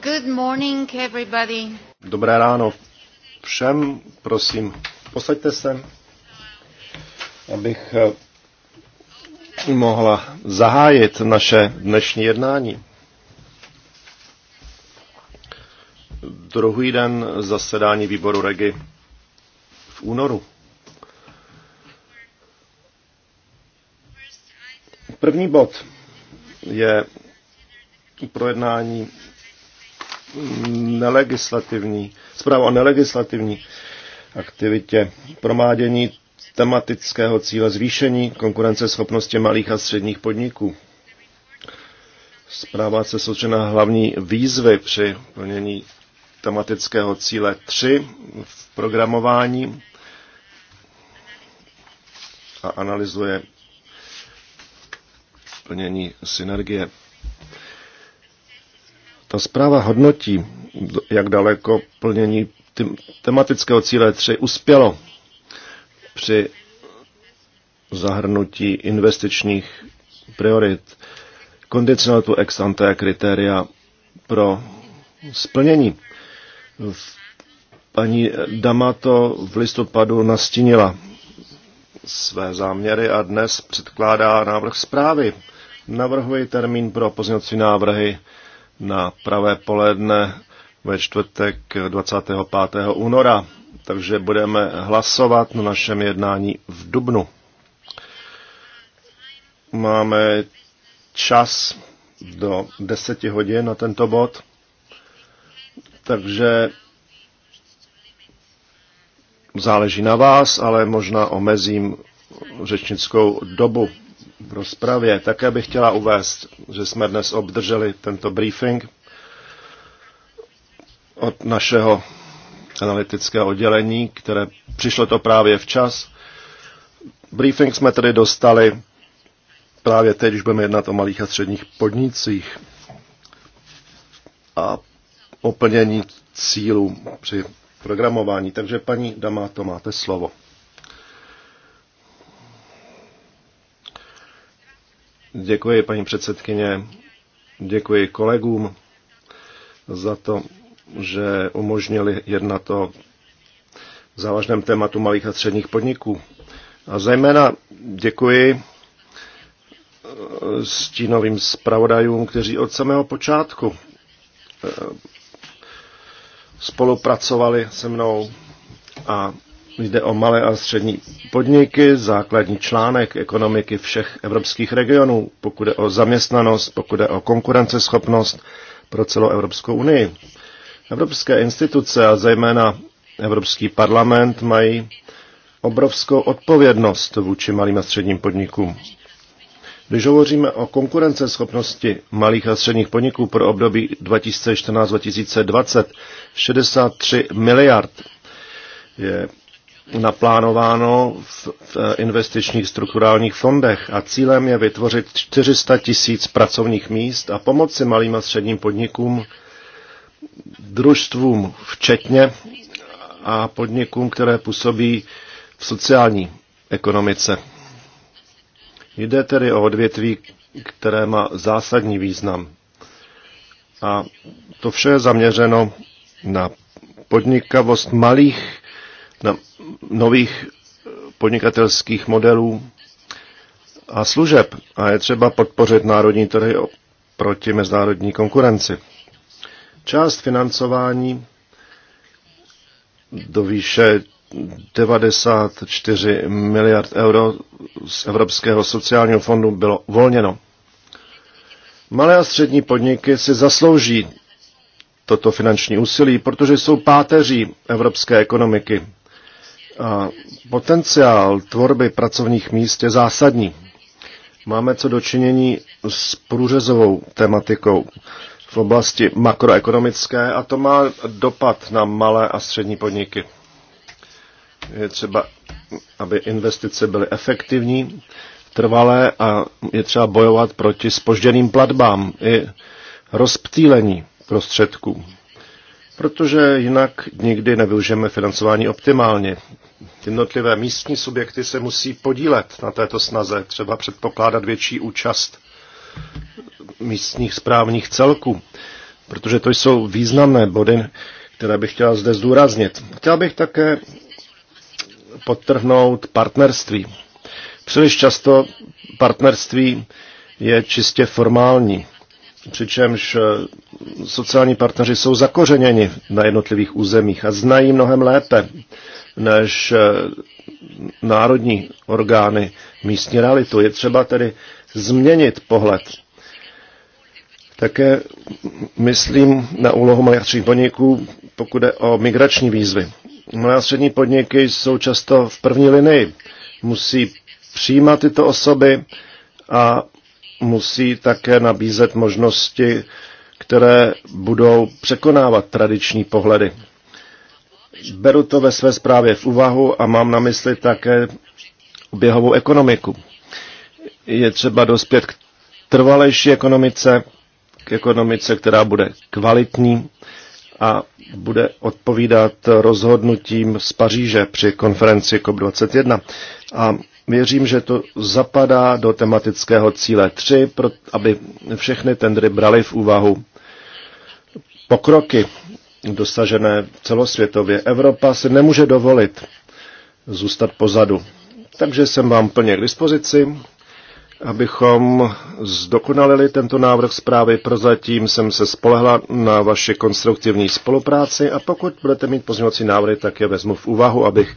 Good morning, everybody. Dobré ráno všem, prosím, posaďte se, abych eh, mohla zahájit naše dnešní jednání. Druhý den zasedání výboru Regi v únoru. První bod je projednání nelegislativní, zpráva o nelegislativní aktivitě, promádění tematického cíle zvýšení konkurenceschopnosti malých a středních podniků. Zpráva se součená hlavní výzvy při plnění tematického cíle 3 v programování a analyzuje plnění synergie ta zpráva hodnotí, jak daleko plnění tematického cíle 3 uspělo při zahrnutí investičních priorit, kondicionalitu ex ante kritéria pro splnění. Paní Damato to v listopadu nastínila své záměry a dnes předkládá návrh zprávy. Navrhuji termín pro pozněcí návrhy na pravé poledne ve čtvrtek 25. února, takže budeme hlasovat na našem jednání v Dubnu. Máme čas do 10 hodin na tento bod, takže záleží na vás, ale možná omezím řečnickou dobu v rozpravě. Také bych chtěla uvést, že jsme dnes obdrželi tento briefing od našeho analytického oddělení, které přišlo to právě včas. Briefing jsme tedy dostali právě teď, když budeme jednat o malých a středních podnicích a oplnění cílů při programování. Takže paní to máte slovo. Děkuji, paní předsedkyně. Děkuji kolegům za to, že umožnili jednat o závažném tématu malých a středních podniků. A zejména děkuji eh, stínovým zpravodajům, kteří od samého počátku eh, spolupracovali se mnou a Jde o malé a střední podniky, základní článek ekonomiky všech evropských regionů, pokud je o zaměstnanost, pokud je o konkurenceschopnost pro celou Evropskou unii. Evropské instituce a zejména Evropský parlament mají obrovskou odpovědnost vůči malým a středním podnikům. Když hovoříme o konkurenceschopnosti malých a středních podniků pro období 2014-2020, 63 miliard je naplánováno v eh, investičních strukturálních fondech a cílem je vytvořit 400 tisíc pracovních míst a pomoci malým a středním podnikům, družstvům včetně a podnikům, které působí v sociální ekonomice. Jde tedy o odvětví, které má zásadní význam. A to vše je zaměřeno na podnikavost malých na nových eh, podnikatelských modelů a služeb a je třeba podpořit národní trhy proti mezinárodní konkurenci. Část financování do výše 94 miliard euro z Evropského sociálního fondu bylo uvolněno. Malé a střední podniky si zaslouží toto finanční úsilí, protože jsou páteří evropské ekonomiky potenciál tvorby pracovních míst je zásadní. Máme co dočinění s průřezovou tematikou v oblasti makroekonomické a to má dopad na malé a střední podniky. Je třeba, aby investice byly efektivní, trvalé a je třeba bojovat proti spožděným platbám i rozptýlení prostředků. Protože jinak nikdy nevyužijeme financování optimálně jednotlivé místní subjekty se musí podílet na této snaze, třeba předpokládat větší účast místních správních celků, protože to jsou významné body, které bych chtěla zde zdůraznit. Chtěla bych také podtrhnout partnerství. Příliš často partnerství je čistě formální, přičemž eh, sociální partneři jsou zakořeněni na jednotlivých územích a znají mnohem lépe než eh, národní orgány místní realitu. Je třeba tedy změnit pohled. Také myslím na úlohu malých středních podniků, pokud jde o migrační výzvy. Malé střední podniky jsou často v první linii. Musí přijímat tyto osoby a musí také nabízet možnosti, které budou překonávat tradiční pohledy. Beru to ve své zprávě v úvahu a mám na mysli také oběhovou ekonomiku. Je třeba dospět k trvalejší ekonomice, k ekonomice, která bude kvalitní a bude odpovídat rozhodnutím z Paříže při konferenci COP21. A věřím, že to zapadá do tematického cíle 3, aby všechny tendry brali v úvahu pokroky dosažené celosvětově. Evropa si nemůže dovolit zůstat pozadu. Takže jsem vám plně k dispozici, abychom zdokonalili tento návrh zprávy. Prozatím jsem se spolehla na vaši konstruktivní spolupráci a pokud budete mít pozměňovací návrhy, tak je vezmu v úvahu, abych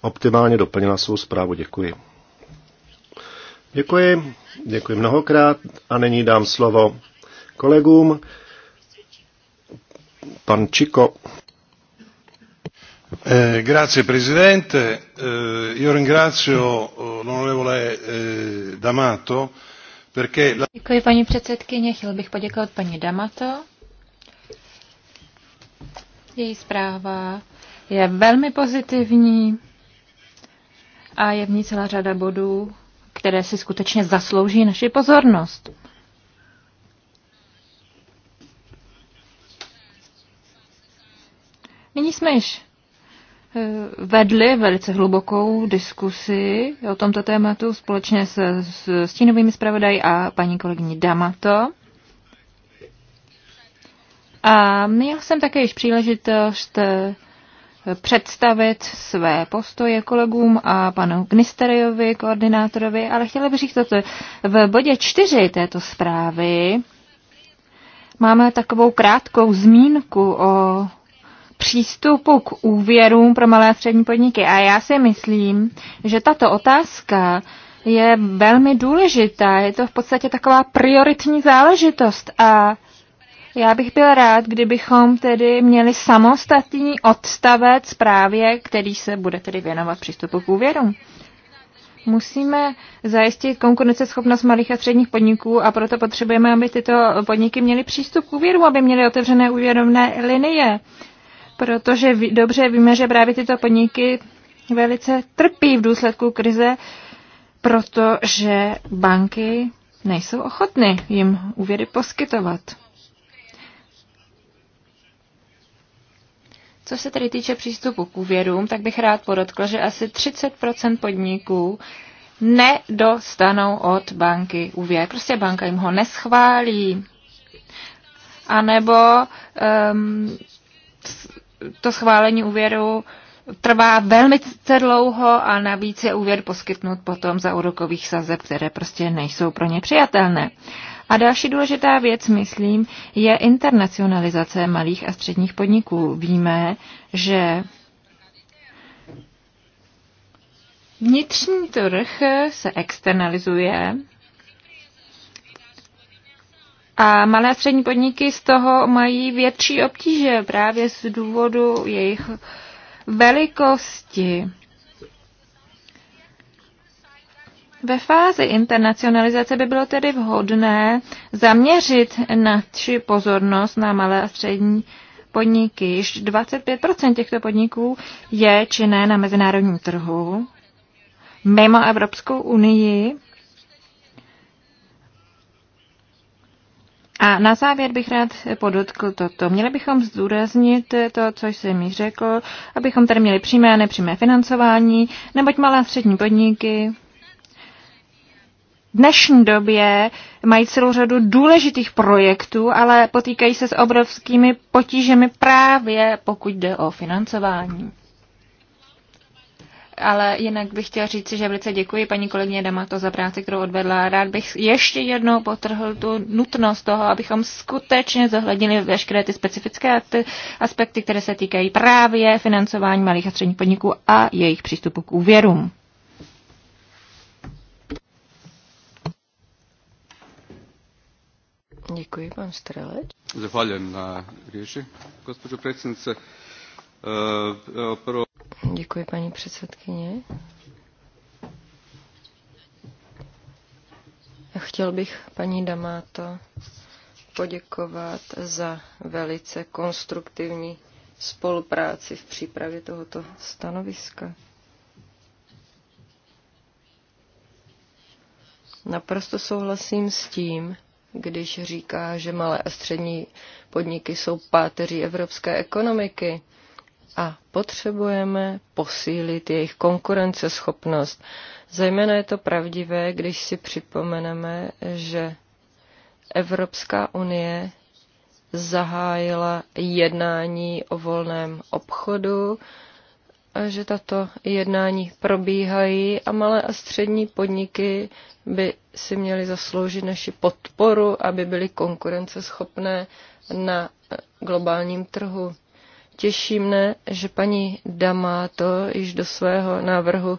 optimálně doplnila svou zprávu. Děkuji. Děkuji, děkuji mnohokrát a nyní dám slovo kolegům. Pan Čiko. Eh, grazie Presidente, eh, io ringrazio eh, l'onorevole eh, D'Amato perché... La... Děkuji paní předsedkyně, chtěl bych poděkovat paní D'Amato. Její zpráva je velmi pozitivní a je v ní celá řada bodů, které si skutečně zaslouží naši pozornost. Nyní jsme již eh, vedli velice hlubokou diskusi o tomto tématu společně s, s stínovými zpravodají a paní kolegyní Damato. A měl jsem také již příležitost eh, představit své postoje kolegům a panu Gnisterejovi, koordinátorovi, ale chtěla bych říct že V bodě čtyři této zprávy máme takovou krátkou zmínku o přístupu k úvěrům pro malé a střední podniky. A já si myslím, že tato otázka je velmi důležitá. Je to v podstatě taková prioritní záležitost a já bych byl rád, kdybychom tedy měli samostatný odstavec právě, který se bude tedy věnovat přístupu k úvěrům. Musíme zajistit konkurenceschopnost malých a středních podniků a proto potřebujeme, aby tyto podniky měly přístup k úvěru, aby měly otevřené úvěrovné linie protože dobře víme, že právě tyto podniky velice trpí v důsledku krize, protože banky nejsou ochotny jim úvěry poskytovat. Co se tedy týče přístupu k úvěrům, tak bych rád podotkl, že asi 30 podniků nedostanou od banky úvěr. Prostě banka jim ho neschválí. A nebo um, to schválení úvěru trvá velmi dlouho a navíc je úvěr poskytnut potom za úrokových sazeb, které prostě nejsou pro ně přijatelné. A další důležitá věc, myslím, je internacionalizace malých a středních podniků. Víme, že vnitřní trh se externalizuje a malé a střední podniky z toho mají větší obtíže právě z důvodu jejich velikosti. Ve fázi internacionalizace by bylo tedy vhodné zaměřit naši pozornost na malé a střední podniky. Již 25 těchto podniků je činné na mezinárodním trhu mimo Evropskou unii A na závěr bych rád podotkl toto. Měli bychom zdůraznit to, co jsem mi řekl, abychom tady měli přímé a nepřímé financování, neboť malé a střední podniky v dnešní době mají celou řadu důležitých projektů, ale potýkají se s obrovskými potížemi právě pokud jde o financování ale jinak bych chtěl říct, že velice děkuji paní kolegyně Damato za práci, kterou odvedla. Rád bych ještě jednou potrhl tu nutnost toho, abychom skutečně zohlednili veškeré ty specifické aspekty, které se týkají právě financování malých a středních podniků a jejich přístupu k úvěrům. Děkuji, pan Strelec. Zahvaljujem na riječi, gospođo predsjednice. E, pro... Děkuji, paní předsedkyně. Chtěl bych paní Damáto poděkovat za velice konstruktivní spolupráci v přípravě tohoto stanoviska. Naprosto souhlasím s tím, když říká, že malé a střední podniky jsou páteří evropské ekonomiky a potřebujeme posílit jejich konkurenceschopnost. Zejména je to pravdivé, když si připomeneme, že Evropská unie zahájila jednání o volném obchodu a že tato jednání probíhají a malé a střední podniky by si měly zasloužit naši podporu, aby byly konkurenceschopné na globálním trhu. Těší mne, že paní to, již do svého návrhu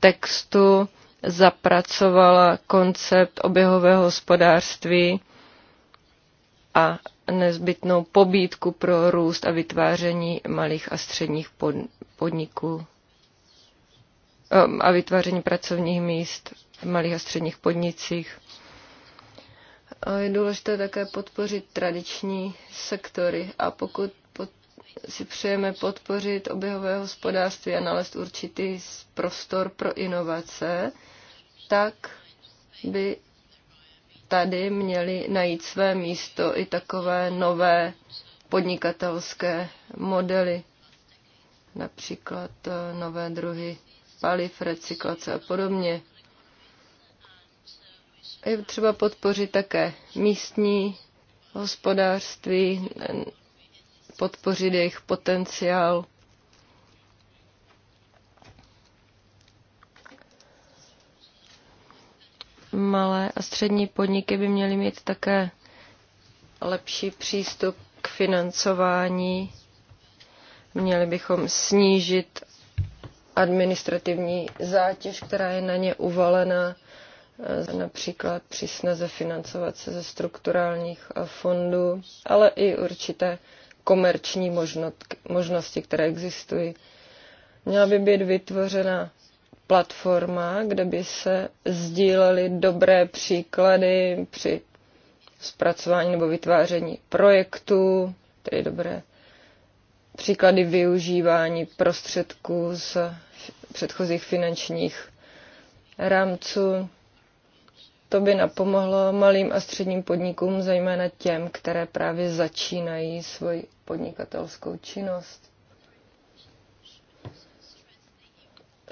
textu zapracovala koncept oběhového hospodářství a nezbytnou pobídku pro růst a vytváření malých a středních podniků eh, a vytváření pracovních míst v malých a středních podnicích. Je důležité také podpořit tradiční sektory a pokud si přejeme podpořit oběhové hospodářství a nalézt určitý prostor pro inovace, tak by tady měly najít své místo i takové nové podnikatelské modely, například eh, nové druhy paliv, recyklace a podobně. Je třeba podpořit také místní hospodářství, podpořit jejich potenciál. Malé a střední podniky by měly mít také lepší přístup k financování. Měli bychom snížit administrativní zátěž, která je na ně uvalena, eh, například při snaze financovat se ze strukturálních eh, fondů, ale i určité komerční možnosti, které existují. Měla by být vytvořena platforma, kde by se sdílely dobré příklady při zpracování nebo vytváření projektů, tedy dobré příklady využívání prostředků z předchozích finančních rámců. To by napomohlo malým a středním podnikům, zejména těm, které právě začínají svoji podnikatelskou činnost.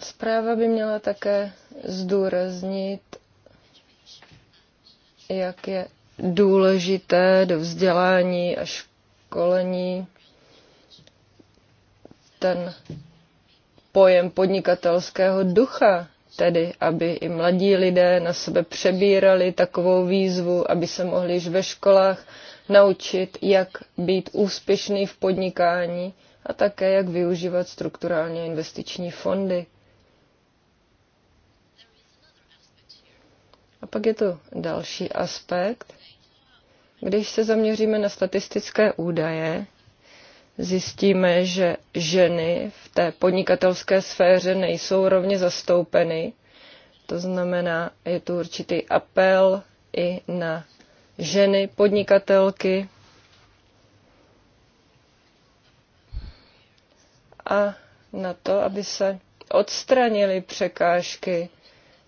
Zpráva by měla také zdůraznit, jak je důležité do vzdělání a školení ten pojem podnikatelského ducha, tedy aby i mladí lidé na sebe přebírali takovou výzvu, aby se mohli již ve školách naučit, jak být úspěšný v podnikání a také jak využívat strukturálně investiční fondy. A pak je tu další aspekt. Když se zaměříme na statistické údaje, zjistíme, že ženy v té podnikatelské sféře nejsou rovně zastoupeny. To znamená, je tu určitý apel i na ženy podnikatelky. A na to, aby se odstranily překážky,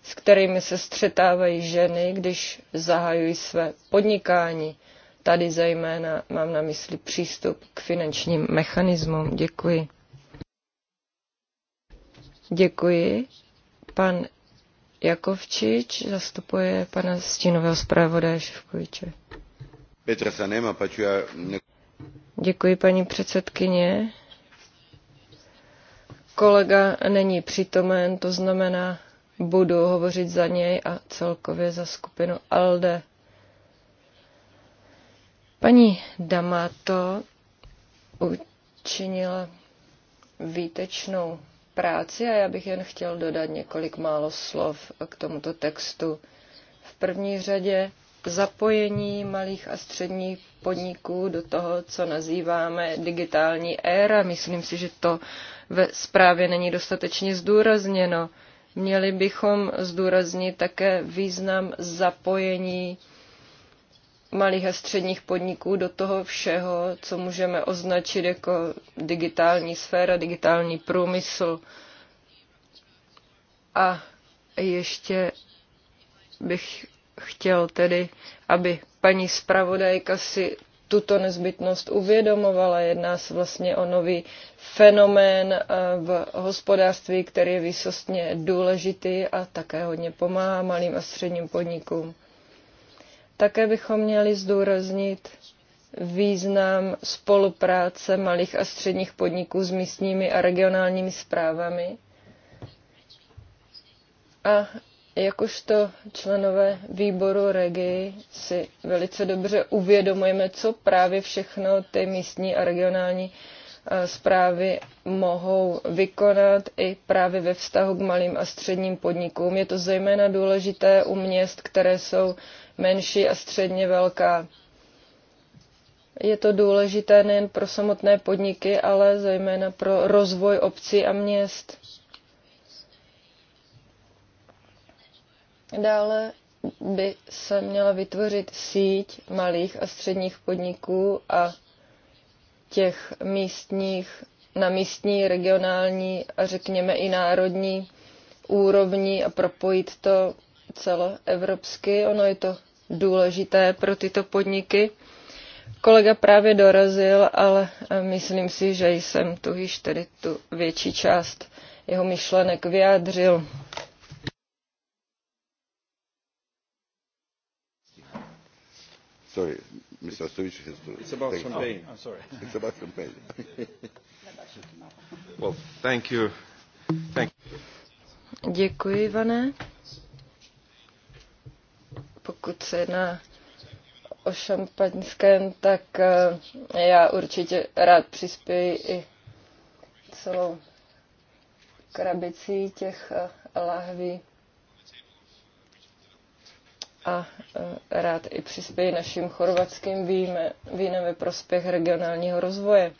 s kterými se střetávají ženy, když zahajují své podnikání. Tady zejména mám na mysli přístup k finančním mechanismům. Děkuji. Děkuji. Pan Jakovčič zastupuje pana stínového zpravodaje Ševkoviče. Petra se nemá, paču já... Ne... Děkuji, paní předsedkyně. Kolega není přítomen, to znamená, budu hovořit za něj a celkově za skupinu ALDE. Paní Damato učinila výtečnou práci a já bych jen chtěl dodat několik málo slov k tomuto textu. V první řadě zapojení malých a středních podniků do toho, co nazýváme digitální éra. Myslím si, že to ve zprávě není dostatečně zdůrazněno. Měli bychom zdůraznit také význam zapojení malých a středních podniků do toho všeho, co můžeme označit jako digitální sféra, digitální průmysl. A ještě bych chtěl tedy, aby paní zpravodajka si tuto nezbytnost uvědomovala. Jedná se vlastně o nový fenomén eh, v hospodářství, který je výsostně důležitý a také hodně pomáhá malým a středním podnikům. Také bychom měli zdůraznit význam spolupráce malých a středních podniků s místními a regionálními správami. A jakožto členové výboru REGI si velice dobře uvědomujeme, co právě všechno ty místní a regionální zprávy eh, mohou vykonat i právě ve vztahu k malým a středním podnikům. Je to zejména důležité u měst, které jsou menší a středně velká. Je to důležité nejen pro samotné podniky, ale zejména pro rozvoj obcí a měst. Dále by se měla vytvořit síť malých a středních podniků a těch místních, na místní, regionální a řekněme i národní úrovni a propojit to celoevropsky. Ono je to důležité pro tyto podniky. Kolega právě dorazil, ale eh, myslím si, že jsem tu již tedy tu větší část jeho myšlenek vyjádřil. Sorry, Mr. Stojic has to... It's about thank champagne. You. Oh, sorry. It's about champagne. well, thank you. Thank you. Děkuji, Ivane pokud se jedná o šampaňském, tak eh, já určitě rád přispěji i celou krabicí těch eh, lahví a eh, rád i přispěji našim chorvatským víme, vínem ve prospěch regionálního rozvoje.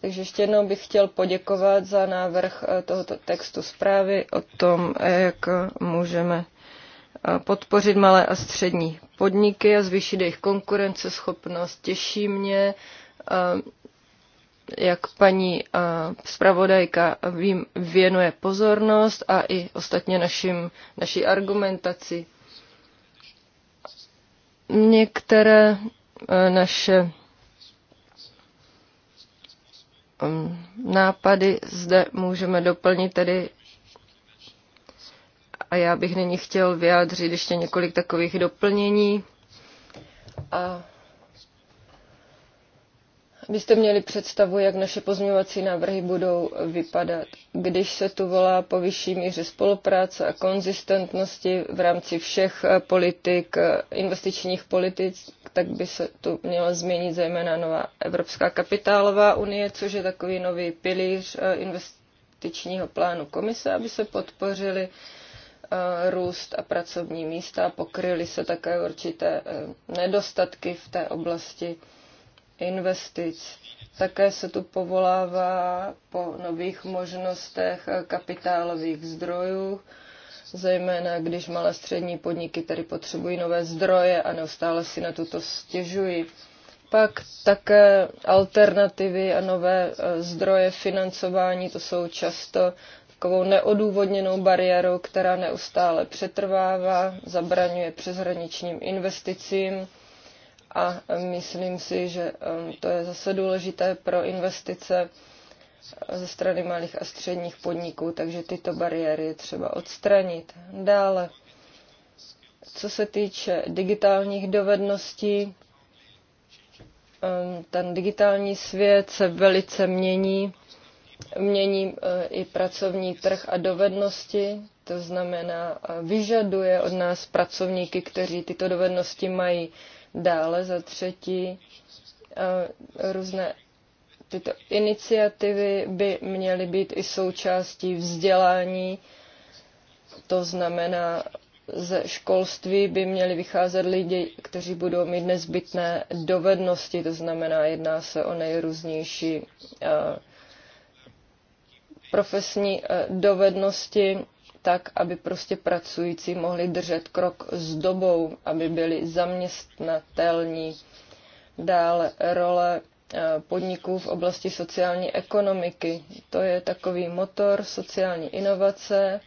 Takže ještě jednou bych chtěl poděkovat za návrh tohoto textu zprávy o tom, jak můžeme podpořit malé a střední podniky a zvýšit jejich konkurenceschopnost. Těší mě, eh, jak paní eh, zpravodajka vím, věnuje pozornost a i ostatně našim, naší argumentaci. Některé eh, naše mm, nápady zde můžeme doplnit tedy a já bych nyní chtěl vyjádřit ještě několik takových doplnění. A byste měli představu, jak naše pozměňovací návrhy budou vypadat. Když se tu volá po vyšší míře spolupráce a konzistentnosti v rámci všech politik, investičních politik, tak by se tu měla změnit zejména nová Evropská kapitálová unie, což je takový nový pilíř eh, investičního plánu komise, aby se podpořili růst a pracovní místa a pokryly se také určité e, nedostatky v té oblasti investic. Také se tu povolává po nových možnostech kapitálových zdrojů, zejména když malé střední podniky tedy potřebují nové zdroje a neustále si na tuto stěžují. Pak také alternativy a nové e, zdroje financování, to jsou často takovou neodůvodněnou bariérou, která neustále přetrvává, zabraňuje přeshraničním investicím a myslím si, že um, to je zase důležité pro investice uh, ze strany malých a středních podniků, takže tyto bariéry je třeba odstranit. Dále, co se týče digitálních dovedností, um, ten digitální svět se velice mění mění eh, i pracovní trh a dovednosti, to znamená vyžaduje od nás pracovníky, kteří tyto dovednosti mají dále za třetí. Eh, různé tyto iniciativy by měly být i součástí vzdělání, to znamená ze školství by měli vycházet lidi, kteří budou mít nezbytné dovednosti, to znamená, jedná se o nejrůznější uh, profesní eh, dovednosti tak, aby prostě pracující mohli držet krok s dobou, aby byli zaměstnatelní. Dále role eh, podniků v oblasti sociální ekonomiky. To je takový motor sociální inovace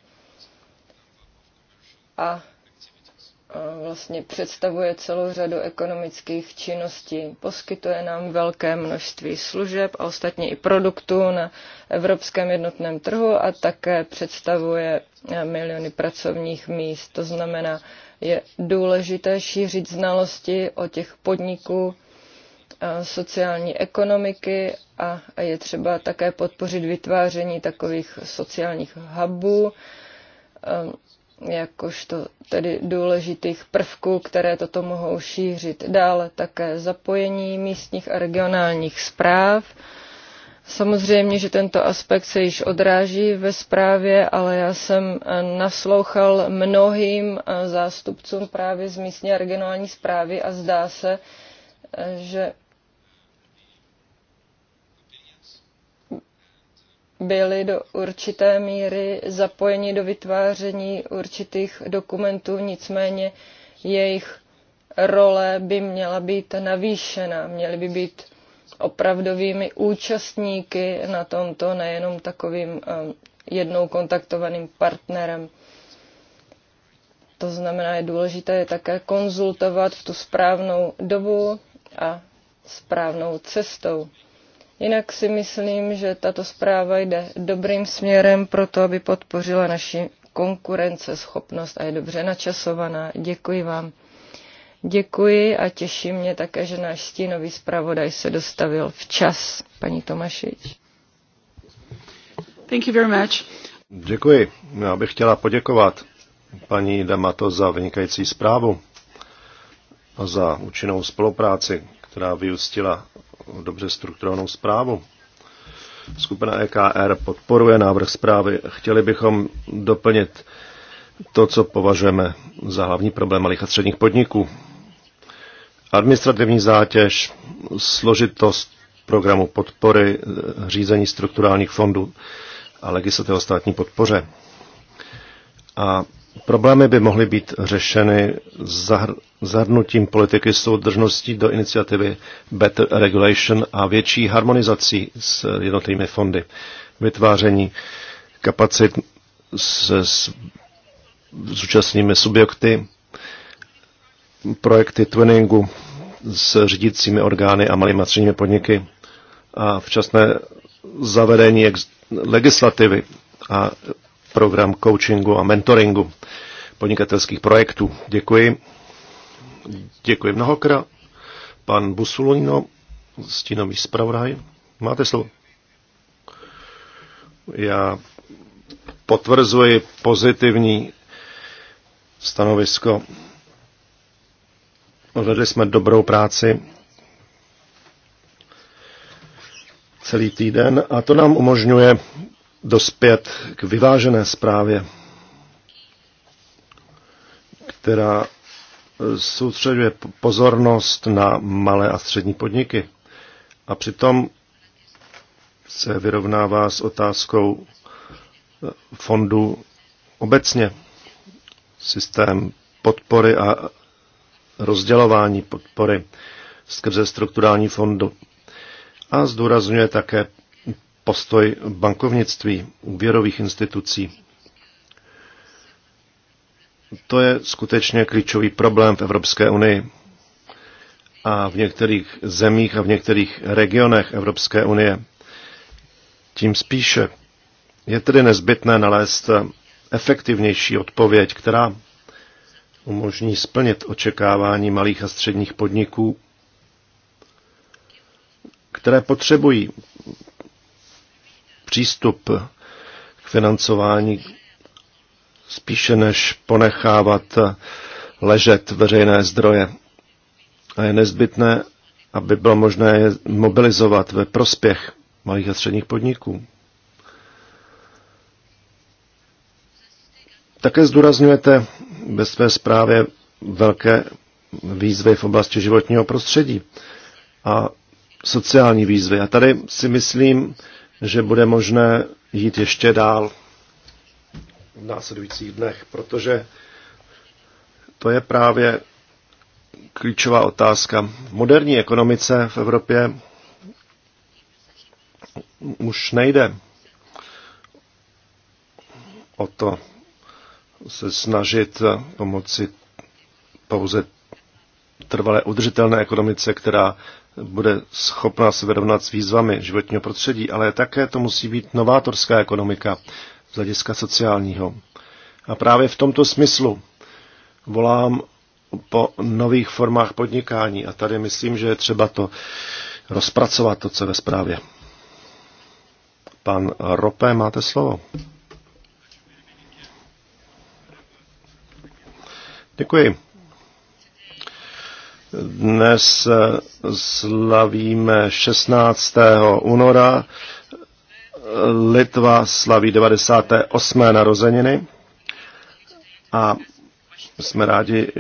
a vlastně představuje celou řadu ekonomických činností. Poskytuje nám velké množství služeb a ostatně i produktů na evropském jednotném trhu a také představuje eh, miliony pracovních míst. To znamená, je důležité šířit znalosti o těch podniků, eh, sociální ekonomiky a je třeba také podpořit vytváření takových sociálních hubů, ehm, jakožto tedy důležitých prvků, které toto mohou šířit. Dále také zapojení místních a regionálních zpráv. Samozřejmě, že tento aspekt se již odráží ve zprávě, ale já jsem eh, naslouchal mnohým eh, zástupcům právě z místní a regionální zprávy a zdá se, eh, že byli do určité míry zapojeni do vytváření určitých dokumentů, nicméně jejich role by měla být navýšena, měly by být opravdovými účastníky na tomto, nejenom takovým eh, jednou kontaktovaným partnerem. To znamená, je důležité je také konzultovat v tu správnou dobu a správnou cestou. Jinak si myslím, že tato zpráva jde dobrým směrem pro to, aby podpořila naši konkurenceschopnost a je dobře načasovaná. Děkuji vám. Děkuji a těší mě také, že náš stínový zpravodaj se dostavil včas, paní Tomašič. Thank you very much. Děkuji. Já bych chtěla poděkovat paní Damato za vynikající zprávu a za účinnou spolupráci, která vyústila dobře strukturovanou zprávu. Skupina EKR podporuje návrh zprávy. Chtěli bychom doplnit to, co považujeme za hlavní problém malých a středních podniků. Administrativní zátěž, složitost programu podpory, eh, řízení strukturálních fondů a legislativa státní podpoře. A problémy by mohly být řešeny zahr- zahrnutím politiky soudržnosti do iniciativy Better Regulation a větší harmonizací s jednotlivými fondy. Vytváření kapacit se zúčastními subjekty, projekty twinningu s řídícími orgány a malými a středními podniky a včasné zavedení legislativy a program coachingu a mentoringu podnikatelských projektů. Děkuji. Děkuji mnohokrát. Pan Busulino, stínový zpravodaj, máte slovo. Já potvrzuji pozitivní stanovisko. Odvedli jsme dobrou práci celý týden a to nám umožňuje dospět k vyvážené zprávě, která soustředuje pozornost na malé a střední podniky. A přitom se vyrovnává s otázkou eh, fondu obecně. Systém podpory a rozdělování podpory skrze strukturální fondu. A zdůrazňuje také postoj bankovnictví, úvěrových institucí to je skutečně klíčový problém v Evropské unii a v některých zemích a v některých regionech Evropské unie. Tím spíše je tedy nezbytné nalézt efektivnější odpověď, která umožní splnit očekávání malých a středních podniků, které potřebují přístup k financování spíše než ponechávat ležet veřejné zdroje. A je nezbytné, aby bylo možné je mobilizovat ve prospěch malých a středních podniků. Také zdůrazňujete ve své zprávě velké výzvy v oblasti životního prostředí a sociální výzvy. A tady si myslím, že bude možné jít ještě dál v následujících dnech, protože to je právě klíčová otázka. V moderní ekonomice v Evropě už nejde o to se snažit pomoci pouze trvalé udržitelné ekonomice, která bude schopná se vyrovnat s výzvami životního prostředí, ale také to musí být novátorská ekonomika, z hlediska sociálního. A právě v tomto smyslu volám po nových formách podnikání a tady myslím, že je třeba to rozpracovat, to, co ve zprávě. Pan Rope, máte slovo. Děkuji. Dnes slavíme 16. února Litva slaví 98. narozeniny a jsme rádi,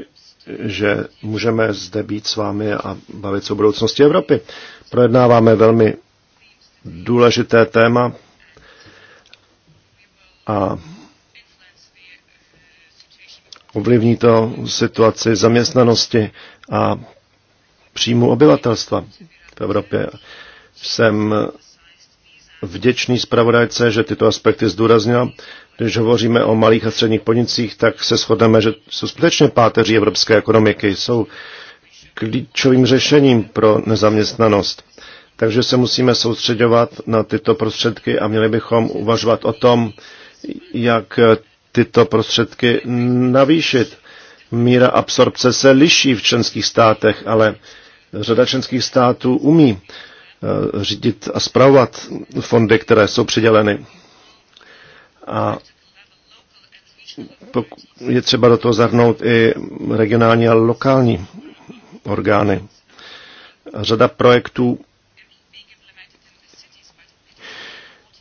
že můžeme zde být s vámi a bavit se o budoucnosti Evropy. Projednáváme velmi důležité téma a ovlivní to situaci zaměstnanosti a příjmu obyvatelstva v Evropě. Jsem vděčný zpravodajce, že tyto aspekty zdůraznil. Když hovoříme o malých a středních podnicích, tak se shodneme, že jsou skutečně páteří evropské ekonomiky, jsou klíčovým řešením pro nezaměstnanost. Takže se musíme soustředovat na tyto prostředky a měli bychom uvažovat o tom, jak tyto prostředky navýšit. Míra absorpce se liší v členských státech, ale řada členských států umí Eh, řídit a zpravovat fondy, které jsou přiděleny. A je třeba do toho zahrnout i regionální a lokální orgány. Řada projektů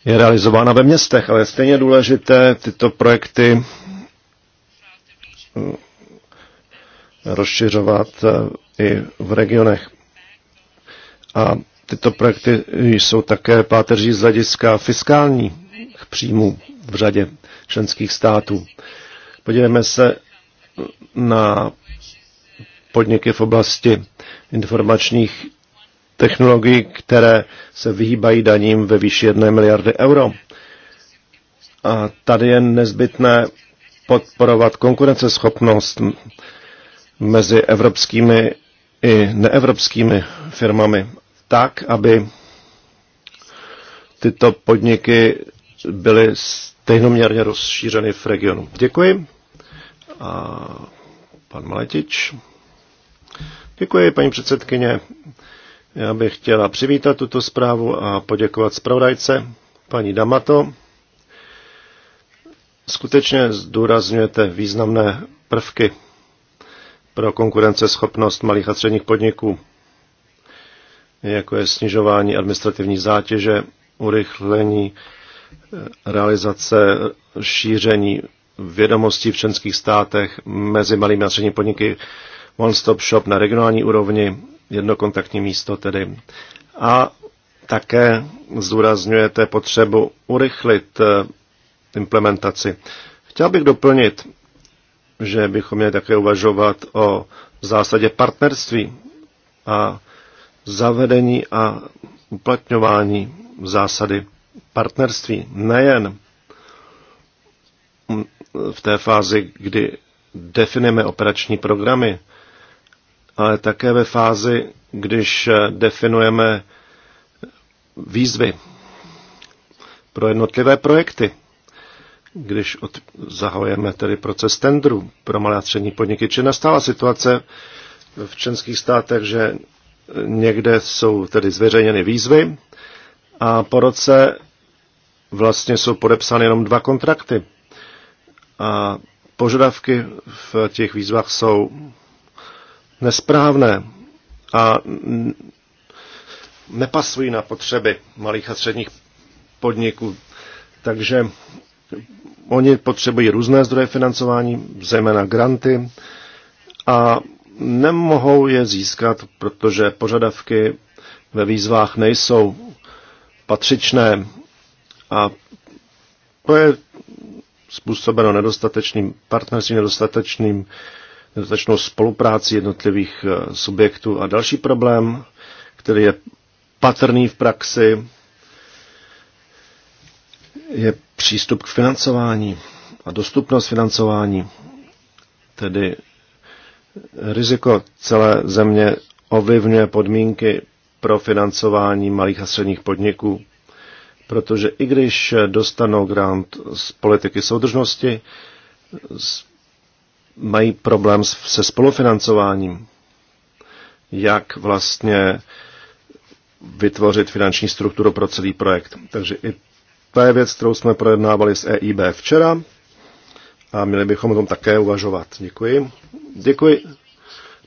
je realizována ve městech, ale je stejně důležité tyto projekty eh, rozšiřovat eh, i v regionech. A Tyto projekty jsou také páteří z hlediska fiskálních příjmů v řadě členských států. Podívejme se na podniky v oblasti informačních technologií, které se vyhýbají daním ve výši 1 miliardy euro. A tady je nezbytné podporovat konkurenceschopnost mezi evropskými i neevropskými firmami tak, aby tyto podniky byly stejnoměrně rozšířeny v regionu. Děkuji. A pan Maletič. Děkuji, paní předsedkyně. Já bych chtěla přivítat tuto zprávu a poděkovat zpravodajce, paní Damato. Skutečně zdůrazňujete významné prvky pro konkurenceschopnost malých a středních podniků jako je snižování administrativní zátěže, urychlení eh, realizace šíření vědomostí v členských státech mezi malými a středními podniky, one-stop shop na regionální úrovni, jednokontaktní místo tedy. A také zdůrazňujete potřebu urychlit eh, implementaci. Chtěl bych doplnit, že bychom měli také uvažovat o zásadě partnerství a zavedení a uplatňování zásady partnerství nejen v té fázi, kdy definujeme operační programy, ale také ve fázi, když definujeme výzvy pro jednotlivé projekty, když od, zahojeme tedy proces tendru pro malé a střední podniky. Či nastala situace v členských státech, že Někde jsou tedy zveřejněny výzvy a po roce vlastně jsou podepsány jenom dva kontrakty. A požadavky v těch výzvách jsou nesprávné a nepasují na potřeby malých a středních podniků. Takže oni potřebují různé zdroje financování, zejména granty, a nemohou je získat, protože požadavky ve výzvách nejsou patřičné a to je způsobeno nedostatečným partnerstvím, nedostatečným, nedostatečnou spolupráci jednotlivých eh, subjektů. A další problém, který je patrný v praxi, je přístup k financování a dostupnost financování. Tedy Riziko celé země ovlivňuje podmínky pro financování malých a středních podniků, protože i když dostanou grant z politiky soudržnosti, mají problém se spolufinancováním. Jak vlastně vytvořit finanční strukturu pro celý projekt. Takže i to je věc, kterou jsme projednávali s EIB včera a měli bychom o tom také uvažovat. Děkuji. Děkuji.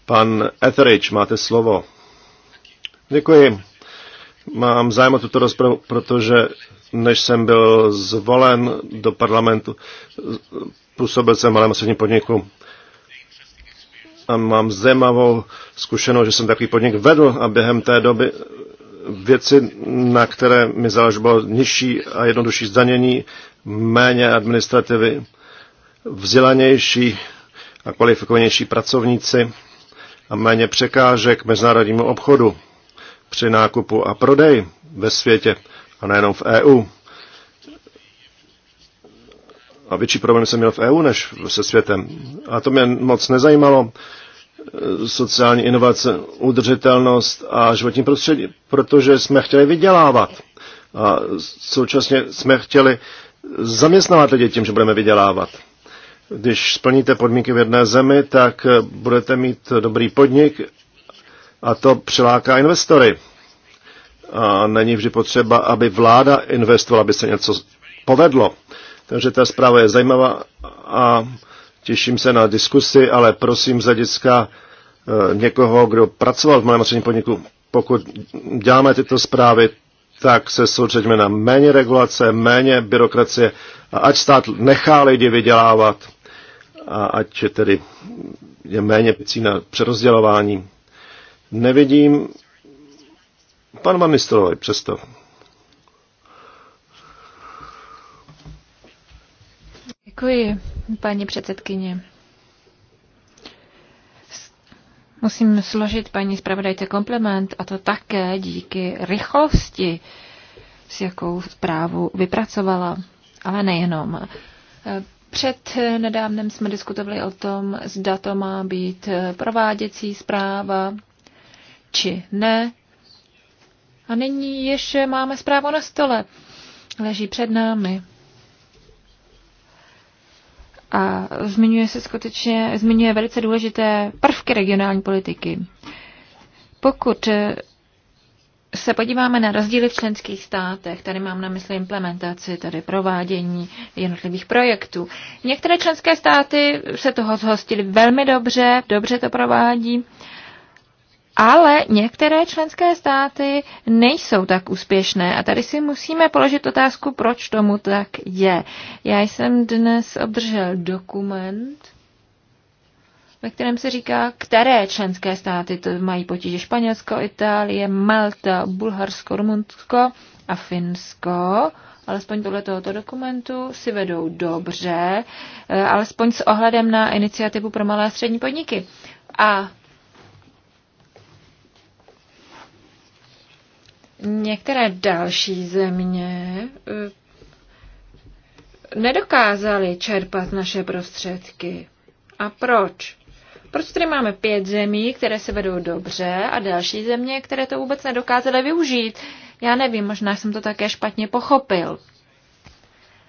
Pan Etheridge, máte slovo. Děkuji. Mám zájem o tuto rozpravu, protože než jsem byl zvolen do parlamentu, působil jsem v malém středním podniku. A mám zajímavou zkušenost, že jsem takový podnik vedl a během té doby věci, na které mi záleželo nižší a jednodušší zdanění, méně administrativy vzdělanější a kvalifikovanější pracovníci a méně překážek mezinárodnímu obchodu při nákupu a prodeji ve světě a nejenom v EU. A větší problém jsem měl v EU než se světem. A to mě moc nezajímalo. Sociální inovace, udržitelnost a životní prostředí, protože jsme chtěli vydělávat. A současně jsme chtěli zaměstnávat lidi tím, že budeme vydělávat když splníte podmínky v jedné zemi, tak eh, budete mít dobrý podnik a to přiláká investory. A není vždy potřeba, aby vláda investovala, aby se něco povedlo. Takže ta zpráva je zajímavá a těším se na diskusi, ale prosím z hlediska eh, někoho, kdo pracoval v malém středním podniku, pokud děláme tyto zprávy, tak se soustředíme na méně regulace, méně byrokracie a ať stát nechá lidi vydělávat a ať je tedy je méně picí na přerozdělování. Nevidím pan Van přesto. Děkuji, paní předsedkyně. Musím složit paní zpravodajce komplement a to také díky rychlosti, s jakou zprávu vypracovala, ale nejenom. Před nedávnem jsme diskutovali o tom, zda to má být prováděcí zpráva či ne. A nyní ještě máme zprávu na stole. Leží před námi. A zmiňuje se skutečně, zmiňuje velice důležité prvky regionální politiky. Pokud se podíváme na rozdíly v členských státech, tady mám na mysli implementaci, tady provádění jednotlivých projektů. Některé členské státy se toho zhostily velmi dobře, dobře to provádí, ale některé členské státy nejsou tak úspěšné a tady si musíme položit otázku, proč tomu tak je. Já jsem dnes obdržel dokument, ve kterém se říká, které členské státy to mají potíže. Španělsko, Itálie, Malta, Bulharsko, Rumunsko a Finsko, alespoň podle tohoto dokumentu, si vedou dobře, eh, alespoň s ohledem na iniciativu pro malé a střední podniky. A některé další země eh, nedokázaly čerpat naše prostředky. A proč? Proč tady máme pět zemí, které se vedou dobře a další země, které to vůbec nedokázaly využít? Já nevím, možná jsem to také špatně pochopil.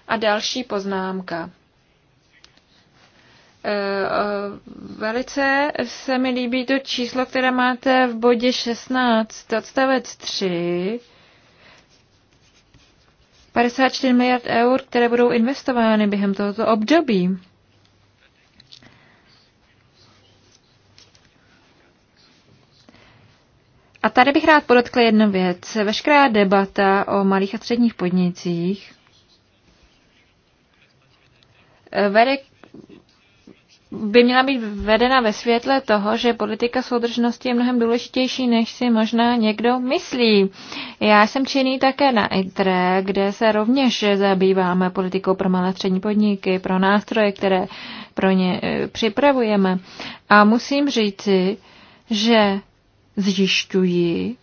A další poznámka. E, e, velice se mi líbí to číslo, které máte v bodě 16, odstavec 3. 54 miliard eur, které budou investovány během tohoto období. A tady bych rád podotkl jednu věc. Veškerá debata o malých a středních podnicích eh, vede, by měla být vedena ve světle toho, že politika soudržnosti je mnohem důležitější, než si možná někdo myslí. Já jsem činný také na ITRE, kde se rovněž zabýváme politikou pro malé a střední podniky, pro nástroje, které pro ně eh, připravujeme. A musím říci, že zjišťuji,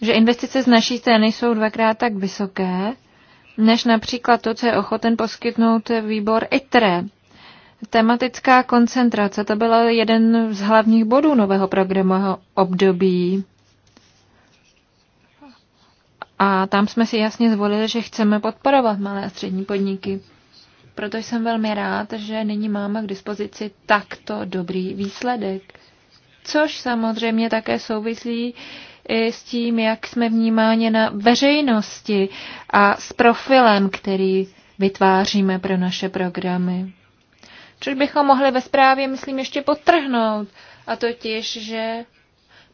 že investice z naší strany jsou dvakrát tak vysoké, než například to, co je ochoten poskytnout výbor ITRE. Tematická koncentrace, to byl jeden z hlavních bodů nového programového období. A tam jsme si jasně zvolili, že chceme podporovat malé a střední podniky. Proto jsem velmi rád, že nyní máme k dispozici takto dobrý výsledek což samozřejmě také souvisí i s tím, jak jsme vnímáni na veřejnosti a s profilem, který vytváříme pro naše programy. Což bychom mohli ve zprávě, myslím, ještě potrhnout, a totiž, že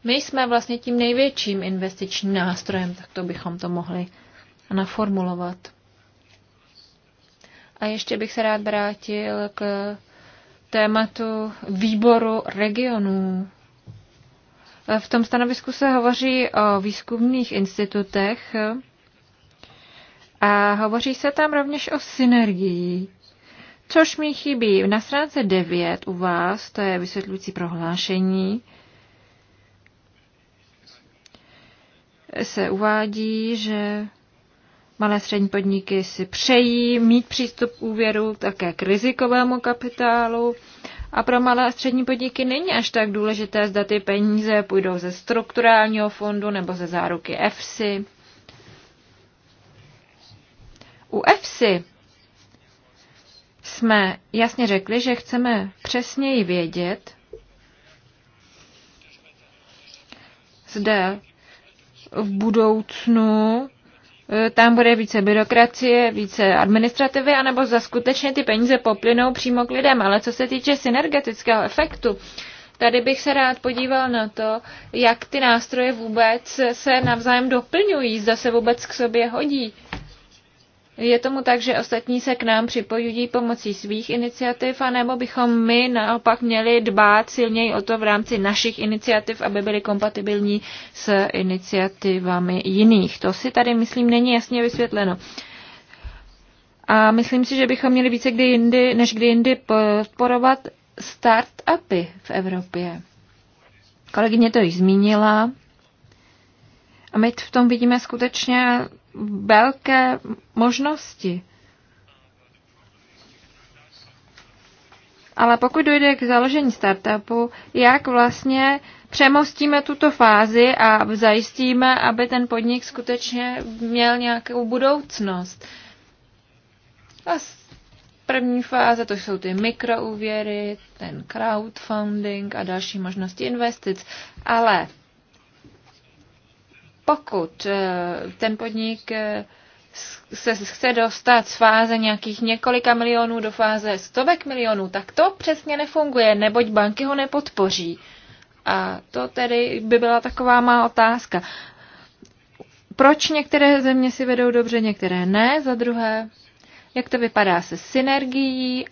my jsme vlastně tím největším investičním nástrojem, tak to bychom to mohli naformulovat. A ještě bych se rád vrátil k tématu výboru regionů. V tom stanovisku se hovoří o výzkumných institutech a hovoří se tam rovněž o synergii, což mi chybí. Na stránce 9 u vás, to je vysvětlující prohlášení, se uvádí, že malé střední podniky si přejí mít přístup k úvěru také k rizikovému kapitálu a pro malé a střední podniky není až tak důležité, zda ty peníze půjdou ze strukturálního fondu nebo ze záruky EFSI. U EFSI jsme jasně řekli, že chceme přesněji vědět, zde v budoucnu E, tam bude více byrokracie, více administrativy, anebo za skutečně ty peníze poplynou přímo k lidem. Ale co se týče synergetického efektu, tady bych se rád podíval na to, jak ty nástroje vůbec se navzájem doplňují, zda se vůbec k sobě hodí. Je tomu tak, že ostatní se k nám připojují pomocí svých iniciativ, anebo bychom my naopak měli dbát silněji o to v rámci našich iniciativ, aby byly kompatibilní s iniciativami jiných. To si tady, myslím, není jasně vysvětleno. A myslím si, že bychom měli více kdy jindy, než kdy jindy podporovat start-upy v Evropě. Kolegyně to již zmínila. A my v tom vidíme skutečně velké možnosti. Ale pokud dojde k založení startupu, jak vlastně přemostíme tuto fázi a zajistíme, aby ten podnik skutečně měl nějakou budoucnost. A první fáze to jsou ty mikroúvěry, ten crowdfunding a další možnosti investic. Ale pokud eh, ten podnik eh, se chce dostat z fáze nějakých několika milionů do fáze stovek milionů, tak to přesně nefunguje, neboť banky ho nepodpoří. A to tedy by byla taková má otázka. Proč některé země si vedou dobře, některé ne? Za druhé, jak to vypadá se synergií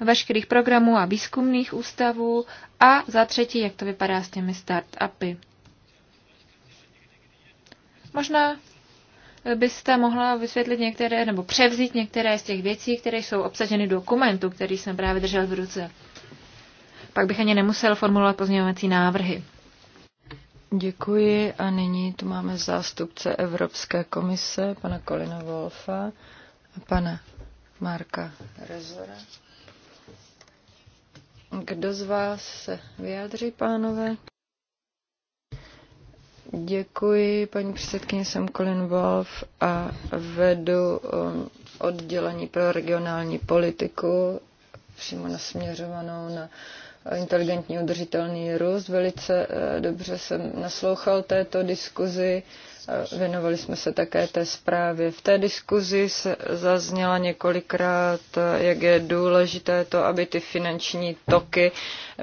veškerých programů a výzkumných ústavů? A za třetí, jak to vypadá s těmi start-upy? Možná byste mohla vysvětlit některé, nebo převzít některé z těch věcí, které jsou obsaženy do dokumentu, který jsem právě držel v ruce. Pak bych ani nemusel formulovat pozměňovací návrhy. Děkuji a nyní tu máme zástupce Evropské komise, pana Kolina Wolfa a pana Marka Rezora. Kdo z vás se vyjádří, pánové? Děkuji, paní předsedkyně, jsem Colin Wolf a vedu um, oddělení pro regionální politiku přímo nasměřovanou na inteligentní udržitelný růst. Velice eh, dobře jsem naslouchal této diskuzi. Eh, věnovali jsme se také té zprávě. V té diskuzi se zazněla několikrát, eh, jak je důležité to, aby ty finanční toky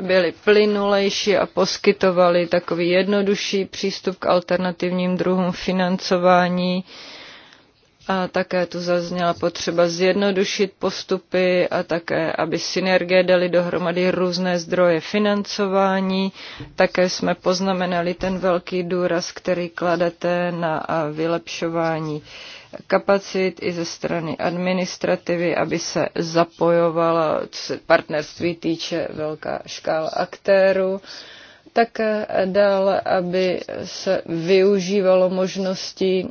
byly plynulejší a poskytovaly takový jednodušší přístup k alternativním druhům financování. Uh, a také tu zazněla potřeba zjednodušit postupy a také, aby synergie dali dohromady různé zdroje financování. Také jsme poznamenali ten velký důraz, který kladete na vylepšování kapacit i ze strany administrativy, aby se zapojovala, co se partnerství týče, velká škála aktérů také dále, aby se využívalo možností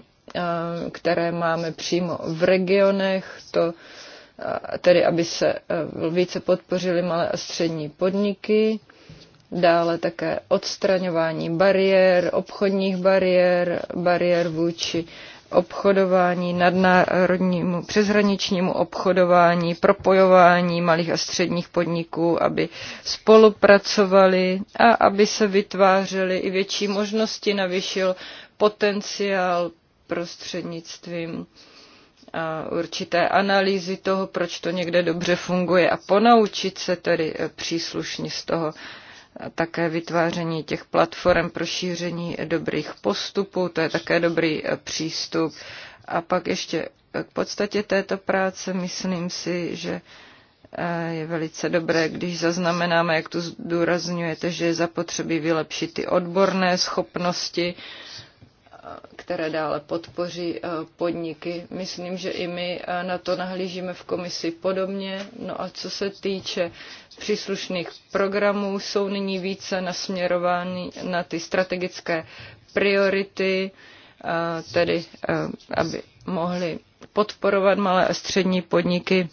které máme přímo v regionech, to tedy aby se více podpořily malé a střední podniky, dále také odstraňování bariér, obchodních bariér, bariér vůči obchodování, nadnárodnímu, přeshraničnímu obchodování, propojování malých a středních podniků, aby spolupracovali a aby se vytvářely i větší možnosti, navýšil potenciál prostřednictvím určité analýzy toho, proč to někde dobře funguje a ponaučit se tedy e, příslušně z toho také vytváření těch platform pro šíření dobrých postupů, to je také dobrý e, přístup. A pak ještě e, k podstatě této práce myslím si, že je velice dobré, když zaznamenáme, jak tu zdůrazňujete, že je zapotřebí vylepšit ty odborné schopnosti které dále podpoří eh, podniky. Myslím, že i my eh, na to nahlížíme v komisi podobně. No a co se týče příslušných programů, jsou nyní více nasměrovány na ty strategické priority, eh, tedy aby mohly podporovat malé a střední podniky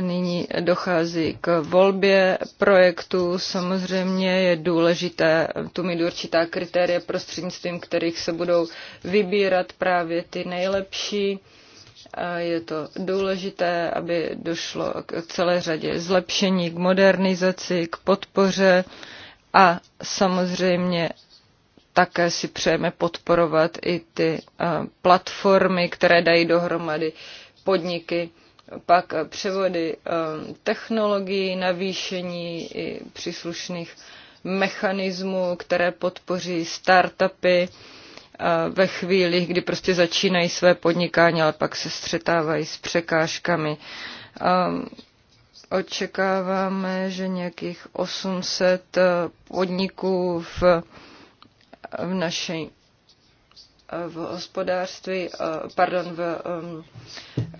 nyní dochází k volbě projektu. Samozřejmě je důležité tu mít určitá kritéria, prostřednictvím kterých se budou vybírat právě ty nejlepší. Je to důležité, aby došlo k celé řadě zlepšení, k modernizaci, k podpoře a samozřejmě také si přejeme podporovat i ty platformy, které dají dohromady podniky pak převody eh, technologií, navýšení i příslušných mechanismů, které podpoří startupy eh, ve chvíli, kdy prostě začínají své podnikání, ale pak se střetávají s překážkami. Eh, očekáváme, že nějakých 800 podniků v, v naší v hospodářství, eh, pardon, v,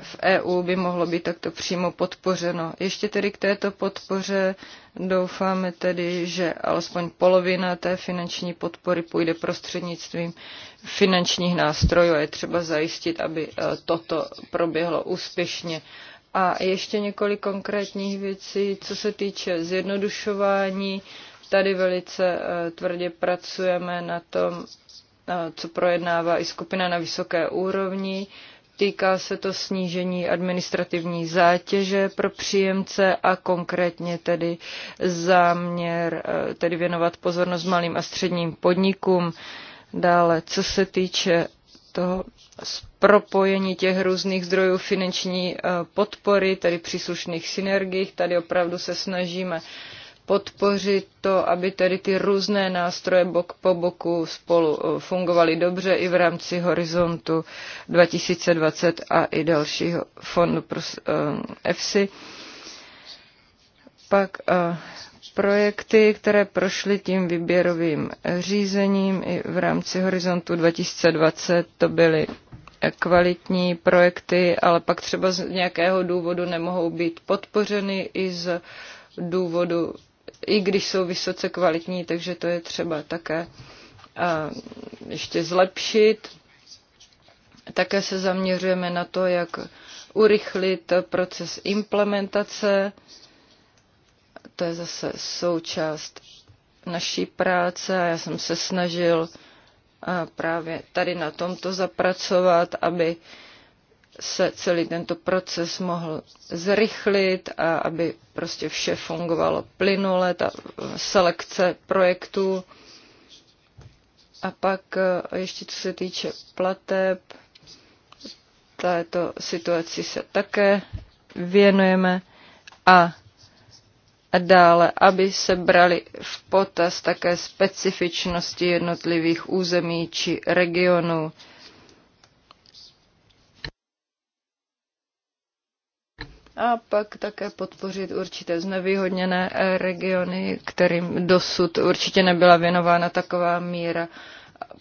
v EU by mohlo být takto přímo podpořeno. Ještě tedy k této podpoře doufáme tedy, že alespoň polovina té finanční podpory půjde prostřednictvím finančních nástrojů a je třeba zajistit, aby eh, toto proběhlo úspěšně. A ještě několik konkrétních věcí, co se týče zjednodušování. Tady velice eh, tvrdě pracujeme na tom, co projednává i skupina na vysoké úrovni. Týká se to snížení administrativní zátěže pro příjemce a konkrétně tedy záměr e, tedy věnovat pozornost malým a středním podnikům. Dále, co se týče toho propojení těch různých zdrojů finanční e, podpory, tedy příslušných synergií, tady opravdu se snažíme uh, podpořit to, aby tady ty různé nástroje bok po boku spolu eh, fungovaly dobře i v rámci horizontu 2020 a i dalšího fondu pro eh, EFSI. Pak eh, projekty, které prošly tím výběrovým řízením i v rámci horizontu 2020, to byly kvalitní projekty, ale pak třeba z nějakého důvodu nemohou být podpořeny i z důvodu i když jsou vysoce kvalitní, takže to je třeba také ještě zlepšit. Také se zaměřujeme na to, jak urychlit proces implementace. To je zase součást naší práce a já jsem se snažil právě tady na tomto zapracovat, aby se celý tento proces mohl zrychlit a aby prostě vše fungovalo plynule, ta selekce projektů. A pak e, ještě co se týče plateb, této situaci se také věnujeme a a dále, aby se brali v potaz také specifičnosti jednotlivých území či regionů. a pak také podpořit určité znevýhodněné eh, regiony, kterým dosud určitě nebyla věnována taková míra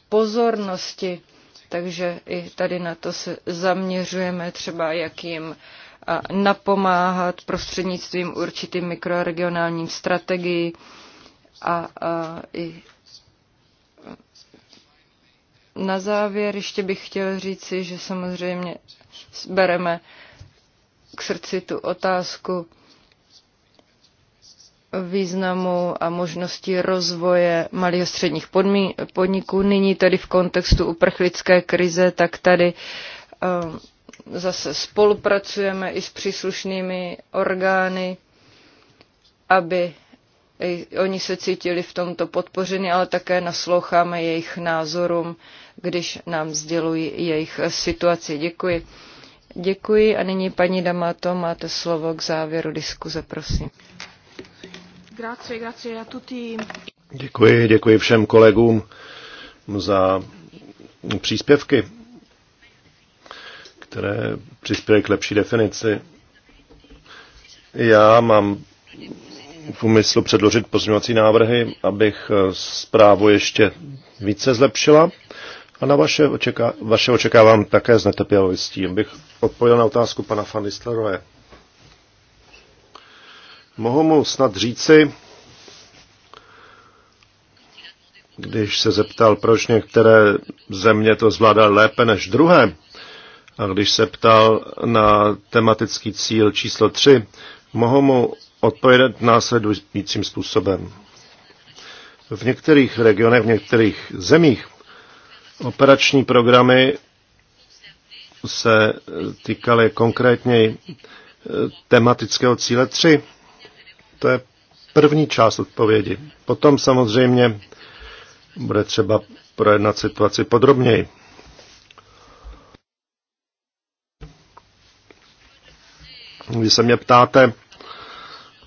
pozornosti. Takže i tady na to se zaměřujeme třeba, jim napomáhat prostřednictvím určitým mikroregionálním strategií a, a i na závěr ještě bych chtěl říci, že samozřejmě bereme uh, k srdci tu otázku významu a možnosti rozvoje malých a středních podniků. Nyní tedy v kontextu uprchlické krize, tak tady eh, zase spolupracujeme i s příslušnými orgány, aby oni se cítili v tomto podpořeni, ale také nasloucháme jejich názorům, když nám sdělují jejich situaci. Děkuji. Děkuji a nyní paní Damato, máte slovo k závěru diskuze, prosím. Grazie, grazie a tutti. Děkuji, děkuji všem kolegům za příspěvky, které přispěly k lepší definici. Já mám v úmyslu předložit pozměňovací návrhy, abych zprávu ještě více zlepšila a na vaše, očeká, vaše očekávám také s netrpělivostí. Bych odpověděl na otázku pana van Distleroje. Mohu mu snad říci, když se zeptal, proč některé země to zvládaly lépe než druhé, a když se ptal na tematický cíl číslo 3, mohu mu odpovědět následujícím způsobem. V některých regionech, v některých zemích Operační programy se týkaly konkrétně eh, tematického cíle 3. To je první část odpovědi. Potom samozřejmě bude třeba projednat situaci podrobněji. Když se mě ptáte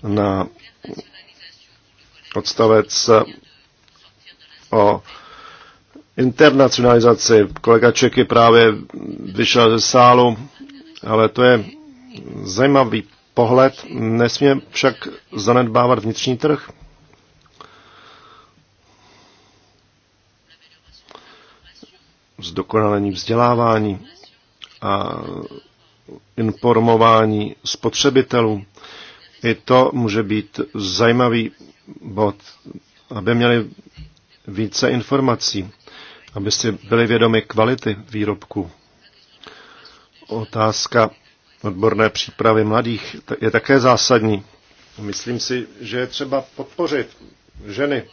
na odstavec o internacionalizaci. Kolega Čeky právě vyšel ze sálu, ale to je zajímavý pohled. Nesmíme však zanedbávat vnitřní trh. Zdokonalení vzdělávání a informování spotřebitelů. I to může být zajímavý bod, aby měli více informací abyste byli vědomi kvality výrobku. Otázka odborné přípravy mladých je také zásadní. Myslím si, že je třeba podpořit ženy,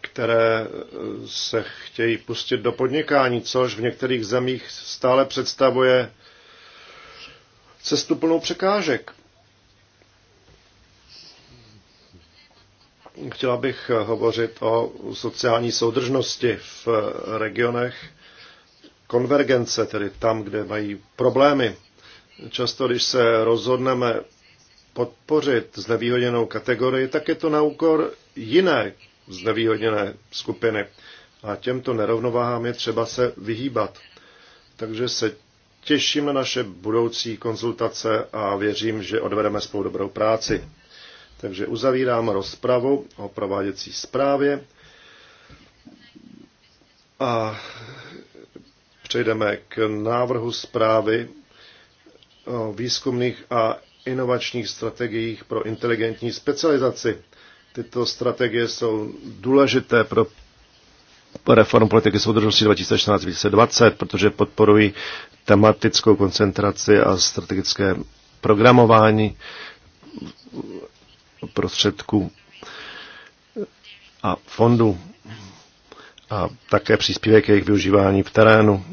které eh, se chtějí pustit do podnikání, což v některých zemích stále představuje cestu plnou překážek. Chtěla bych hovořit o sociální soudržnosti v regionech konvergence, tedy tam, kde mají problémy. Často, když se rozhodneme podpořit znevýhodněnou kategorii, tak je to na úkor jiné znevýhodněné skupiny. A těmto nerovnováhám je třeba se vyhýbat. Takže se těším na naše budoucí konzultace a věřím, že odvedeme spolu dobrou práci. Takže uzavírám rozpravu o prováděcí zprávě a přejdeme k návrhu zprávy o výzkumných a inovačních strategiích pro inteligentní specializaci. Tyto strategie jsou důležité pro reformu politiky soudržnosti 2014-2020, protože podporují tematickou koncentraci a strategické programování prostředků a fondů a také příspěvek k jejich využívání v terénu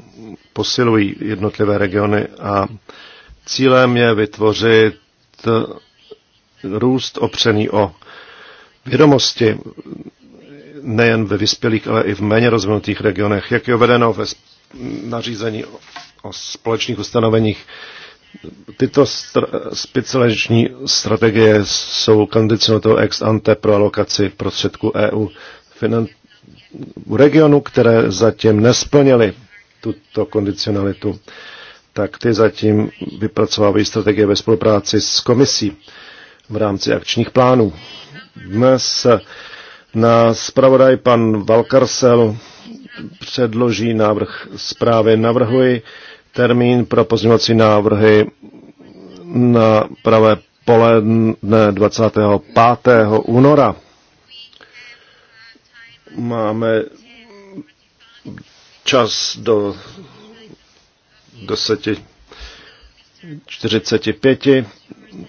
posilují jednotlivé regiony a cílem je vytvořit růst opřený o vědomosti nejen ve vyspělých, ale i v méně rozvinutých regionech, jak je uvedeno ve nařízení o společných ustanoveních Tyto str- specializační strategie jsou kandidatou ex ante pro alokaci prostředků EU finan- regionu, které zatím nesplněly tuto kondicionalitu, tak ty zatím vypracovávají strategie ve spolupráci s komisí v rámci akčních plánů. Dnes na zpravodaj pan Valkarsel předloží návrh zprávy. Navrhuji Termín pro pozměňovací návrhy na pravé poledne 25. února. Máme čas do 10.45.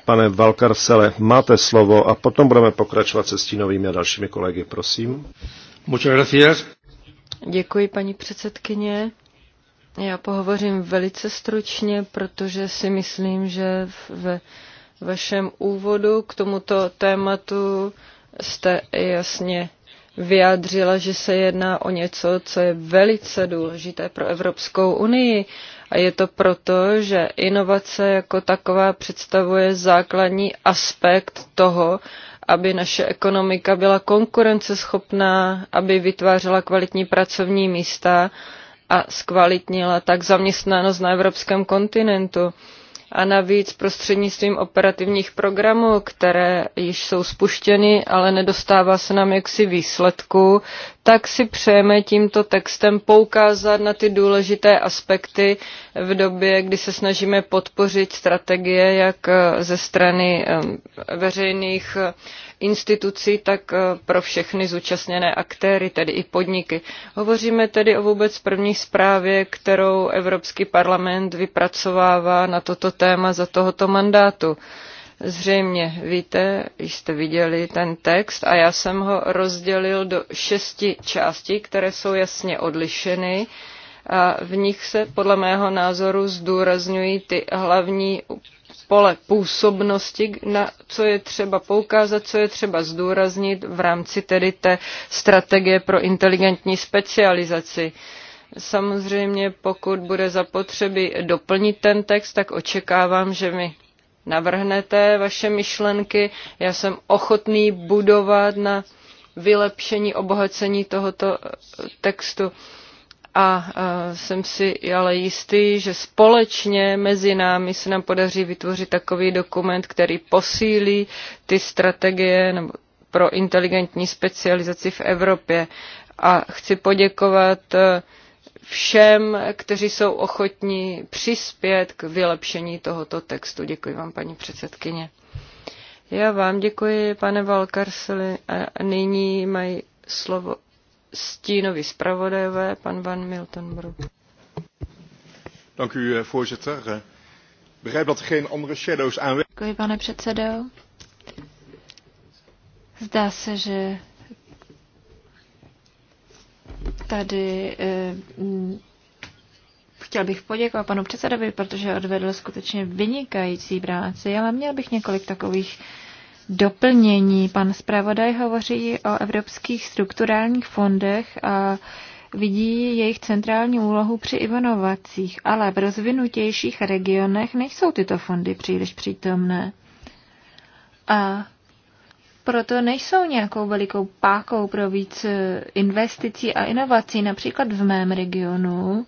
Pane Valkarsele, máte slovo a potom budeme pokračovat se stínovými a dalšími kolegy, prosím. Muchas gracias. Děkuji, paní předsedkyně. Já pohovořím velice stručně, protože si myslím, že ve vašem úvodu k tomuto tématu jste jasně vyjádřila, že se jedná o něco, co je velice důležité pro Evropskou unii. A je to proto, že inovace jako taková představuje základní aspekt toho, aby naše ekonomika byla konkurenceschopná, aby vytvářela kvalitní pracovní místa a zkvalitnila tak zaměstnanost na evropském kontinentu. A navíc prostřednictvím operativních programů, které již jsou spuštěny, ale nedostává se nám jaksi výsledku, tak si přejeme tímto textem poukázat na ty důležité aspekty v době, kdy se snažíme podpořit strategie jak ze strany veřejných institucí, tak eh, pro všechny zúčastněné aktéry, tedy i podniky. Hovoříme tedy o vůbec první zprávě, kterou Evropský parlament vypracovává na toto téma za tohoto mandátu. Zřejmě víte, jste viděli ten text a já jsem ho rozdělil do šesti částí, které jsou jasně odlišeny a v nich se podle mého názoru zdůrazňují ty hlavní pole působnosti, na co je třeba poukázat, co je třeba zdůraznit v rámci tedy té strategie pro inteligentní specializaci. Samozřejmě, pokud bude zapotřebí doplnit ten text, tak očekávám, že mi navrhnete vaše myšlenky. Já jsem ochotný budovat na vylepšení, obohacení tohoto eh, textu a jsem si ale jistý, že společně mezi námi se nám podaří vytvořit takový dokument, který posílí ty strategie pro inteligentní specializaci v Evropě. A chci poděkovat e, všem, kteří jsou ochotní přispět k vylepšení tohoto textu. Děkuji vám, paní předsedkyně. Já vám děkuji, pane Valkarsely. A nyní mají slovo stínoví zpravodajové, pan Van Miltenbroek. Dank u, eh, voorzitter. Eh, begrijp dat er geen andere shadows aanwezig zijn. Děkuji, pane předsedo. Zdá se, že tady eh, chtěl bych poděkovat panu předsedovi, protože odvedl skutečně vynikající práci, ale měl bych několik takových eh, doplnění. Pan zpravodaj hovoří o evropských strukturálních fondech a vidí jejich centrální úlohu při inovacích, ale v rozvinutějších regionech nejsou tyto fondy příliš přítomné. A proto nejsou nějakou velikou pákou pro víc investicí a inovací, například v mém regionu.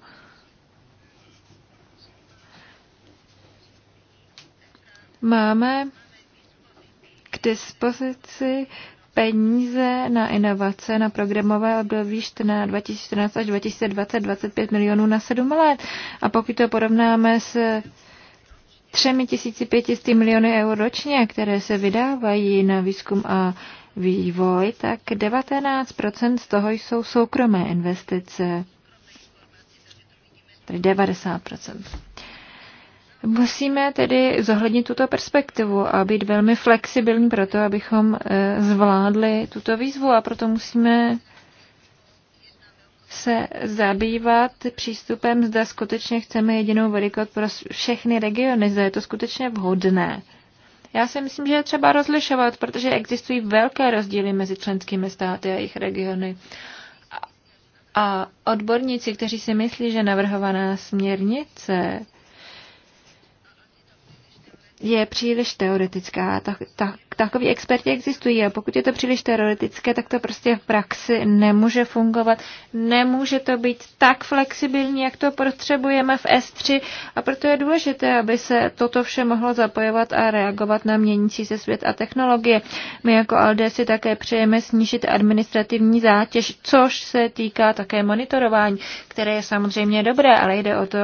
Máme dispozici peníze na inovace na programové období 2014 až 2020 25 milionů na 7 let. A pokud to porovnáme s 3500 miliony eur ročně, které se vydávají na výzkum a vývoj, tak 19% z toho jsou soukromé investice. Tedy 90%. Musíme tedy zohlednit tuto perspektivu a být velmi flexibilní pro to, abychom eh, zvládli tuto výzvu a proto musíme se zabývat přístupem, zda skutečně chceme jedinou velikost pro všechny regiony, zda je to skutečně vhodné. Já si myslím, že je třeba rozlišovat, protože existují velké rozdíly mezi členskými státy a jejich regiony. A odborníci, kteří si myslí, že navrhovaná směrnice je příliš teoretická. Tak, tak, takový experti existují a pokud je to příliš teoretické, tak to prostě v praxi nemůže fungovat. Nemůže to být tak flexibilní, jak to potřebujeme v S3 a proto je důležité, aby se toto vše mohlo zapojovat a reagovat na měnící se svět a technologie. My jako ALDE si také přejeme snížit administrativní zátěž, což se týká také monitorování, které je samozřejmě dobré, ale jde o to,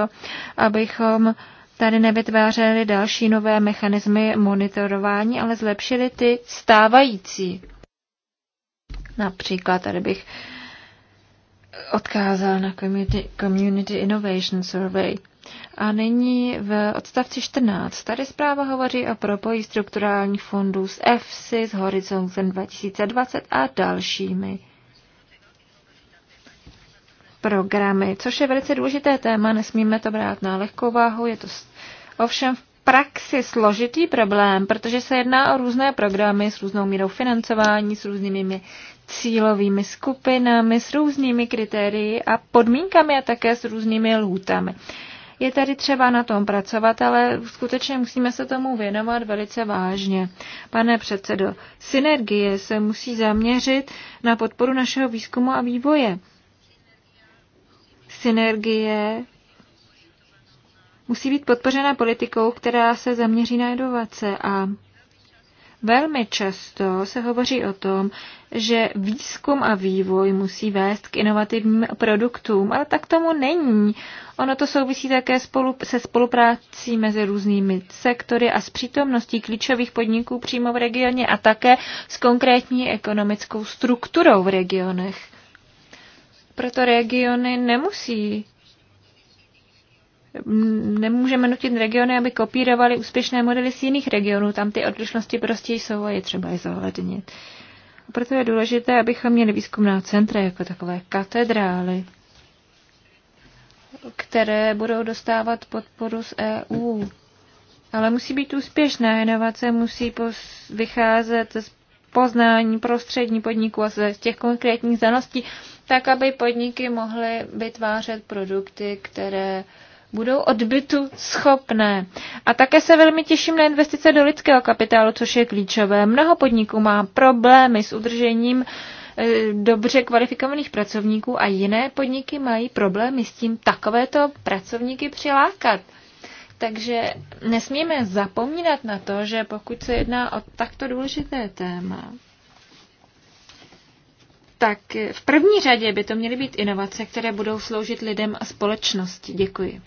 abychom tady nevytvářely další nové mechanismy monitorování, ale zlepšily ty stávající. Například tady bych odkázal na Community, community Innovation Survey. A nyní v odstavci 14. Tady zpráva hovoří o propoji strukturálních fondů s EFSI, s Horizontem 2020 a dalšími programy, což je velice důležité téma, nesmíme to brát na lehkou váhu, je to ovšem v praxi složitý problém, protože se jedná o různé programy s různou mírou financování, s různými cílovými skupinami, s různými kritérii a podmínkami a také s různými lhůtami. Je tady třeba na tom pracovat, ale skutečně musíme se tomu věnovat velice vážně. Pane předsedo, synergie se musí zaměřit na podporu našeho výzkumu a vývoje. Synergie musí být podpořena politikou, která se zaměří na inovace a Velmi často se hovoří o tom, že výzkum a vývoj musí vést k inovativním produktům, ale tak tomu není. Ono to souvisí také spolu, se spoluprácí mezi různými sektory a s přítomností klíčových podniků přímo v regioně a také s konkrétní ekonomickou strukturou v regionech. Proto regiony nemusí nemůžeme nutit regiony, aby kopírovali úspěšné modely z jiných regionů. Tam ty odlišnosti prostě jsou a je třeba je zohlednit. A proto je důležité, abychom měli výzkumná centra jako takové katedrály, které budou dostávat podporu z EU. Ale musí být úspěšná inovace, musí vycházet z poznání prostřední podniku a z těch konkrétních znalostí, tak aby podniky mohly vytvářet produkty, které uh, budou odbytu schopné. A také se velmi těším na investice do lidského kapitálu, což je klíčové. Mnoho podniků má problémy s udržením e, dobře kvalifikovaných pracovníků a jiné podniky mají problémy s tím takovéto pracovníky přilákat. Takže nesmíme zapomínat na to, že pokud se jedná o takto důležité téma, tak v první řadě by to měly být inovace, které budou sloužit lidem a společnosti. Děkuji.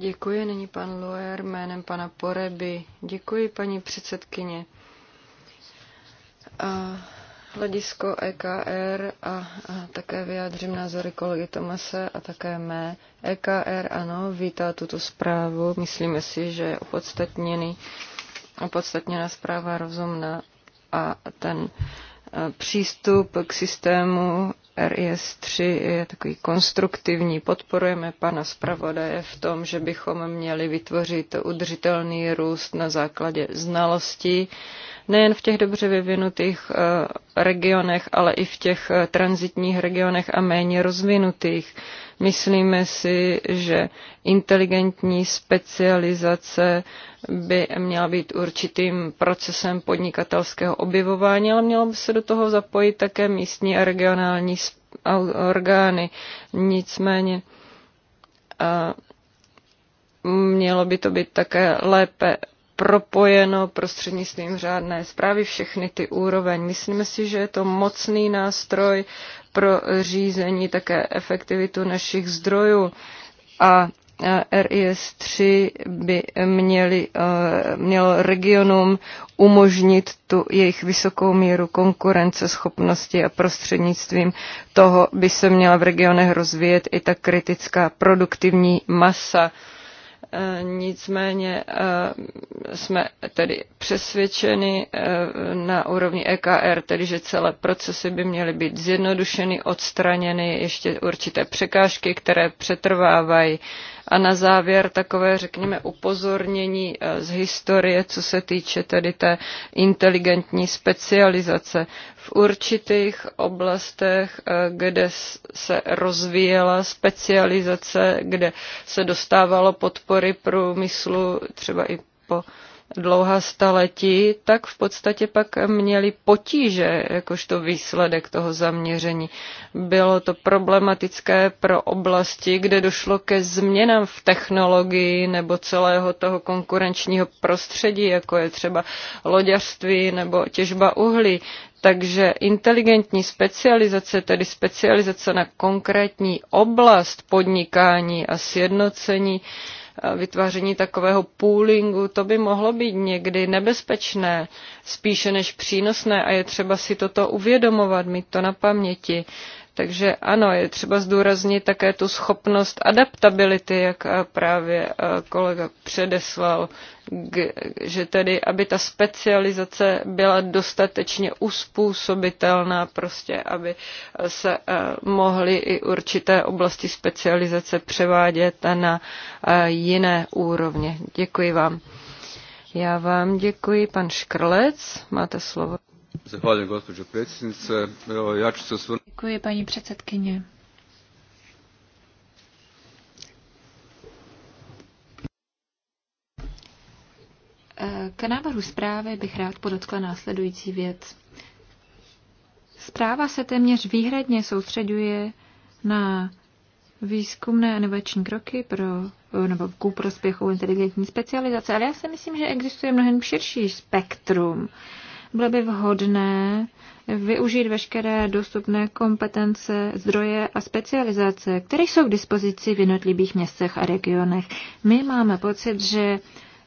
Děkuji, není pan Loer jménem pana Poreby. Děkuji, paní předsedkyně. A hledisko EKR a, a také vyjádřím názory kolegy Tomase a také mé. EKR, ano, vítá tuto zprávu. Myslíme si, že je opodstatněný, opodstatněná zpráva rozumná a ten e, přístup k systému RIS 3 je takový konstruktivní. Podporujeme pana zpravodaje v tom, že bychom měli vytvořit udržitelný růst na základě znalostí nejen v těch dobře vyvinutých eh, regionech, ale i v těch eh, transitních regionech a méně rozvinutých. Myslíme si, že inteligentní specializace by měla být určitým procesem podnikatelského objevování, ale mělo by se do toho zapojit také místní a regionální orgány. Nicméně eh, mělo by to být také lépe propojeno prostřednictvím řádné zprávy všechny ty úroveň. Myslíme si, že je to mocný nástroj pro řízení také efektivitu našich zdrojů a RIS 3 by měli, mělo regionům umožnit tu jejich vysokou míru konkurenceschopnosti a prostřednictvím toho by se měla v regionech rozvíjet i ta kritická produktivní masa. Eh, nicméně eh, jsme tedy přesvědčeni eh, na úrovni EKR, tedy že celé procesy by měly být zjednodušeny, odstraněny ještě určité překážky, které přetrvávají a na závěr takové, řekněme, upozornění eh, z historie, co se týče tedy té inteligentní specializace. V určitých oblastech, eh, kde se rozvíjela specializace, kde se dostávalo podpory průmyslu, třeba i po dlouhá staletí, tak v podstatě pak měli potíže, jakožto výsledek toho zaměření. Bylo to problematické pro oblasti, kde došlo ke změnám v technologii nebo celého toho konkurenčního prostředí, jako je třeba loďařství nebo těžba uhlí. Takže inteligentní specializace, tedy specializace na konkrétní oblast podnikání a sjednocení, vytváření takového poolingu, to by mohlo být někdy nebezpečné, spíše než přínosné a je třeba si toto uvědomovat, mít to na paměti. Takže ano, je třeba zdůraznit také tu schopnost adaptability, jak právě eh, kolega předeslal že tedy, aby ta specializace byla dostatečně uspůsobitelná, prostě, aby se eh, mohly i určité oblasti specializace převádět na eh, jiné úrovně. Děkuji vám. Já vám děkuji. Pan Škrlec, máte slovo. Zahvaljujem, gospođo predsjednice. ja ću se osvrnuti... Děkuji, paní předsedkyně. K návrhu zprávy bych rád podotkla následující věc. Zpráva se téměř výhradně soustředuje na výzkumné inovační kroky pro, nebo ku prospěchu inteligentní specializace, ale já si myslím, že existuje mnohem širší spektrum. Bylo by vhodné využít veškeré dostupné kompetence, zdroje a specializace, které jsou k dispozici v jednotlivých městech a regionech. My máme pocit, že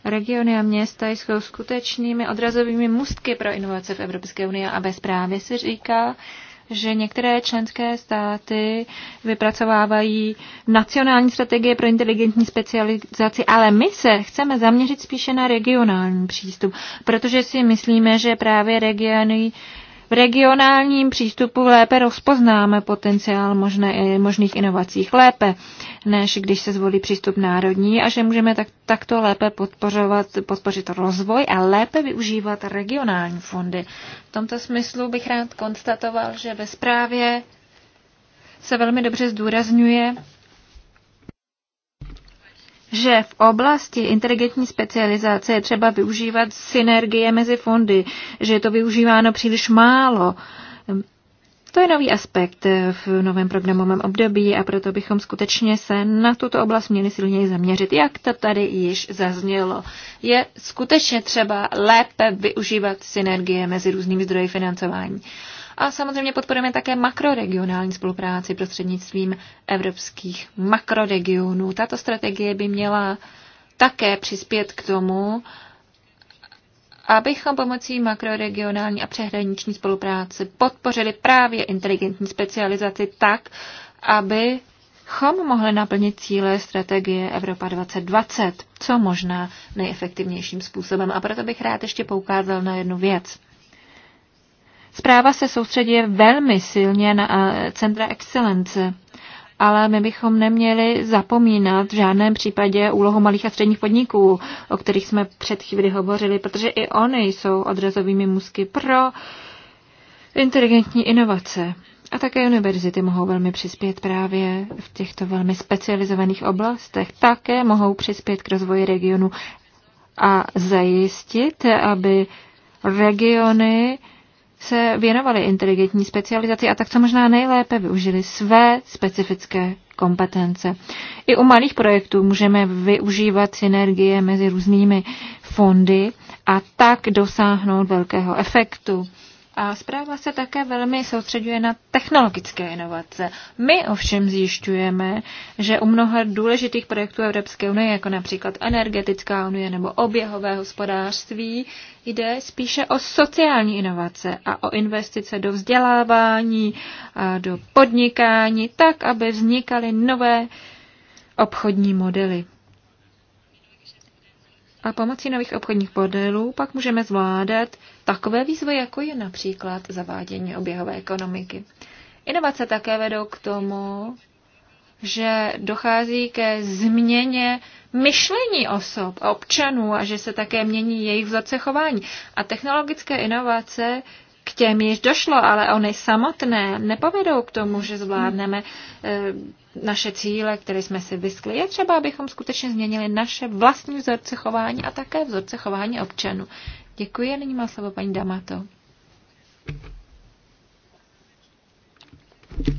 Regiony a města jsou skutečnými odrazovými mustky pro inovace v Evropské unii a ve se říká, že některé členské státy vypracovávají nacionální strategie pro inteligentní specializaci, ale my se chceme zaměřit spíše na regionální přístup, protože si myslíme, že právě regiony v regionálním přístupu lépe rozpoznáme potenciál možné, eh, možných inovacích lépe, než když se zvolí přístup národní a že můžeme tak, takto lépe podpořovat, podpořit rozvoj a lépe využívat regionální fondy. V tomto smyslu bych rád konstatoval, že ve zprávě se velmi dobře zdůrazňuje že v oblasti inteligentní specializace je třeba využívat synergie mezi fondy, že je to využíváno příliš málo. To je nový aspekt v novém programovém období a proto bychom skutečně se na tuto oblast měli silněji zaměřit, jak to tady již zaznělo. Je skutečně třeba lépe využívat synergie mezi různými zdroji financování. A samozřejmě podporujeme také makroregionální spolupráci prostřednictvím evropských makroregionů. Tato strategie by měla také přispět k tomu, abychom pomocí makroregionální a přehraniční spolupráce podpořili právě inteligentní specializaci tak, aby abychom mohli naplnit cíle strategie Evropa 2020 co možná nejefektivnějším způsobem. A proto bych rád ještě poukázal na jednu věc. Zpráva se soustředí velmi silně na eh, centra excelence, ale my bychom neměli zapomínat v žádném případě úlohu malých a středních podniků, o kterých jsme před chvíli hovořili, protože i oni jsou odrazovými musky pro inteligentní inovace. A také univerzity mohou velmi přispět právě v těchto velmi specializovaných oblastech. Také mohou přispět k rozvoji regionu a zajistit, aby regiony se věnovali inteligentní specializaci a tak se možná nejlépe využili své specifické kompetence. I u malých projektů můžeme využívat synergie mezi různými fondy a tak dosáhnout velkého efektu. A zpráva se také velmi soustředuje na technologické inovace. My ovšem zjišťujeme, že u mnoha důležitých projektů Evropské unie, jako například energetická unie nebo oběhové hospodářství, jde spíše o sociální inovace a o investice do vzdělávání, a do podnikání, tak, aby vznikaly nové obchodní modely. A pomocí nových obchodních modelů pak můžeme zvládat takové výzvy, jako je například zavádění oběhové ekonomiky. Inovace také vedou k tomu, že dochází ke změně myšlení osob a občanů a že se také mění jejich vzorce chování. A technologické inovace k těm již došlo, ale oni samotné nepovedou k tomu, že zvládneme eh, naše cíle, které jsme si vyskli. Je třeba, abychom skutečně změnili naše vlastní vzorce chování a také vzorce chování občanů. Děkuji a nyní má slovo paní Damato.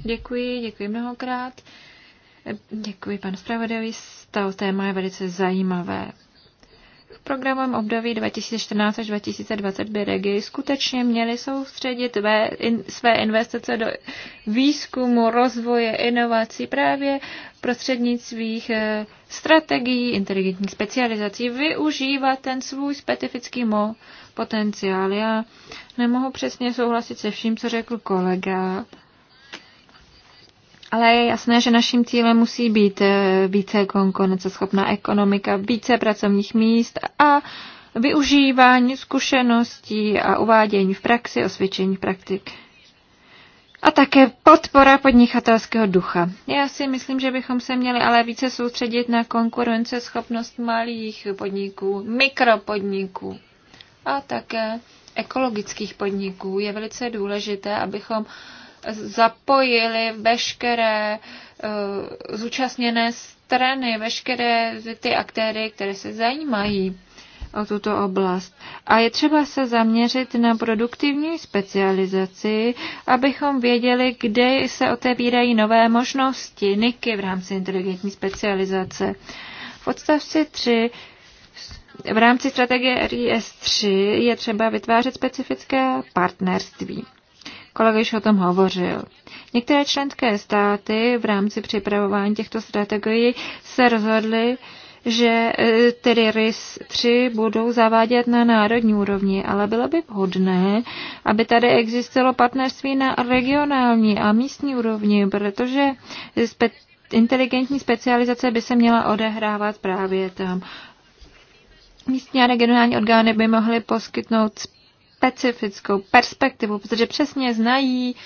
Děkuji, děkuji mnohokrát. Děkuji, pan zpravodaj. To téma je velice zajímavé programem období 2014 až 2020 by regie skutečně měly soustředit své investice do výzkumu, rozvoje, inovací právě prostřednictvím eh, strategií, inteligentních specializací, využívat ten svůj specifický mo- potenciál. Já nemohu přesně souhlasit se vším, co řekl kolega ale je jasné, že naším cílem musí být eh, více konkurenceschopná ekonomika, více pracovních míst a využívání zkušeností a uvádění v praxi, osvědčení praktik. A také podpora podnikatelského ducha. Já si myslím, že bychom se měli ale více soustředit na konkurenceschopnost malých podniků, mikropodniků a také ekologických podniků. Je velice důležité, abychom uh, zapojili veškeré eh, zúčastněné strany, veškeré ty aktéry, které se zajímají o tuto oblast. A je třeba se zaměřit na produktivní specializaci, abychom věděli, kde se otevírají nové možnosti, niky v rámci inteligentní specializace. V odstavci 3 v rámci strategie RIS 3 je třeba vytvářet specifické partnerství. Kolega již o tom hovořil. Některé členské státy v rámci připravování těchto strategií se rozhodly, že e, tedy RIS 3 budou zavádět na národní úrovni, ale bylo by vhodné, aby tady existovalo partnerství na regionální a místní úrovni, protože spe- inteligentní specializace by se měla odehrávat právě tam. Místní a regionální orgány by mohly poskytnout specifickou perspektivu, protože přesně znají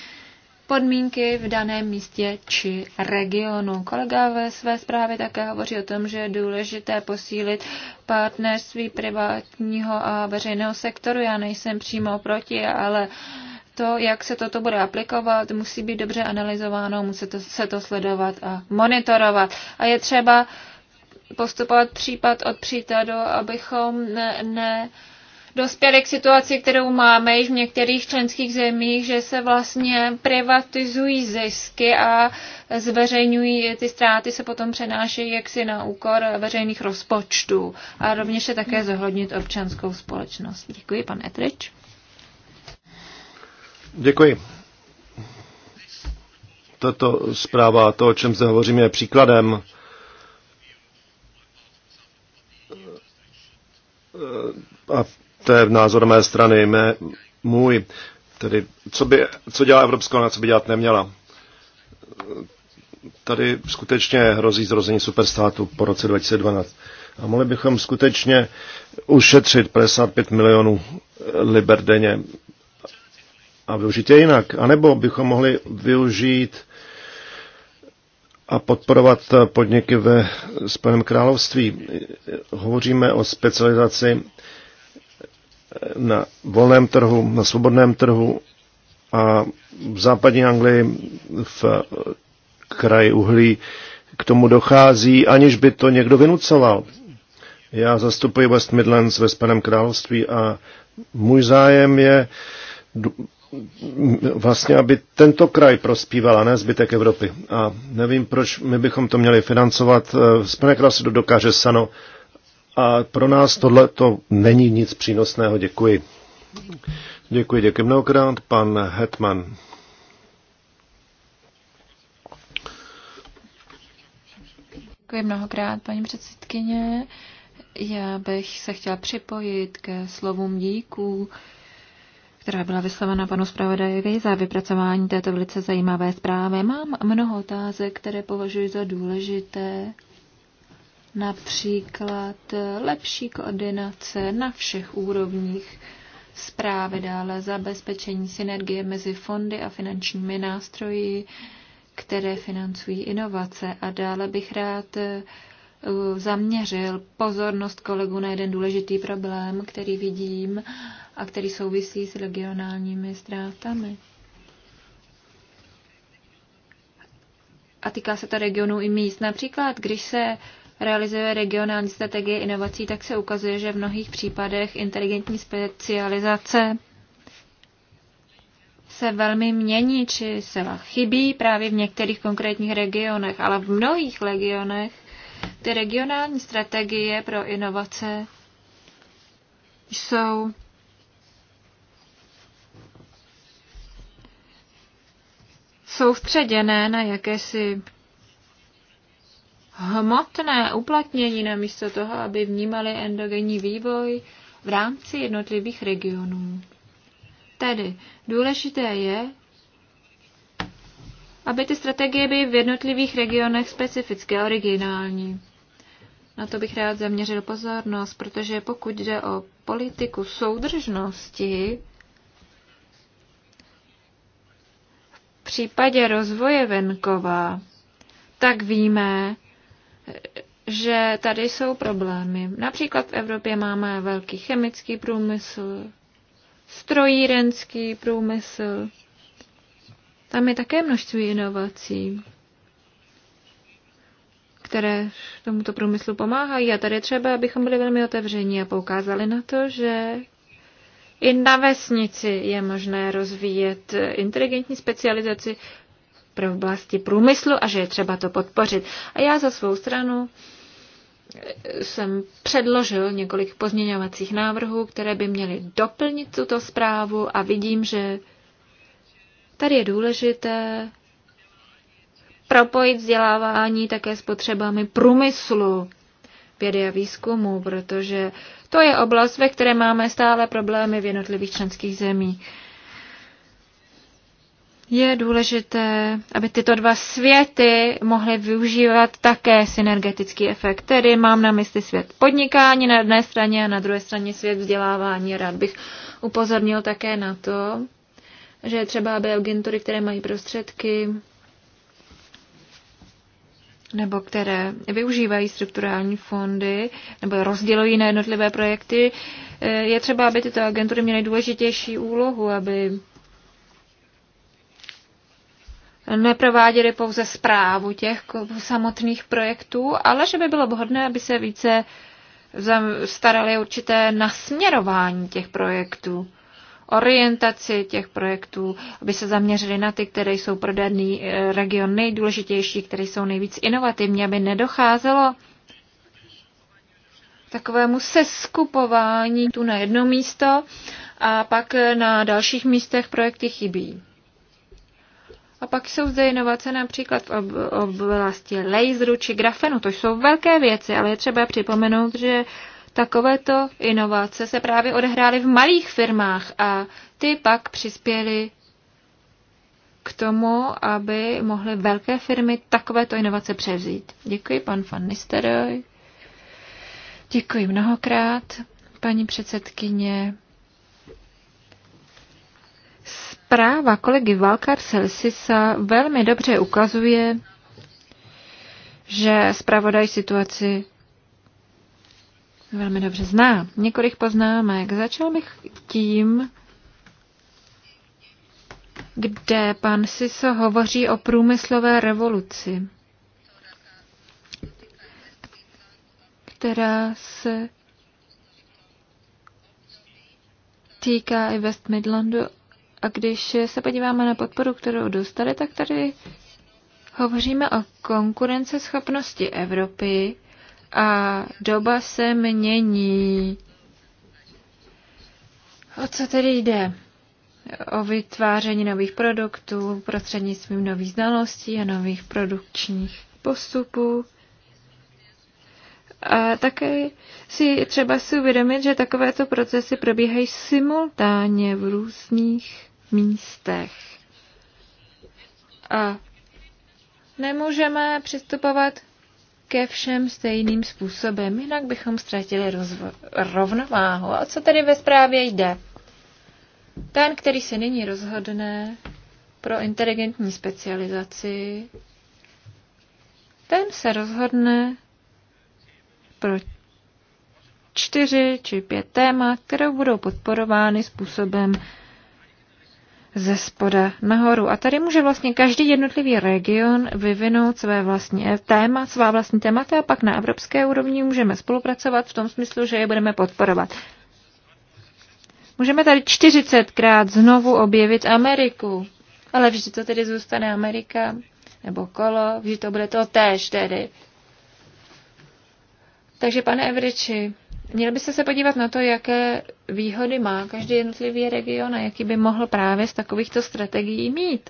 podmínky v daném místě či regionu. Kolega ve své zprávě také hovoří o tom, že je důležité posílit partnerství privátního a veřejného sektoru. Já nejsem přímo proti, ale to, jak se toto bude aplikovat, musí být dobře analyzováno, musí to, se to sledovat a monitorovat. A je třeba postupovat případ od případu, abychom ne, ne dospěli k situaci, kterou máme již v některých členských zemích, že se vlastně privatizují zisky a zveřejňují ty ztráty, se potom přenášejí jaksi na úkor veřejných rozpočtů a rovněž se také zohlednit občanskou společnost. Děkuji, pan Etrič. Děkuji. Tato zpráva, to, o čem zde hovořím, je příkladem a to je názor mé strany, mé, můj, tedy co, by, co dělá Evropská unie, co by dělat neměla. Tady skutečně hrozí zrození superstátu po roce 2012. A mohli bychom skutečně ušetřit 55 milionů liber denně a využít je jinak. A nebo bychom mohli využít a podporovat podniky ve Spojeném království. Hovoříme o specializaci na volném trhu, na svobodném trhu a v západní Anglii v kraji uhlí k tomu dochází, aniž by to někdo vynucoval. Já zastupuji West Midlands ve Spaném království a můj zájem je vlastně, aby tento kraj prospíval a ne zbytek Evropy. A nevím, proč my bychom to měli financovat. Eh, Spojené království dokáže sano a pro nás tohle to není nic přínosného. Děkuji. Děkuji, děkuji mnohokrát. Pan Hetman. Děkuji mnohokrát, paní předsedkyně. Já bych se chtěla připojit ke slovům díků, která byla vyslovena panu zpravodajovi za vypracování této velice zajímavé zprávy. Mám mnoho otázek, které považuji za důležité například lepší koordinace na všech úrovních zprávy, dále zabezpečení synergie mezi fondy a finančními nástroji, které financují inovace. A dále bych rád eh, zaměřil pozornost kolegu na jeden důležitý problém, který vidím a který souvisí s regionálními ztrátami. A týká se to regionu i míst. Například, když se realizuje regionální strategie inovací, tak se ukazuje, že v mnohých případech inteligentní specializace se velmi mění, či se chybí právě v některých konkrétních regionech, ale v mnohých regionech ty regionální strategie pro inovace jsou soustředěné na jakési hmotné uplatnění namísto toho, aby vnímali endogenní vývoj v rámci jednotlivých regionů. Tedy důležité je, aby ty strategie byly v jednotlivých regionech specifické a originální. Na to bych rád zaměřil pozornost, protože pokud jde o politiku soudržnosti, v případě rozvoje venkova, tak víme, že tady jsou problémy. Například v Evropě máme velký chemický průmysl, strojírenský průmysl. Tam je také množství inovací, které tomuto průmyslu pomáhají. A tady třeba, abychom byli velmi otevření a poukázali na to, že i na vesnici je možné rozvíjet inteligentní specializaci pro oblasti průmyslu a že je třeba to podpořit. A já za svou stranu jsem předložil několik pozměňovacích návrhů, které by měly doplnit tuto zprávu a vidím, že tady je důležité propojit vzdělávání také s potřebami průmyslu, vědy a výzkumu, protože to je oblast, ve které máme stále problémy v jednotlivých členských zemích je důležité, aby tyto dva světy mohly využívat také synergetický efekt, tedy mám na mysli svět podnikání na jedné straně a na druhé straně svět vzdělávání. Rád bych upozornil také na to, že třeba aby agentury, které mají prostředky nebo které využívají strukturální fondy nebo rozdělují na jednotlivé projekty, je třeba, aby tyto agentury měly důležitější úlohu, aby neprováděli pouze zprávu těch samotných projektů, ale že by bylo vhodné, aby se více starali určité nasměrování těch projektů, orientaci těch projektů, aby se zaměřili na ty, které jsou pro daný eh, region nejdůležitější, které jsou nejvíc inovativní, aby nedocházelo takovému seskupování tu na jedno místo a pak na dalších místech projekty chybí. A pak jsou zde inovace například v oblasti laseru či grafenu. To jsou velké věci, ale je třeba připomenout, že takovéto inovace se právě odehrály v malých firmách a ty pak přispěly k tomu, aby mohly velké firmy takovéto inovace převzít. Děkuji, pan Van Nisteroj. Děkuji mnohokrát, paní předsedkyně. Práva kolegy Valkar Selsisa velmi dobře ukazuje, že zpravodaj situaci velmi dobře zná. Několik poznámek. Začal bych tím, kde pan Siso hovoří o průmyslové revoluci, která se týká i West Midlandu a když se podíváme na podporu, kterou dostali, tak tady hovoříme o konkurenceschopnosti Evropy a doba se mění. O co tedy jde? O vytváření nových produktů prostřednictvím nových znalostí a nových produkčních postupů. A také si třeba si uvědomit, že takovéto procesy probíhají simultánně v různých místech. A nemůžeme přistupovat ke všem stejným způsobem, jinak bychom ztratili rovnováhu. A co tedy ve zprávě jde? Ten, který se nyní rozhodne pro inteligentní specializaci, ten se rozhodne pro čtyři či pět témat, které budou podporovány způsobem ze spoda nahoru. A tady může vlastně každý jednotlivý region vyvinout své vlastní téma, svá vlastní témata a pak na evropské úrovni můžeme spolupracovat v tom smyslu, že je budeme podporovat. Můžeme tady 40krát znovu objevit Ameriku, ale vždy to tedy zůstane Amerika nebo kolo, vždy to bude to též tedy. Takže, pane Evriči, měl byste se podívat na to, jaké výhody má každý jednotlivý region a jaký by mohl právě z takovýchto strategií mít.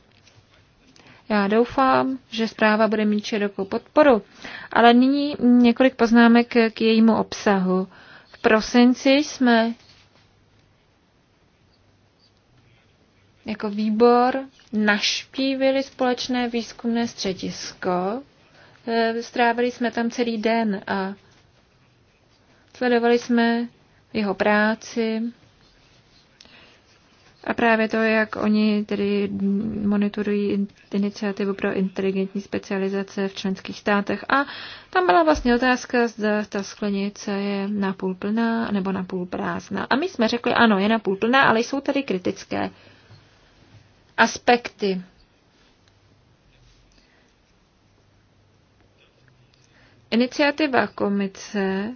Já doufám, že zpráva bude mít širokou podporu. Ale nyní několik poznámek k jejímu obsahu. V prosinci jsme jako výbor naštívili společné výzkumné středisko. E, strávili jsme tam celý den a Sledovali jsme jeho práci a právě to, jak oni tedy monitorují iniciativu pro inteligentní specializace v členských státech. A tam byla vlastně otázka, zda ta sklenice je napůl plná nebo napůl prázdná. A my jsme řekli, ano, je napůl plná, ale jsou tady kritické aspekty. Iniciativa komice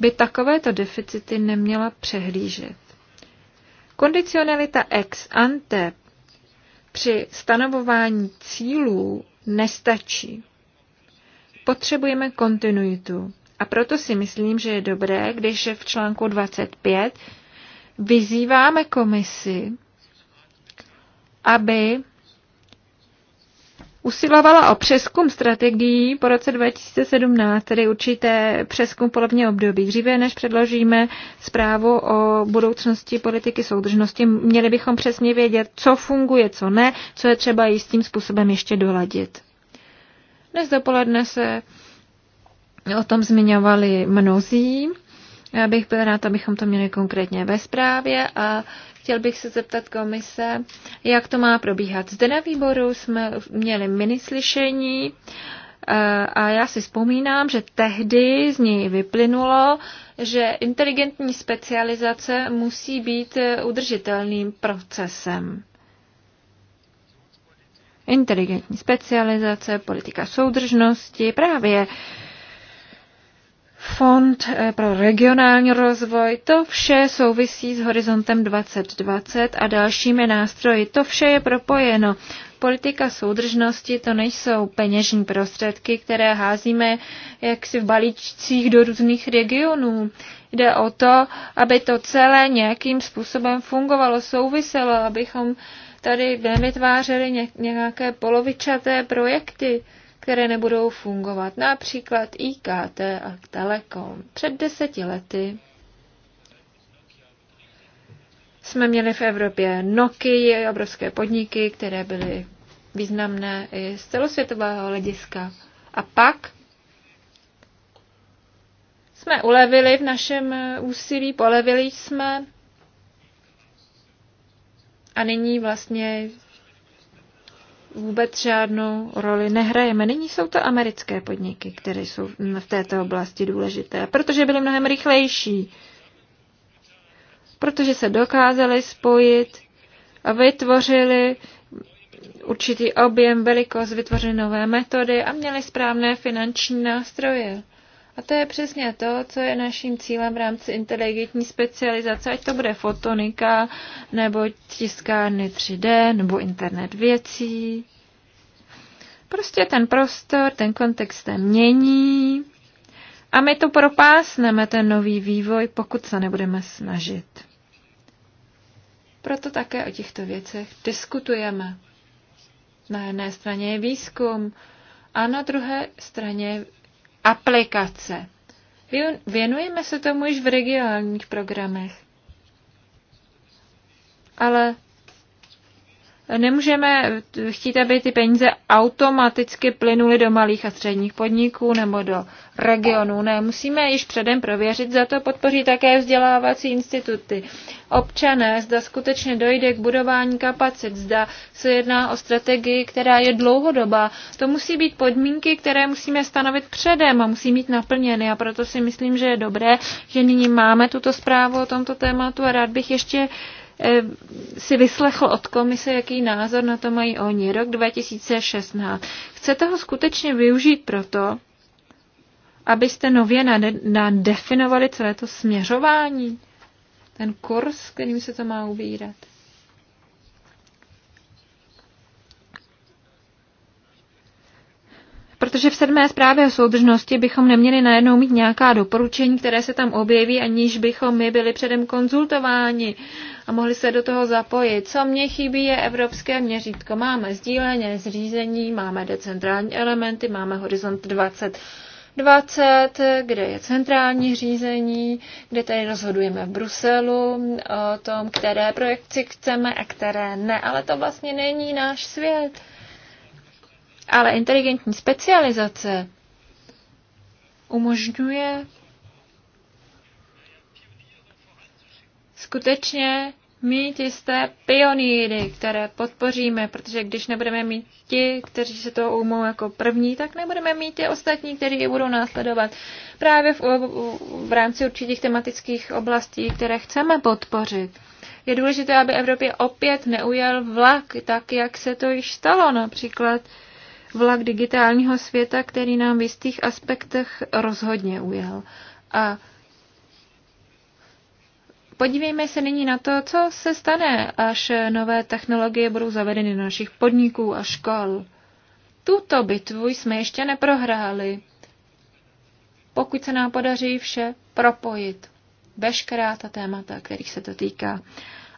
by takovéto deficity neměla přehlížet. Kondicionalita ex ante při stanovování cílů nestačí. Potřebujeme kontinuitu a proto si myslím, že je dobré, když v článku 25 vyzýváme komisi, aby usilovala o přeskum strategií po roce 2017, tedy určité přeskum polovního období. Dříve, než předložíme zprávu o budoucnosti politiky soudržnosti, měli bychom přesně vědět, co funguje, co ne, co je třeba jistým způsobem ještě doladit. Dnes dopoledne se o tom zmiňovali mnozí. Já bych byl rád, abychom to měli konkrétně ve zprávě a Chtěl bych se zeptat komise, jak to má probíhat. Zde na výboru jsme měli minislyšení eh, a já si vzpomínám, že tehdy z něj vyplynulo, že inteligentní specializace musí být eh, udržitelným procesem. Inteligentní specializace, politika soudržnosti, právě uh, Fond eh, pro regionální rozvoj, to vše souvisí s horizontem 2020 a dalšími nástroji. To vše je propojeno. Politika soudržnosti to nejsou peněžní prostředky, které házíme jaksi v balíčcích do různých regionů. Jde o to, aby to celé nějakým způsobem fungovalo, souviselo, abychom tady nevytvářeli nějaké polovičaté projekty které nebudou fungovat, například IKT a Telekom. Před deseti lety jsme měli v Evropě Nokia, obrovské podniky, které byly významné i z celosvětového hlediska. A pak jsme ulevili v našem úsilí, polevili jsme a nyní vlastně vůbec žádnou roli nehrajeme. Nyní jsou to americké podniky, které jsou v této oblasti důležité, protože byly mnohem rychlejší, protože se dokázali spojit a vytvořili určitý objem, velikost, vytvořili nové metody a měli správné finanční nástroje. A to je přesně to, co je naším cílem v rámci inteligentní specializace, ať to bude fotonika, nebo tiskárny 3D, nebo internet věcí. Prostě ten prostor, ten kontext se mění a my to propásneme, ten nový vývoj, pokud se nebudeme snažit. Proto také o těchto věcech diskutujeme. Na jedné straně je výzkum a na druhé straně aplikace. Věnujeme se tomu již v regionálních programech. Ale nemůžeme chtít, aby ty peníze automaticky plynuli do malých a středních podniků nebo do regionů. Ne, musíme již předem prověřit, za to podpoří také vzdělávací instituty. Občané, zda skutečně dojde k budování kapacit, zda se jedná o strategii, která je dlouhodobá. To musí být podmínky, které musíme stanovit předem a musí být naplněny a proto si myslím, že je dobré, že nyní máme tuto zprávu o tomto tématu a rád bych ještě uh, Eh, si vyslechl od komise, jaký názor na to mají oni. Rok 2016. Chcete ho skutečně využít proto, abyste nově nadefinovali celé to směřování, ten kurz, kterým se to má ubírat. Protože v sedmé zprávě o soudržnosti bychom neměli najednou mít nějaká doporučení, které se tam objeví, aniž bychom my byli předem konzultováni a mohli se do toho zapojit. Co mně chybí, je evropské měřítko. Máme sdílené zřízení, máme decentrální elementy, máme horizont 20. 20, kde je centrální řízení, kde tady rozhodujeme v Bruselu o tom, které projekci chceme a které ne. Ale to vlastně není náš svět. Ale inteligentní specializace umožňuje skutečně mít jisté pionýry, které podpoříme, protože když nebudeme mít ti, kteří se toho umou jako první, tak nebudeme mít ti ostatní, kteří je budou následovat právě v, v rámci určitých tematických oblastí, které chceme podpořit. Je důležité, aby Evropě opět neujel vlak, tak jak se to již stalo, například vlak digitálního světa, který nám v jistých aspektech rozhodně ujel. A Podívejme se nyní na to, co se stane, až nové technologie budou zavedeny do našich podniků a škol. Tuto bitvu jsme ještě neprohráli, pokud se nám podaří vše propojit. Veškerá ta témata, kterých se to týká.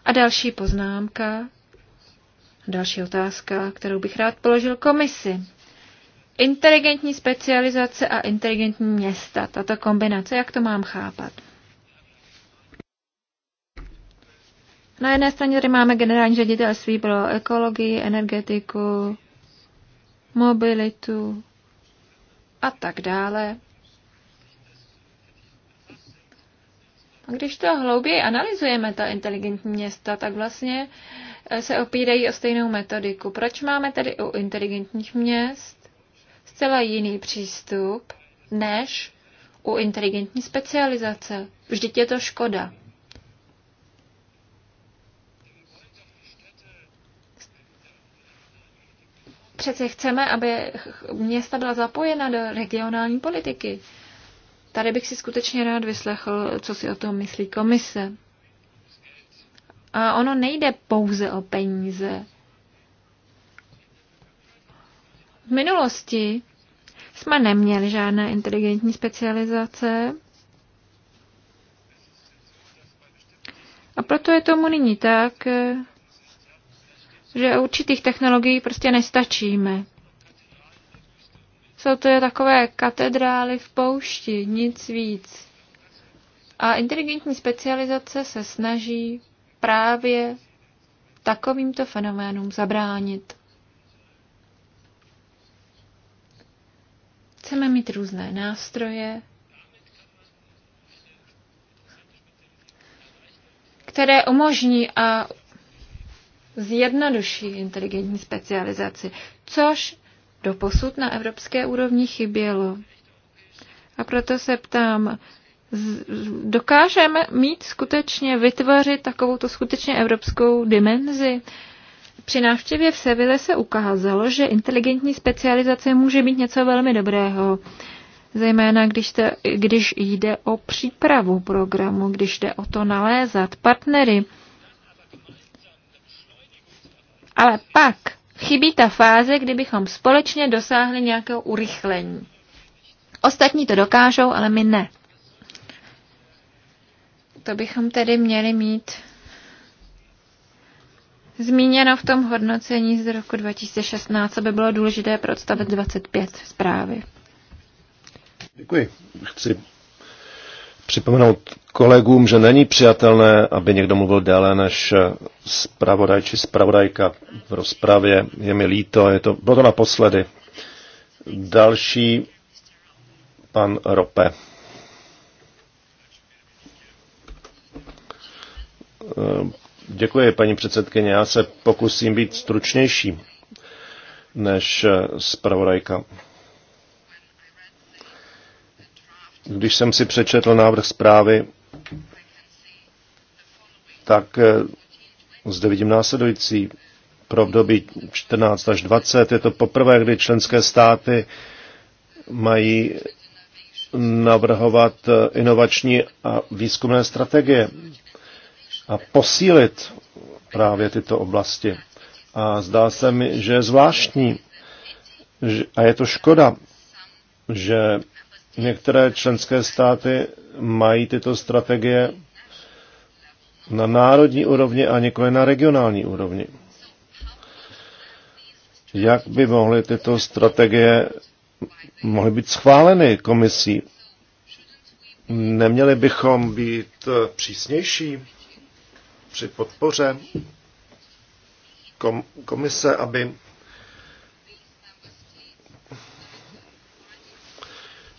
A další poznámka, další otázka, kterou bych rád položil komisi. Inteligentní specializace a inteligentní města, tato kombinace, jak to mám chápat? Na jedné straně tady máme generální ředitelství pro ekologii, energetiku, mobilitu a tak dále. A když to hlouběji analyzujeme, ta inteligentní města, tak vlastně eh, se opírají o stejnou metodiku. Proč máme tedy u inteligentních měst zcela jiný přístup než u inteligentní specializace? Vždyť je to škoda. přece chceme, aby města byla zapojena do regionální politiky. Tady bych si skutečně rád vyslechl, co si o tom myslí komise. A ono nejde pouze o peníze. V minulosti jsme neměli žádné inteligentní specializace. A proto je tomu nyní tak, že určitých technologií prostě nestačíme. Jsou to takové katedrály v poušti, nic víc. A inteligentní specializace se snaží právě takovýmto fenoménům zabránit. Chceme mít různé nástroje, které umožní a zjednoduší inteligentní specializaci, což doposud na evropské úrovni chybělo. A proto se ptám, dokážeme mít skutečně, vytvořit to skutečně evropskou dimenzi? Při návštěvě v Seville se ukázalo, že inteligentní specializace může být něco velmi dobrého, zejména když, to, když jde o přípravu programu, když jde o to nalézat partnery, ale pak chybí ta fáze, kdybychom společně dosáhli nějakého urychlení. Ostatní to dokážou, ale my ne. To bychom tedy měli mít zmíněno v tom hodnocení z roku 2016, co by bylo důležité pro odstavec 25 zprávy. Děkuji. Chci připomenout kolegům, že není přijatelné, aby někdo mluvil déle než zpravodaj či zpravodajka v rozpravě. Je mi líto, je to, bylo to naposledy. Další pan Rope. Děkuji, paní předsedkyně. Já se pokusím být stručnější než zpravodajka. Když jsem si přečetl návrh zprávy, tak eh, zde vidím následující pro období 14 až 20. Je to poprvé, kdy členské státy mají navrhovat eh, inovační a výzkumné strategie a posílit právě tyto oblasti. A zdá se mi, že je zvláštní a je to škoda, že Některé členské státy mají tyto strategie na národní úrovni a nikoli na regionální úrovni. Jak by mohly tyto strategie mohly být schváleny komisí? Neměli bychom být přísnější při podpoře komise, aby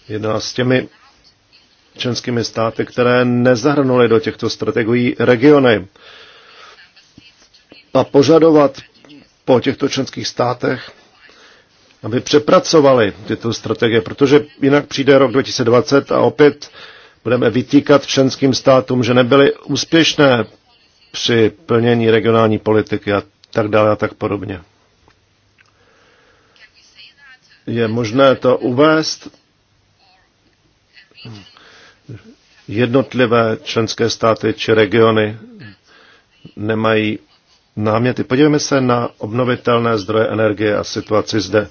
jedná s těmi členskými státy, které nezahrnuly do těchto strategií regiony. A požadovat po těchto členských státech, aby přepracovali tyto strategie, protože jinak přijde rok 2020 a opět budeme vytýkat členským státům, že nebyly úspěšné při plnění regionální politiky a tak dále a tak podobně. Je možné to uvést jednotlivé členské státy či regiony nemají náměty. Podívejme se na obnovitelné zdroje energie a situaci zde.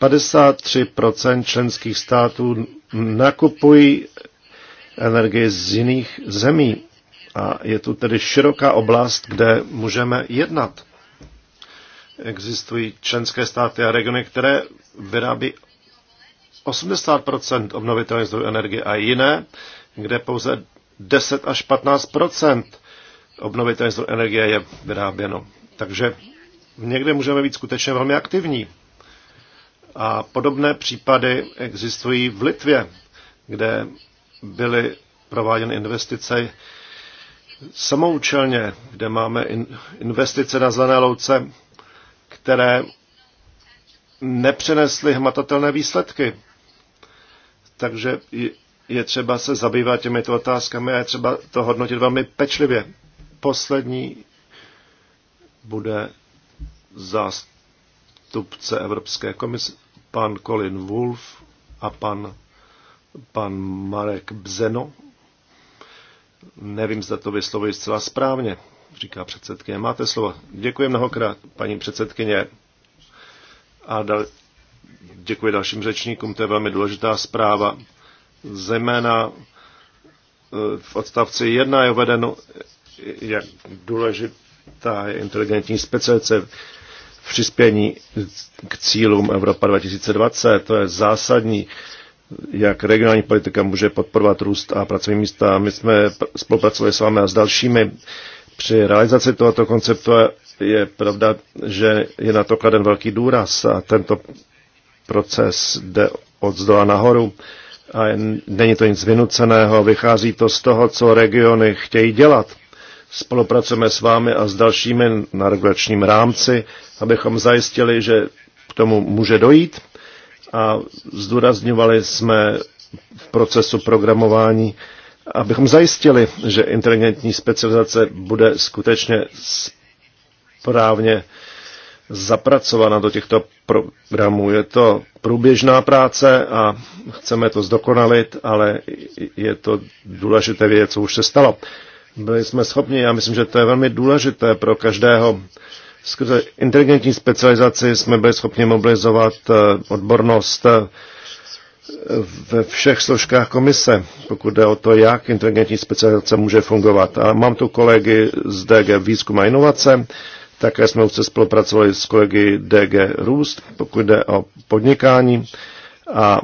53% členských států nakupují energii z jiných zemí a je tu tedy široká oblast, kde můžeme jednat. Existují členské státy a regiony, které vyrábí 80 obnovitelných zdrojů energie a jiné, kde pouze 10 až 15 obnovitelných zdrojů energie je vyráběno. Takže někde můžeme být skutečně velmi aktivní. A podobné případy existují v Litvě, kde byly prováděny investice samoučelně, kde máme investice na zelené louce, které nepřenesly hmatatelné výsledky. Takže je třeba se zabývat těmito otázkami a je třeba to hodnotit velmi pečlivě. Poslední bude zástupce Evropské komise, pan Colin Wolf a pan, pan Marek Bzeno. Nevím, zda to vyslovuji zcela správně, říká předsedkyně. Máte slovo. Děkuji mnohokrát, paní předsedkyně. A dal, děkuji dalším řečníkům, to je velmi důležitá zpráva. Zejména e, v odstavci 1 je uvedeno, jak důležitá je inteligentní specializace v přispění k cílům Evropa 2020. To je zásadní, jak regionální politika může podporovat růst a pracovní místa. My jsme spolupracovali s vámi a s dalšími. Při realizaci tohoto konceptu je pravda, že je na to kladen velký důraz a tento proces jde od zdola nahoru a není to nic vynuceného, vychází to z toho, co regiony chtějí dělat. Spolupracujeme s vámi a s dalšími na regulačním rámci, abychom zajistili, že k tomu může dojít a zdůrazňovali jsme v procesu programování, abychom zajistili, že inteligentní specializace bude skutečně správně zapracována do těchto programů. Je to průběžná práce a chceme to zdokonalit, ale je to důležité vědět, co už se stalo. Byli jsme schopni, já myslím, že to je velmi důležité pro každého. Skrze inteligentní specializaci jsme byli schopni mobilizovat eh, odbornost eh, ve všech složkách komise, pokud jde o to, jak inteligentní specializace může fungovat. A mám tu kolegy z DG Výzkum a inovace, také jsme už spolupracovali s kolegy DG Růst, pokud jde o podnikání a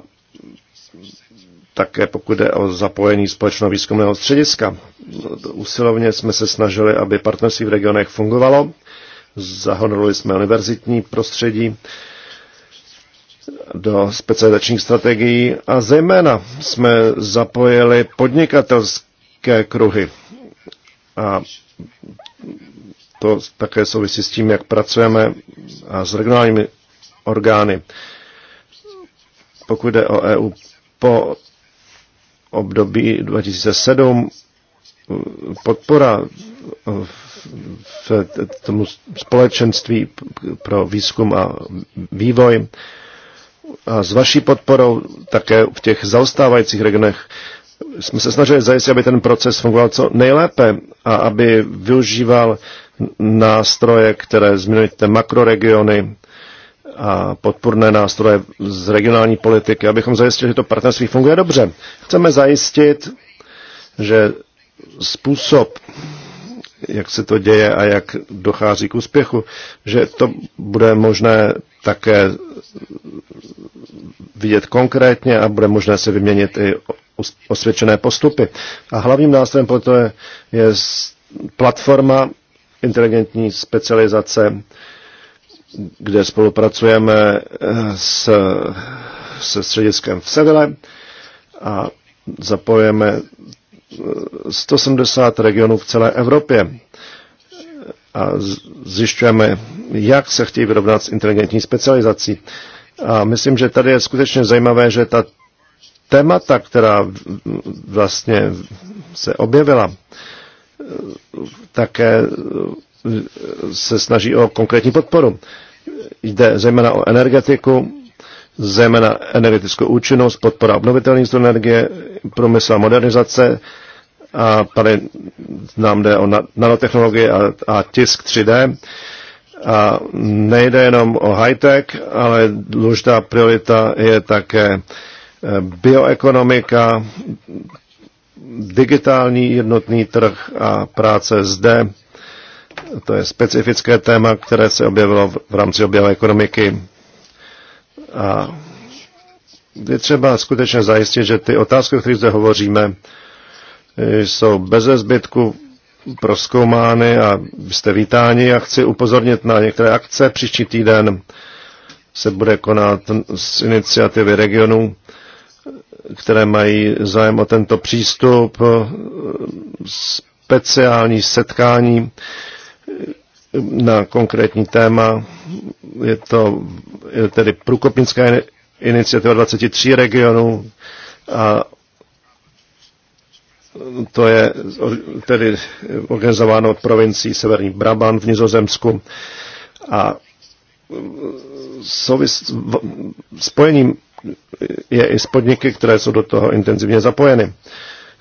také pokud jde o zapojení společného výzkumného střediska. Usilovně jsme se snažili, aby partnerství v regionech fungovalo. Zahonorili jsme univerzitní prostředí do specializačních strategií a zejména jsme zapojili podnikatelské kruhy. A to také souvisí s tím, jak pracujeme a s regionálními orgány. Pokud jde o EU, po období 2007 podpora v tomu společenství pro výzkum a vývoj a s vaší podporou také v těch zaostávajících regionech jsme se snažili zajistit, aby ten proces fungoval co nejlépe a aby využíval nástroje, které zmiňujete makroregiony a podpůrné nástroje z regionální politiky, abychom zajistili, že to partnerství funguje dobře. Chceme zajistit, že způsob, jak se to děje a jak dochází k úspěchu, že to bude možné také vidět konkrétně a bude možné se vyměnit i osvědčené postupy. A hlavním nástrojem proto je, je platforma inteligentní specializace, kde spolupracujeme eh, s, se střediskem v Seville a zapojeme 170 eh, regionů v celé Evropě a zjišťujeme, jak se chtějí vyrovnat s inteligentní specializací. A myslím, že tady je skutečně zajímavé, že ta témata, která vlastně se objevila, také se snaží o konkrétní podporu. Jde zejména o energetiku, zejména energetickou účinnost, podpora obnovitelných zdrojů energie, průmysl a modernizace. A tady nám jde o nanotechnologie a, a tisk 3D. A nejde jenom o high-tech, ale důležitá priorita je také bioekonomika, digitální jednotný trh a práce zde. To je specifické téma, které se objevilo v rámci objevu ekonomiky. A je třeba skutečně zajistit, že ty otázky, o kterých zde hovoříme, jsou bez zbytku proskoumány a jste vítáni. Já chci upozornit na některé akce. Příští týden se bude konat z iniciativy regionů které mají zájem o tento přístup, eh, speciální setkání eh, na konkrétní téma. Je to je tedy průkopnická iniciativa 23 regionů a to je tedy organizováno od provincií Severní Brabant v Nizozemsku a eh, souvis, spojením je i s podniky, které jsou do toho intenzivně zapojeny.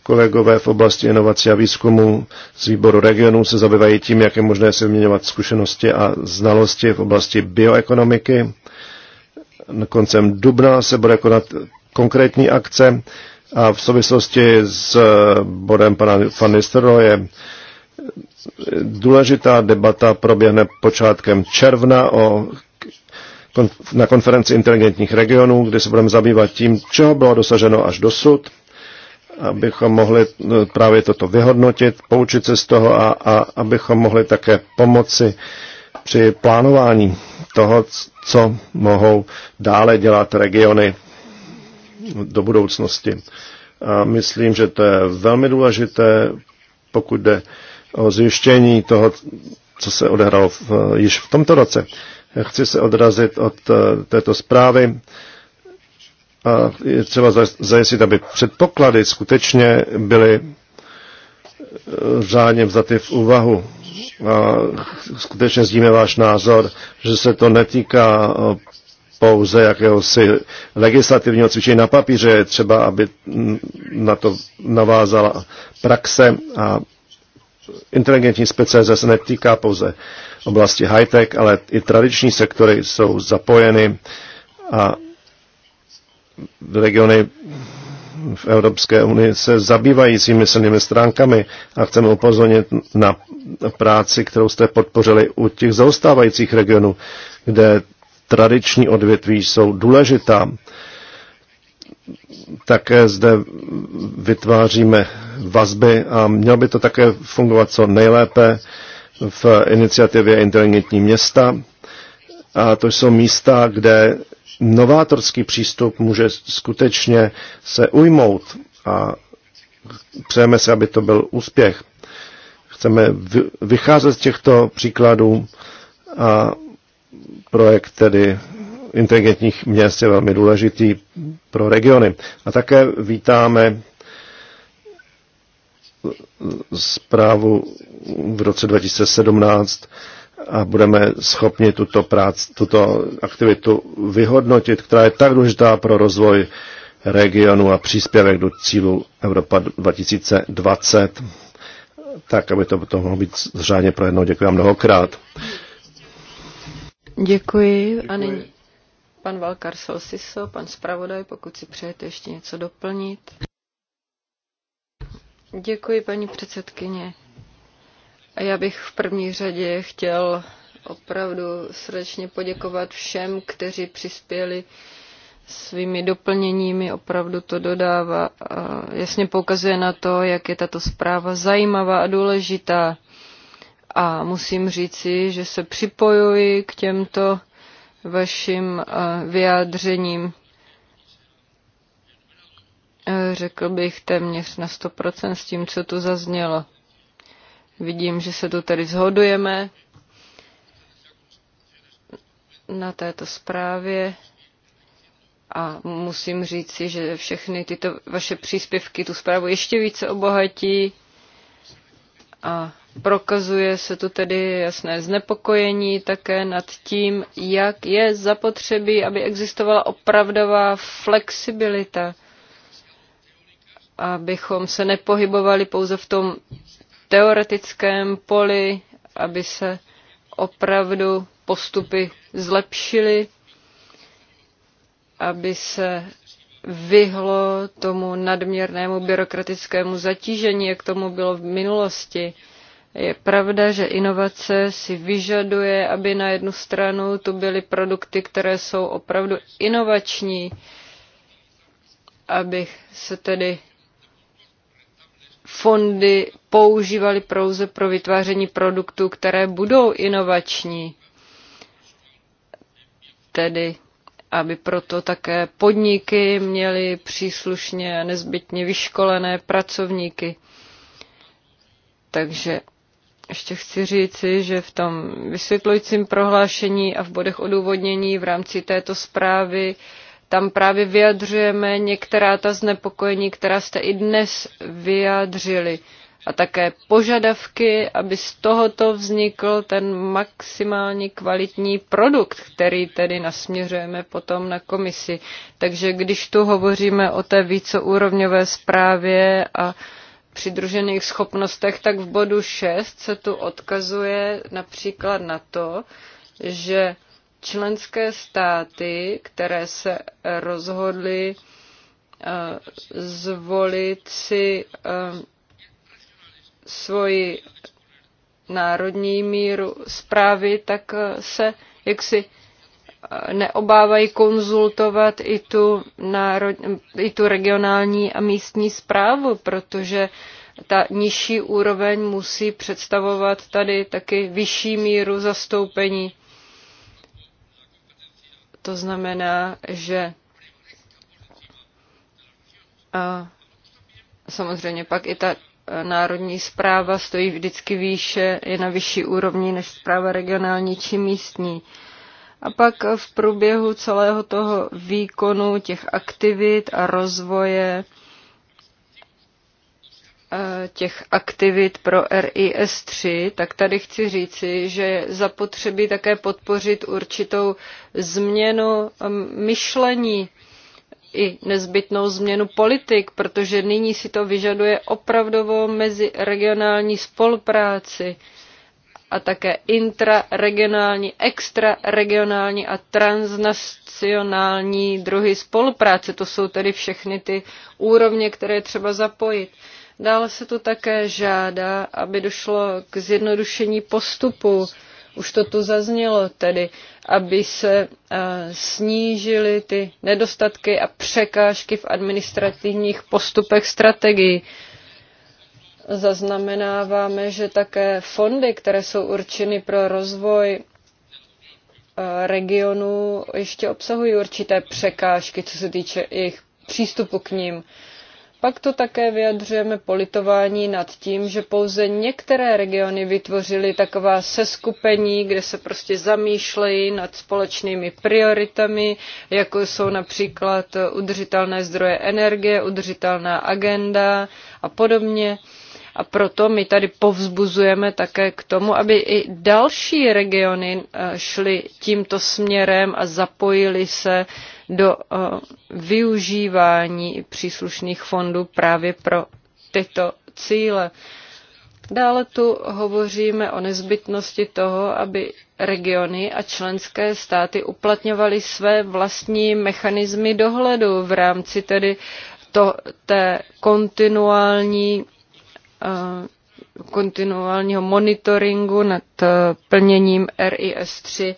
Kolegové v oblasti inovací a výzkumu z výboru regionů se zabývají tím, jak je možné se vyměňovat zkušenosti a znalosti v oblasti bioekonomiky. Na koncem dubna se bude konat konkrétní akce a v souvislosti s bodem pana Van je důležitá debata proběhne počátkem června o na konferenci inteligentních regionů, kde se budeme zabývat tím, čeho bylo dosaženo až dosud, abychom mohli eh, právě toto vyhodnotit, poučit se z toho a, a abychom mohli také pomoci při plánování toho, co mohou dále dělat regiony do budoucnosti. A myslím, že to je velmi důležité, pokud jde o zjištění toho, co se odehralo v, již v tomto roce chci se odrazit od eh, této zprávy a je třeba zajistit, aby předpoklady skutečně byly eh, řádně vzaty v úvahu. A skutečně zdíme váš názor, že se to netýká eh, pouze jakéhosi legislativního cvičení na papíře, je třeba, aby na to navázala praxe a inteligentní specializace se netýká pouze oblasti high-tech, ale i tradiční sektory jsou zapojeny a regiony v Evropské unii se zabývají svými silnými stránkami a chceme upozornit na práci, kterou jste podpořili u těch zaostávajících regionů, kde tradiční odvětví jsou důležitá. Také zde vytváříme vazby a mělo by to také fungovat co nejlépe v iniciativě Inteligentní města. A to jsou místa, kde novátorský přístup může skutečně se ujmout a přejeme si, aby to byl úspěch. Chceme vycházet z těchto příkladů a projekt tedy inteligentních měst je velmi důležitý pro regiony. A také vítáme zprávu v roce 2017 a budeme schopni tuto, práci, tuto aktivitu vyhodnotit, která je tak důležitá pro rozvoj regionu a příspěvek do cílu Evropa 2020, tak aby to potom mohlo být řádně projedno. Děkuji vám mnohokrát. Děkuji. Děkuji. A nyní pan Valkar Solsiso, pan zpravodaj, pokud si přejete ještě něco doplnit. Děkuji, paní předsedkyně. Já bych v první řadě chtěl opravdu srdečně poděkovat všem, kteří přispěli svými doplněními, opravdu to dodává, jasně poukazuje na to, jak je tato zpráva zajímavá a důležitá. A musím říci, že se připojuji k těmto vašim vyjádřením. Řekl bych téměř na 100% s tím, co tu zaznělo. Vidím, že se tu tady zhodujeme na této zprávě a musím říci, že všechny tyto vaše příspěvky tu zprávu ještě více obohatí a prokazuje se tu tedy jasné znepokojení také nad tím, jak je zapotřebí, aby existovala opravdová flexibilita abychom se nepohybovali pouze v tom teoretickém poli, aby se opravdu postupy zlepšily, aby se vyhlo tomu nadměrnému byrokratickému zatížení, jak tomu bylo v minulosti. Je pravda, že inovace si vyžaduje, aby na jednu stranu tu byly produkty, které jsou opravdu inovační, aby se tedy fondy používaly pouze pro vytváření produktů, které budou inovační. Tedy, aby proto také podniky měly příslušně a nezbytně vyškolené pracovníky. Takže ještě chci říci, že v tom vysvětlujícím prohlášení a v bodech odůvodnění v rámci této zprávy tam právě vyjadřujeme některá ta znepokojení, která jste i dnes vyjadřili a také požadavky, aby z tohoto vznikl ten maximálně kvalitní produkt, který tedy nasměřujeme potom na komisi. Takže když tu hovoříme o té víceúrovňové zprávě a přidružených schopnostech, tak v bodu 6 se tu odkazuje například na to, že členské státy, které se rozhodly eh, zvolit si eh, svoji národní míru zprávy, tak eh, se jaksi neobávají konzultovat i tu, národ, i tu regionální a místní zprávu, protože ta nižší úroveň musí představovat tady taky vyšší míru zastoupení to znamená, že a samozřejmě pak i ta národní zpráva stojí vždycky výše, je na vyšší úrovni než zpráva regionální či místní. A pak v průběhu celého toho výkonu těch aktivit a rozvoje Eh, těch aktivit pro RIS3, tak tady chci říci, že zapotřebí také podpořit určitou změnu myšlení i nezbytnou změnu politik, protože nyní si to vyžaduje opravdovou meziregionální spolupráci a také intraregionální, extraregionální a transnacionální druhy spolupráce. To jsou tedy všechny ty úrovně, které třeba zapojit. Dále se tu také žádá, aby došlo k zjednodušení postupu. Už to tu zaznělo, tedy aby se eh, snížily ty nedostatky a překážky v administrativních postupech strategií. Zaznamenáváme, že také fondy, které jsou určeny pro rozvoj eh, regionu, ještě obsahují určité překážky, co se týče jejich přístupu k ním. Pak to také vyjadřujeme politování nad tím, že pouze některé regiony vytvořily taková seskupení, kde se prostě zamýšlejí nad společnými prioritami, jako jsou například udržitelné zdroje energie, udržitelná agenda a podobně. A proto my tady povzbuzujeme také k tomu, aby i další regiony eh, šly tímto směrem a zapojili se do eh, využívání příslušných fondů právě pro tyto cíle. Dále tu hovoříme o nezbytnosti toho, aby regiony a členské státy uplatňovaly své vlastní mechanismy dohledu v rámci tedy to, té kontinuální, eh, kontinuálního monitoringu nad eh, plněním RIS 3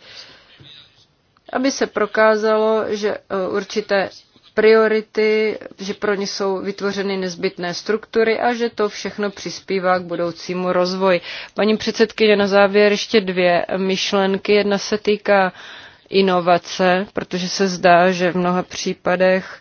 aby se prokázalo, že e, určité priority, že pro ně jsou vytvořeny nezbytné struktury a že to všechno přispívá k budoucímu rozvoji. Paní předsedkyně, na závěr ještě dvě myšlenky. Jedna se týká inovace, protože se zdá, že v mnoha případech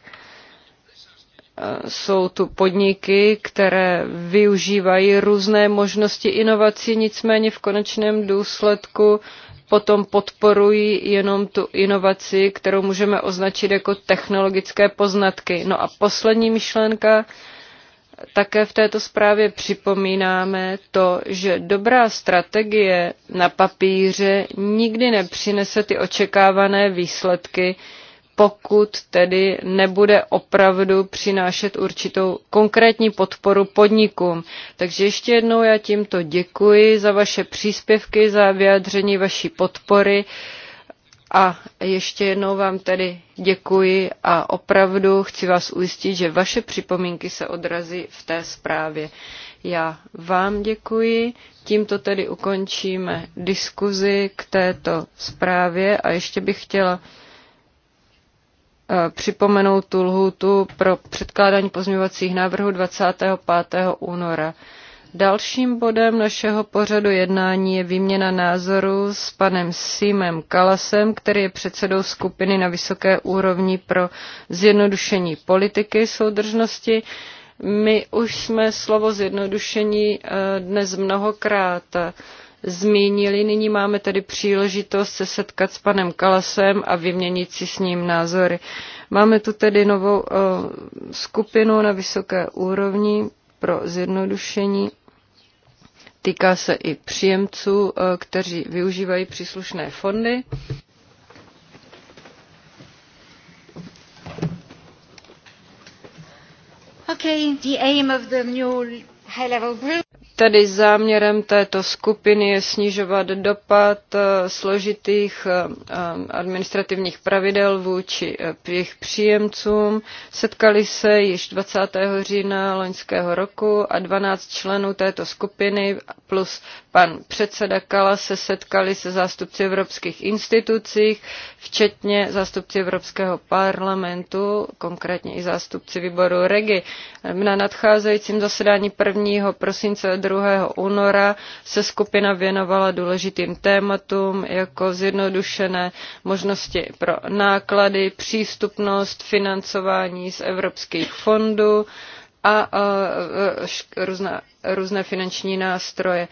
e, jsou tu podniky, které využívají různé možnosti inovací, nicméně v konečném důsledku potom podporují jenom tu inovaci, kterou můžeme označit jako technologické poznatky. No a poslední myšlenka, také v této zprávě připomínáme to, že dobrá strategie na papíře nikdy nepřinese ty očekávané výsledky, pokud tedy nebude opravdu přinášet určitou konkrétní podporu podnikům. Takže ještě jednou já tímto děkuji za vaše příspěvky, za vyjádření vaší podpory a ještě jednou vám tedy děkuji a opravdu chci vás ujistit, že vaše připomínky se odrazí v té zprávě. Já vám děkuji. Tímto tedy ukončíme diskuzi k této zprávě a ještě bych chtěla Eh, připomenout tu lhůtu pro předkládání pozměňovacích návrhů 25. února. Dalším bodem našeho pořadu jednání je výměna názoru s panem Simem Kalasem, který je předsedou skupiny na vysoké úrovni pro zjednodušení politiky soudržnosti. My už jsme slovo zjednodušení eh, dnes mnohokrát zmínili. Nyní máme tedy příležitost se setkat s panem Kalasem a vyměnit si s ním názory. Máme tu tedy novou eh, skupinu na vysoké úrovni pro zjednodušení. Týká se i příjemců, eh, kteří využívají příslušné fondy. Okay, the aim of the new Tedy záměrem této skupiny je snižovat dopad eh, složitých eh, eh, administrativních pravidel vůči jejich příjemcům. Setkali se již 20. října loňského roku a 12 členů této skupiny plus pan předseda Kala se setkali se zástupci evropských institucí, včetně zástupci Evropského parlamentu, konkrétně i zástupci výboru REGI. Na nadcházejícím zasedání první 1. prosince a 2. února se skupina věnovala důležitým tématům jako zjednodušené možnosti pro náklady, přístupnost, financování z evropských fondů a různé, různé finanční nástroje.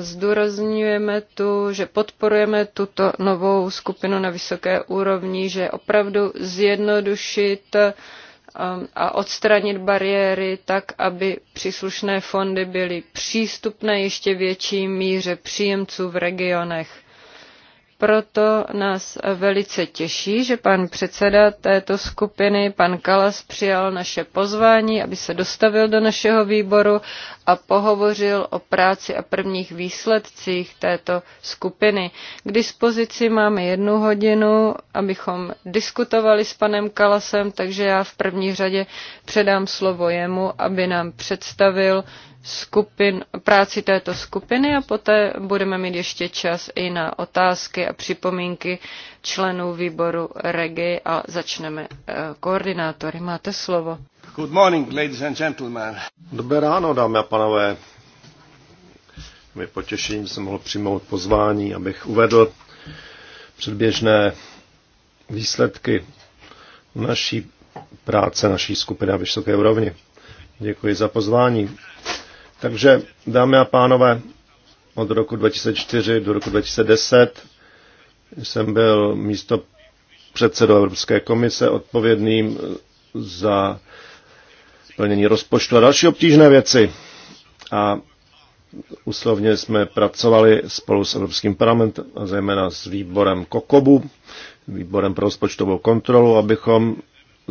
Zdůrazňujeme tu, že podporujeme tuto novou skupinu na vysoké úrovni, že opravdu zjednodušit uh, Um, a odstranit bariéry tak, aby příslušné fondy byly přístupné ještě větší míře příjemců v regionech. Proto nás velice těší, že pan předseda této skupiny, pan Kalas, přijal naše pozvání, aby se dostavil do našeho výboru a pohovořil o práci a prvních výsledcích této skupiny. K dispozici máme jednu hodinu, abychom diskutovali s panem Kalasem, takže já v první řadě předám slovo jemu, aby nám představil skupin, práci této skupiny a poté budeme mít ještě čas i na otázky a připomínky členů výboru REGI a začneme eh, koordinátory. Máte slovo. Good morning, ladies and gentlemen. Dobré ráno, dámy a panové. My potěšením jsem mohl přijmout pozvání, abych uvedl předběžné výsledky naší práce, naší skupiny na vysoké úrovni. Děkuji za pozvání. Takže, dámy a pánové, od roku 2004 do roku 2010 jsem byl místo předsedou Evropské komise odpovědným eh, za plnění rozpočtu a další obtížné věci. A uslovně jsme pracovali spolu s Evropským parlamentem a zejména s výborem Kokobu, výborem pro rozpočtovou kontrolu, abychom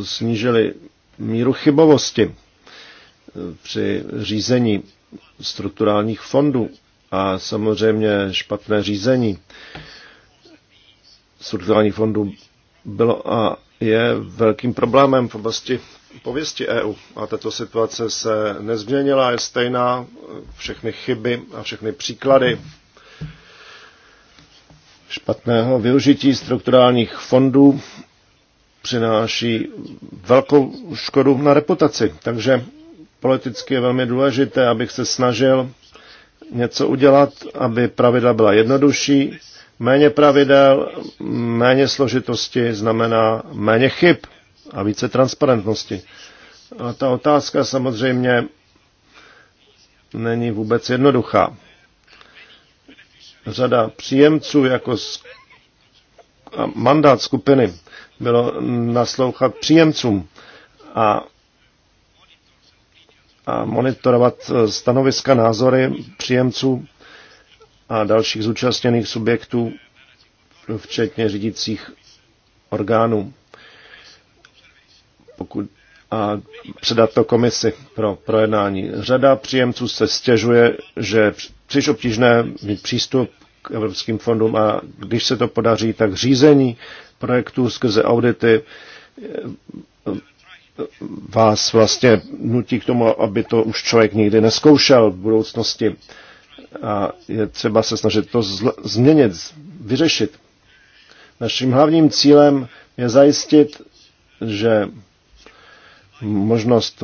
snížili míru chybovosti eh, při řízení strukturálních fondů a samozřejmě špatné řízení strukturálních fondů bylo a je velkým problémem v oblasti pověsti EU. A tato situace se nezměnila, je stejná, všechny chyby a všechny příklady špatného využití strukturálních fondů přináší velkou škodu na reputaci. Takže politicky je velmi důležité, abych se snažil něco udělat, aby pravidla byla jednodušší. Méně pravidel, méně složitosti znamená méně chyb a více transparentnosti. A ta otázka samozřejmě není vůbec jednoduchá. Řada příjemců jako mandát skupiny bylo naslouchat příjemcům a a monitorovat eh, stanoviska, názory příjemců a dalších zúčastněných subjektů, včetně řídících orgánů. Pokud a předat to komisi pro projednání. Řada příjemců se stěžuje, že příliš obtížné mít přístup k evropským fondům a když se to podaří, tak řízení projektů skrze audity eh, vás vlastně nutí k tomu, aby to už člověk nikdy neskoušel v budoucnosti. A je třeba se snažit to změnit, vyřešit. Naším hlavním cílem je zajistit, že možnost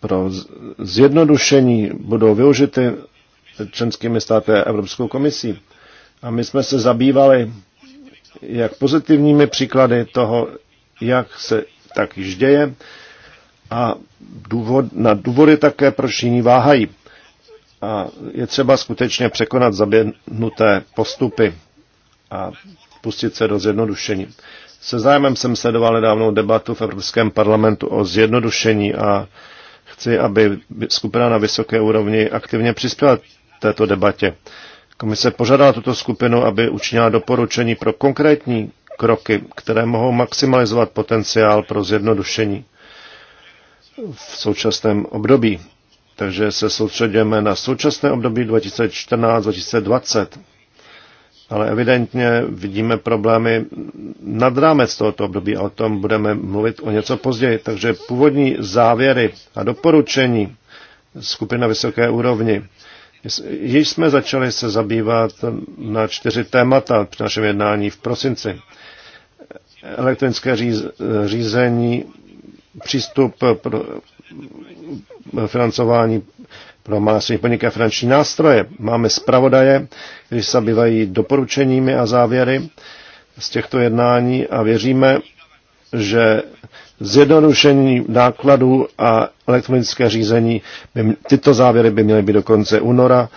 pro zjednodušení budou využity členskými státy a Evropskou komisí. A my jsme se zabývali jak pozitivními příklady toho, jak se tak již děje a důvod, na důvody také, proč jiní váhají. A je třeba skutečně překonat zaběhnuté postupy a pustit se do zjednodušení. Se zájmem jsem sledoval nedávnou debatu v Evropském parlamentu o zjednodušení a chci, aby skupina na vysoké úrovni aktivně přispěla této debatě. Komise požádala tuto skupinu, aby učinila doporučení pro konkrétní kroky, které mohou maximalizovat potenciál pro zjednodušení v současném období. Takže se soustředíme na současné období 2014-2020. Ale evidentně vidíme problémy nad rámec tohoto období a o tom budeme mluvit o něco později. Takže původní závěry a doporučení skupina vysoké úrovni. Již jsme začali se zabývat na čtyři témata při našem jednání v prosinci elektronické řízení, přístup pro financování pro malé podniky a finanční nástroje. Máme zpravodaje, kteří se zabývají doporučeními a závěry z těchto jednání a věříme, že zjednodušení nákladů a elektronické řízení, by, tyto závěry by měly být do konce února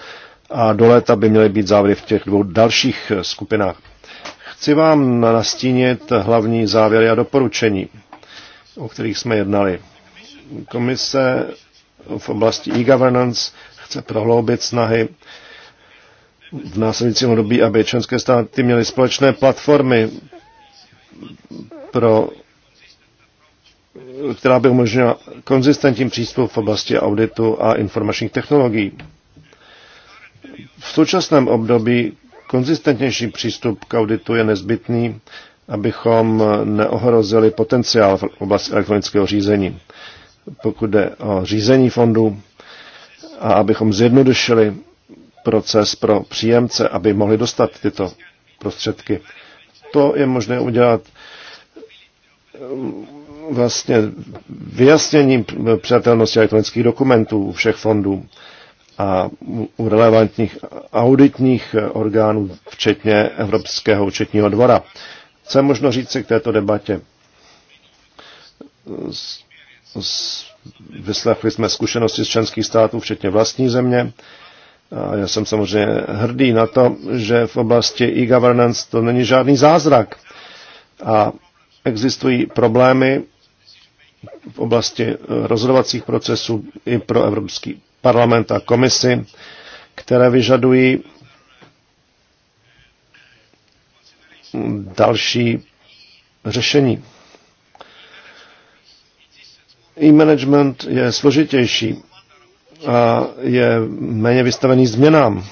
a do léta by měly být závěry v těch dvou dalších skupinách. Chci vám nastínit hlavní závěry a doporučení, o kterých jsme jednali. Komise v oblasti e-governance chce prohloubit snahy v následujícím období, aby členské státy měly společné platformy pro která by umožnila konzistentní přístup v oblasti auditu a informačních technologií. V současném období Konzistentnější přístup k auditu je nezbytný, abychom neohrozili potenciál v oblasti elektronického řízení. Pokud jde o řízení fondu a abychom zjednodušili proces pro příjemce, aby mohli dostat tyto prostředky. To je možné udělat um, vlastně vyjasněním přijatelnosti elektronických dokumentů všech fondů a u relevantních auditních orgánů, včetně Evropského účetního dvora. Co je možno si k této debatě? Vyslechli jsme zkušenosti z členských států, včetně vlastní země. A já jsem samozřejmě hrdý na to, že v oblasti e-governance to není žádný zázrak. A existují problémy v oblasti rozhodovacích procesů i pro Evropský parlament a komisi, které vyžadují další řešení. E-management je složitější a je méně vystavený změnám,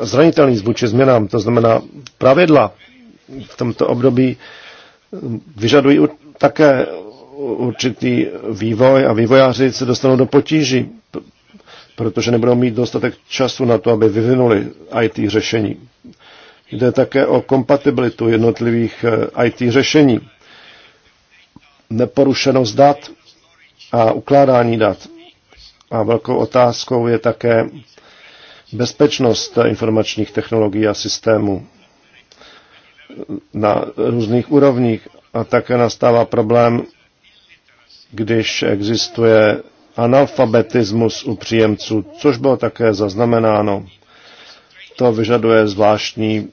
zranitelný vůči změnám, to znamená pravidla v tomto období vyžadují také určitý vývoj a vývojáři se dostanou do potíží protože nebudou mít dostatek času na to, aby vyvinuli IT řešení. Jde také o kompatibilitu jednotlivých eh, IT řešení, neporušenost dat a ukládání dat. A velkou otázkou je také bezpečnost informačních technologií a systémů na různých úrovních a také nastává problém, když existuje analfabetismus u příjemců, což bylo také zaznamenáno. To vyžaduje zvláštní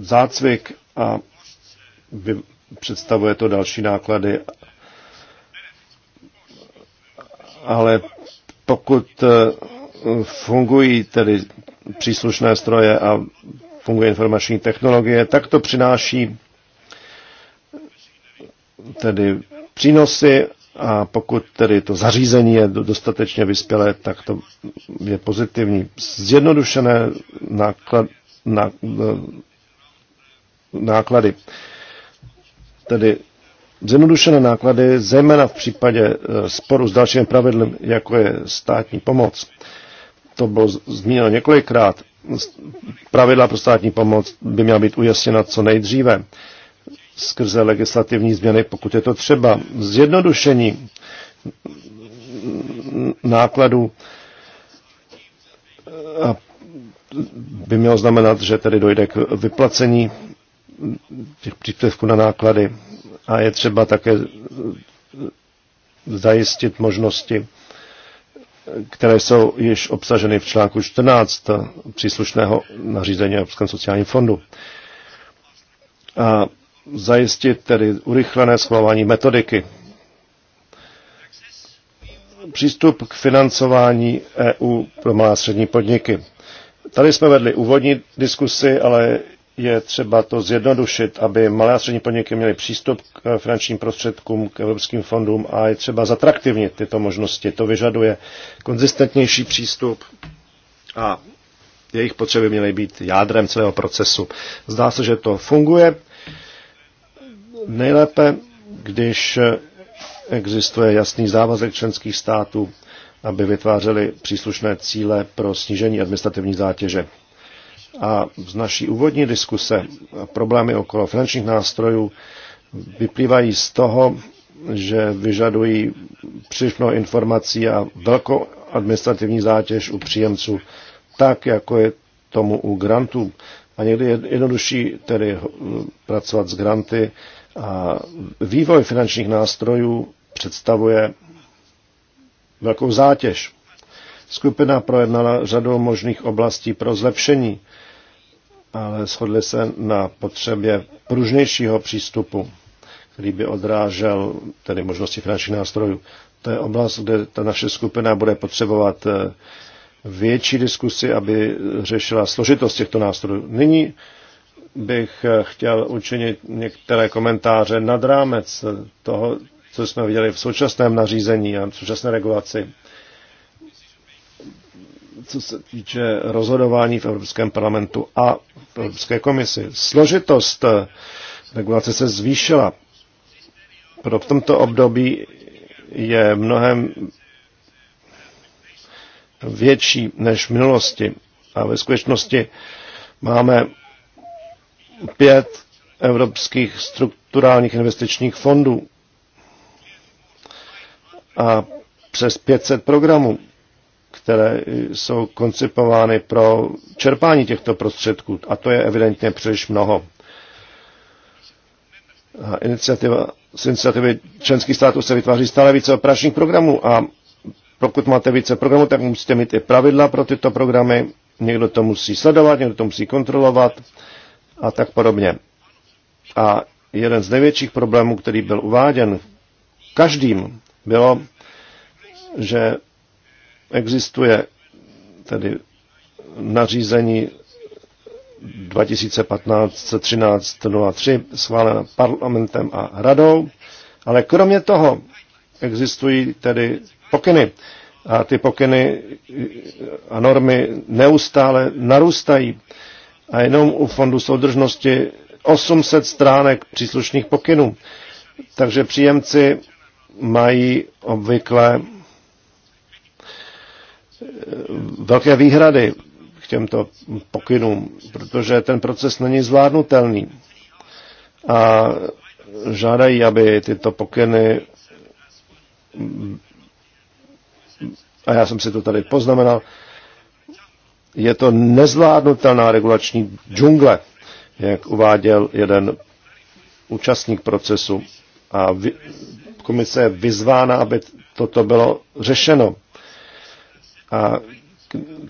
zácvik a představuje to další náklady. Ale pokud eh, fungují tedy příslušné stroje a funguje informační technologie, tak to přináší tedy přínosy a pokud tedy to zařízení je dostatečně vyspělé, tak to je pozitivní. Zjednodušené náklad, ná, náklady. Tedy zjednodušené náklady, zejména v případě e, sporu s dalším pravidlem, jako je státní pomoc. To bylo zmíněno několikrát. Pravidla pro státní pomoc by měla být ujasněna co nejdříve skrze legislativní změny, pokud je to třeba. Zjednodušení nákladů by mělo znamenat, že tedy dojde k vyplacení těch příspěvků na náklady a je třeba také zajistit možnosti, které jsou již obsaženy v článku 14 příslušného nařízení Evropském sociálním fondu. A zajistit tedy urychlené schvalování metodiky. Přístup k financování EU pro malé střední podniky. Tady jsme vedli úvodní diskusy, ale je třeba to zjednodušit, aby malé a střední podniky měly přístup k finančním prostředkům, k evropským fondům a je třeba zatraktivnit tyto možnosti. To vyžaduje konzistentnější přístup a jejich potřeby měly být jádrem celého procesu. Zdá se, že to funguje nejlépe, když existuje jasný závazek členských států, aby vytvářely příslušné cíle pro snížení administrativní zátěže. A z naší úvodní diskuse problémy okolo finančních nástrojů vyplývají z toho, že vyžadují příliš mnoho informací a velkou administrativní zátěž u příjemců, tak jako je tomu u grantů. A někdy je jednodušší tedy hm, pracovat s granty, a vývoj finančních nástrojů představuje velkou zátěž. Skupina projednala řadu možných oblastí pro zlepšení, ale shodli se na potřebě pružnějšího přístupu, který by odrážel tedy možnosti finančních nástrojů. To je oblast, kde ta naše skupina bude potřebovat eh, větší diskusy, aby řešila složitost těchto nástrojů. Nyní bych eh, chtěl učinit některé komentáře nad rámec eh, toho, co jsme viděli v současném nařízení a v současné regulaci. Co se týče rozhodování v Evropském parlamentu a v Evropské komisi. Složitost eh, regulace se zvýšila. Pro v tomto období je mnohem větší než v minulosti. A ve skutečnosti máme pět evropských strukturálních investičních fondů a přes 500 programů, které jsou koncipovány pro čerpání těchto prostředků. A to je evidentně příliš mnoho. A iniciativa, z iniciativy členských států se vytváří stále více operačních programů a pokud máte více programů, tak musíte mít i pravidla pro tyto programy. Někdo to musí sledovat, někdo to musí kontrolovat a tak podobně. A jeden z největších problémů, který byl uváděn každým, bylo, že existuje tedy nařízení 2015 13 03 schválené parlamentem a radou, ale kromě toho existují tedy pokyny. A ty pokyny a normy neustále narůstají a jenom u Fondu soudržnosti 800 stránek příslušných pokynů. Takže příjemci mají obvykle eh, velké výhrady k těmto pokynům, protože ten proces není zvládnutelný. A žádají, aby tyto pokyny a já jsem si to tady poznamenal, je to nezvládnutelná regulační džungle, jak uváděl jeden účastník procesu. A vy, komise je vyzvána, aby toto bylo řešeno. A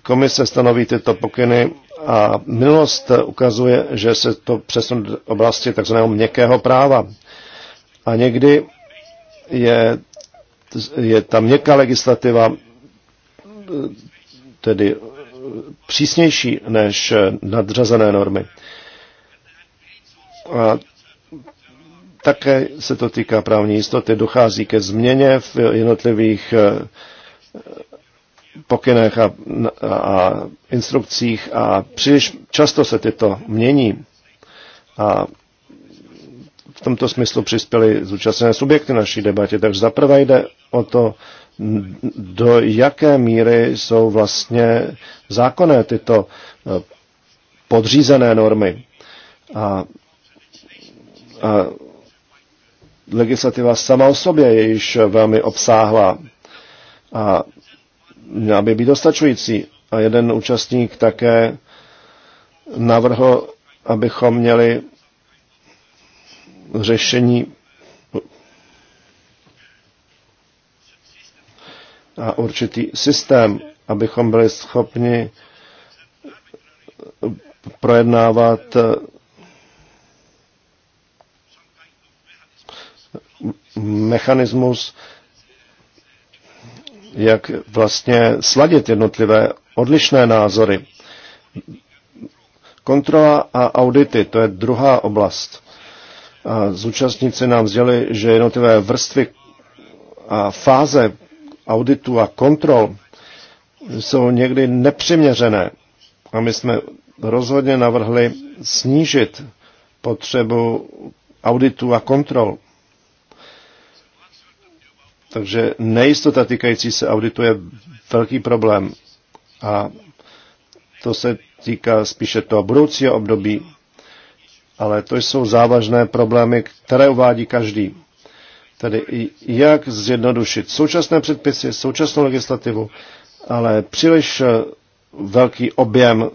komise stanoví tyto pokyny a minulost ukazuje, že se to přesune do oblasti tzv. měkkého práva. A někdy je, je ta měkká legislativa tedy přísnější než nadřazené normy. A také se to týká právní jistoty. Dochází ke změně v jednotlivých eh, pokynech a, a instrukcích a příliš často se tyto mění. A v tomto smyslu přispěly zúčastněné subjekty naší debatě. Takže zaprvé jde o to do jaké míry jsou vlastně zákonné tyto eh, podřízené normy. A, a legislativa sama o sobě je již velmi obsáhla, a měla by být dostačující. A jeden účastník také navrhl, abychom měli řešení a určitý systém, abychom byli schopni projednávat eh, mechanismus, jak vlastně sladit jednotlivé odlišné názory. Kontrola a audity, to je druhá oblast. A zúčastníci nám vzděli, že jednotlivé vrstvy a fáze auditu a kontrol jsou někdy nepřiměřené. A my jsme rozhodně navrhli snížit potřebu auditu a kontrol. Takže nejistota týkající se auditu je velký problém. A to se týká spíše toho budoucího období. Ale to jsou závažné problémy, které uvádí každý. Tedy jak zjednodušit současné předpisy, současnou legislativu, ale příliš eh, velký objem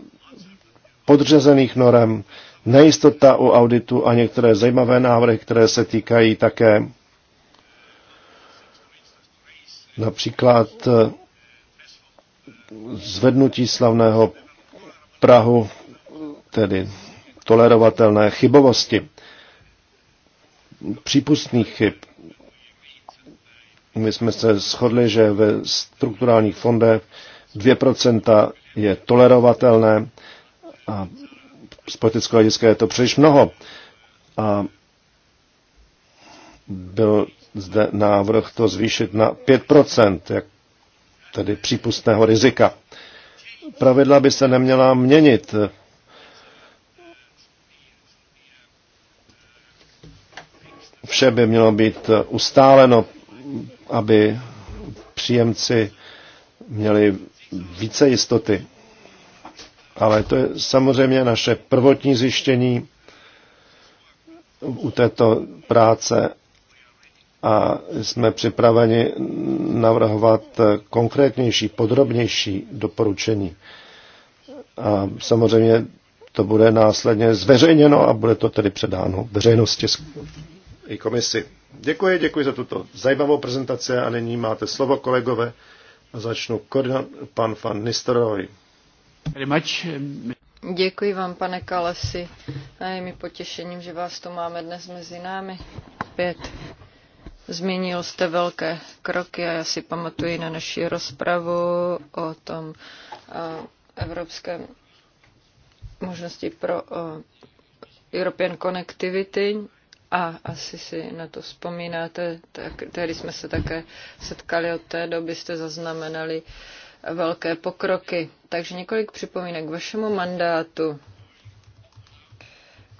podřazených norem, nejistota u auditu a některé zajímavé návrhy, které se týkají také například eh, zvednutí slavného Prahu, tedy tolerovatelné chybovosti, přípustných chyb, my jsme se shodli, že ve strukturálních fondech 2% je tolerovatelné a z politického hlediska je to příliš mnoho. A byl zde návrh to zvýšit na 5%, jak tedy přípustného rizika. Pravidla by se neměla měnit. Vše by mělo být ustáleno aby příjemci měli více jistoty. Ale to je samozřejmě naše prvotní zjištění u této práce a jsme připraveni navrhovat konkrétnější, podrobnější doporučení. A samozřejmě to bude následně zveřejněno a bude to tedy předáno veřejnosti i komisi. Děkuji, děkuji za tuto zajímavou prezentaci a nyní máte slovo, kolegové. A začnu koordinat pan Van Nistelrooy. Děkuji vám, pane Kalesi. A je mi potěšením, že vás tu máme dnes mezi námi. Pět. Zmínil jste velké kroky a já si pamatuji na naši rozpravu o tom evropské možnosti pro European Connectivity a asi si na to vzpomínáte, tak, tehdy jsme se také setkali od té doby, jste zaznamenali velké pokroky. Takže několik připomínek k vašemu mandátu.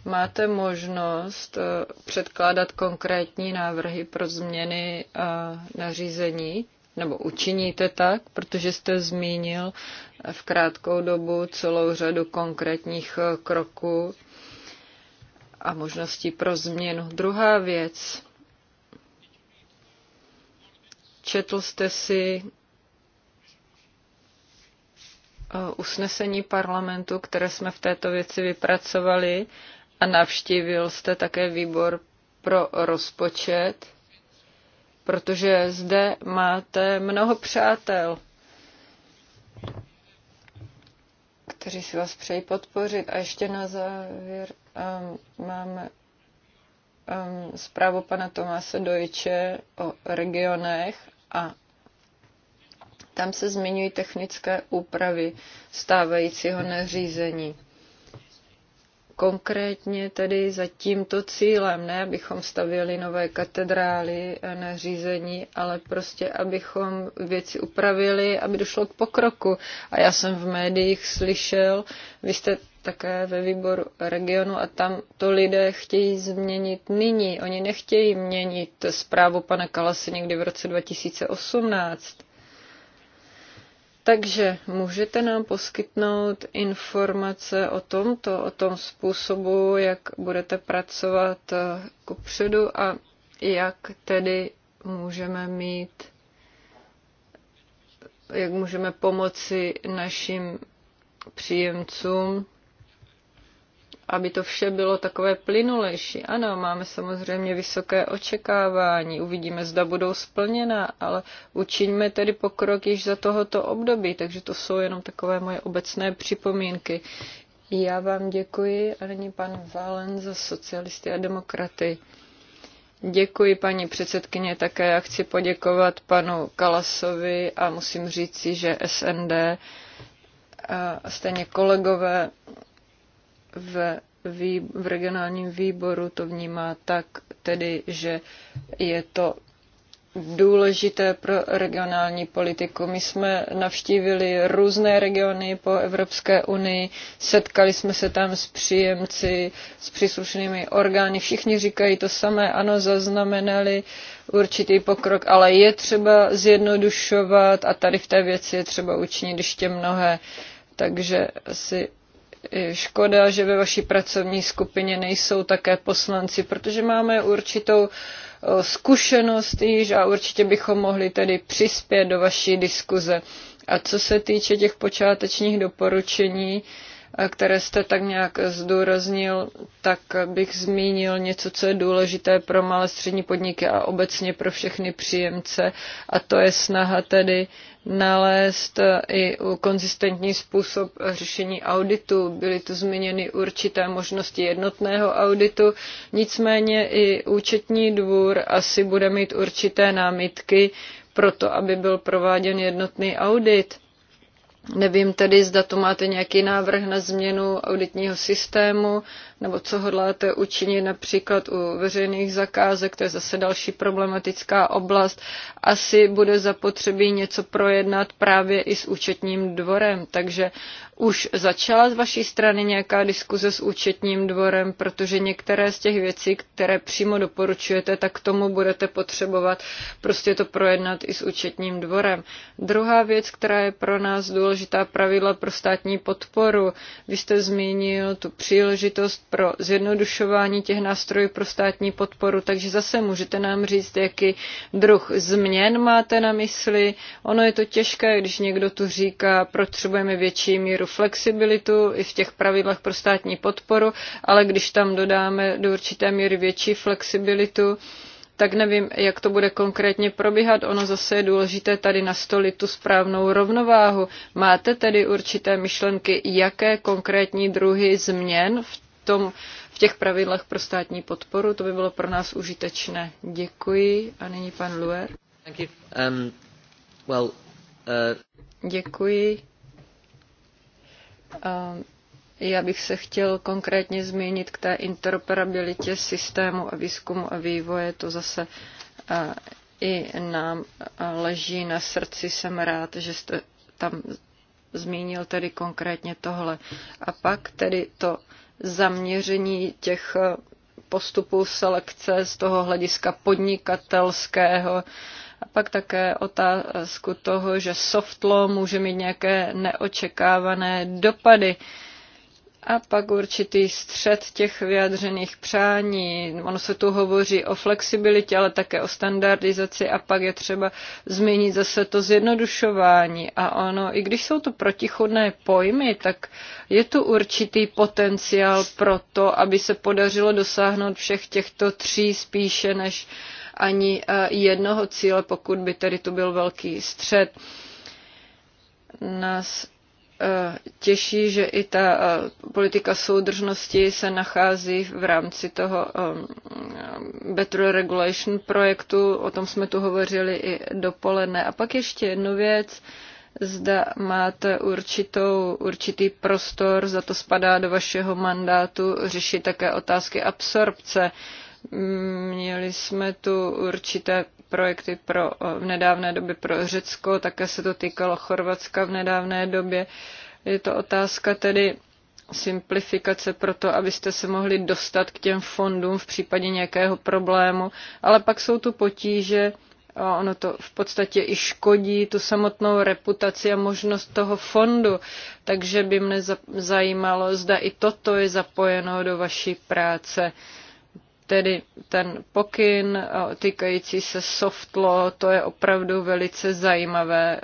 Máte možnost eh, předkládat konkrétní návrhy pro změny eh, nařízení, nebo učiníte tak, protože jste zmínil v krátkou dobu celou řadu konkrétních eh, kroků a možností pro změnu. Druhá věc. Četl jste si eh, usnesení parlamentu, které jsme v této věci vypracovali a navštívil jste také výbor pro rozpočet, protože zde máte mnoho přátel, kteří si vás přejí podpořit. A ještě na závěr Ehm, máme ehm, zprávu pana Tomáse Dojče o regionech a tam se zmiňují technické úpravy stávajícího nařízení konkrétně tedy za tímto cílem, ne abychom stavěli nové katedrály na řízení, ale prostě abychom věci upravili, aby došlo k pokroku. A já jsem v médiích slyšel, vy jste také ve výboru regionu a tam to lidé chtějí změnit nyní. Oni nechtějí měnit zprávu pana Kalasy někdy v roce 2018. Takže můžete nám poskytnout informace o tomto, o tom způsobu, jak budete pracovat eh, kupředu a jak tedy můžeme mít, jak můžeme pomoci našim příjemcům aby to vše bylo takové plynulejší. Ano, máme samozřejmě vysoké očekávání, uvidíme, zda budou splněna, ale učiňme tedy pokrok již za tohoto období, takže to jsou jenom takové moje obecné připomínky. Já vám děkuji a není pan Valen za socialisty a demokraty. Děkuji, paní předsedkyně, také já chci poděkovat panu Kalasovi a musím říci, že SND a stejně kolegové v, vý, v regionálním výboru to vnímá tak, tedy, že je to důležité pro regionální politiku. My jsme navštívili různé regiony po Evropské unii, setkali jsme se tam s příjemci, s příslušnými orgány. Všichni říkají to samé, ano, zaznamenali určitý pokrok, ale je třeba zjednodušovat a tady v té věci je třeba učinit ještě mnohé. Takže asi. Eh, škoda, že ve vaší pracovní skupině nejsou také poslanci, protože máme určitou eh, zkušenost již a určitě bychom mohli tedy přispět do vaší diskuze. A co se týče těch počátečních doporučení, které jste tak nějak zdůraznil, tak bych zmínil něco, co je důležité pro malé střední podniky a obecně pro všechny příjemce, a to je snaha tedy nalézt i konzistentní způsob řešení auditu. Byly tu zmíněny určité možnosti jednotného auditu, nicméně i účetní dvůr asi bude mít určité námitky pro to, aby byl prováděn jednotný audit Nevím tedy, zda to máte nějaký návrh na změnu auditního systému nebo co hodláte učinit například u veřejných zakázek, to je zase další problematická oblast. Asi bude zapotřebí něco projednat právě i s účetním dvorem, takže už začala z vaší strany nějaká diskuze s účetním dvorem, protože některé z těch věcí, které přímo doporučujete, tak k tomu budete potřebovat prostě to projednat i s účetním dvorem. Druhá věc, která je pro nás důležitá, pravidla pro státní podporu. Vy jste zmínil tu příležitost pro zjednodušování těch nástrojů pro státní podporu, takže zase můžete nám říct, jaký druh změn máte na mysli. Ono je to těžké, když někdo tu říká, potřebujeme větší míru flexibilitu i v těch pravidlech pro státní podporu, ale když tam dodáme do určité míry větší flexibilitu, tak nevím, jak to bude konkrétně probíhat. Ono zase je důležité tady nastolit tu správnou rovnováhu. Máte tedy určité myšlenky, jaké konkrétní druhy změn v tom, v těch pravidlech pro státní podporu. To by bylo pro nás užitečné. Děkuji. A nyní pan Luer. Um, well, uh... Děkuji. Um, já bych se chtěl konkrétně zmínit k té interoperabilitě systému a výzkumu a vývoje. To zase uh, i nám uh, leží na srdci. Jsem rád, že jste tam zmínil tedy konkrétně tohle. A pak tedy to zaměření těch eh, postupů selekce z toho hlediska podnikatelského. A pak také otázku toho, že soft law může mít nějaké neočekávané dopady. Uh, a pak určitý střed těch vyjadřených přání. Ono se tu hovoří o flexibilitě, ale také o standardizaci a pak je třeba zmínit zase to zjednodušování. A ono, i když jsou to protichodné pojmy, tak je tu určitý potenciál pro to, aby se podařilo dosáhnout všech těchto tří spíše než ani eh, jednoho cíle, pokud by tedy tu byl velký střed. Nás těší, že i ta eh, politika soudržnosti se nachází v rámci toho eh, Better Regulation projektu. O tom jsme tu hovořili i dopoledne. A pak ještě jednu věc. Zda máte určitou, určitý prostor, za to spadá do vašeho mandátu, řešit také otázky absorpce. Měli jsme tu určité projekty pro, eh, v nedávné době pro Řecko, také se to týkalo Chorvatska v nedávné době. Je to otázka tedy simplifikace pro to, abyste se mohli dostat k těm fondům v případě nějakého problému, ale pak jsou tu potíže, a ono to v podstatě i škodí tu samotnou reputaci a možnost toho fondu, takže by mne zajímalo, zda i toto je zapojeno do vaší práce. Tedy ten pokyn eh, týkající se soft law, to je opravdu velice zajímavé,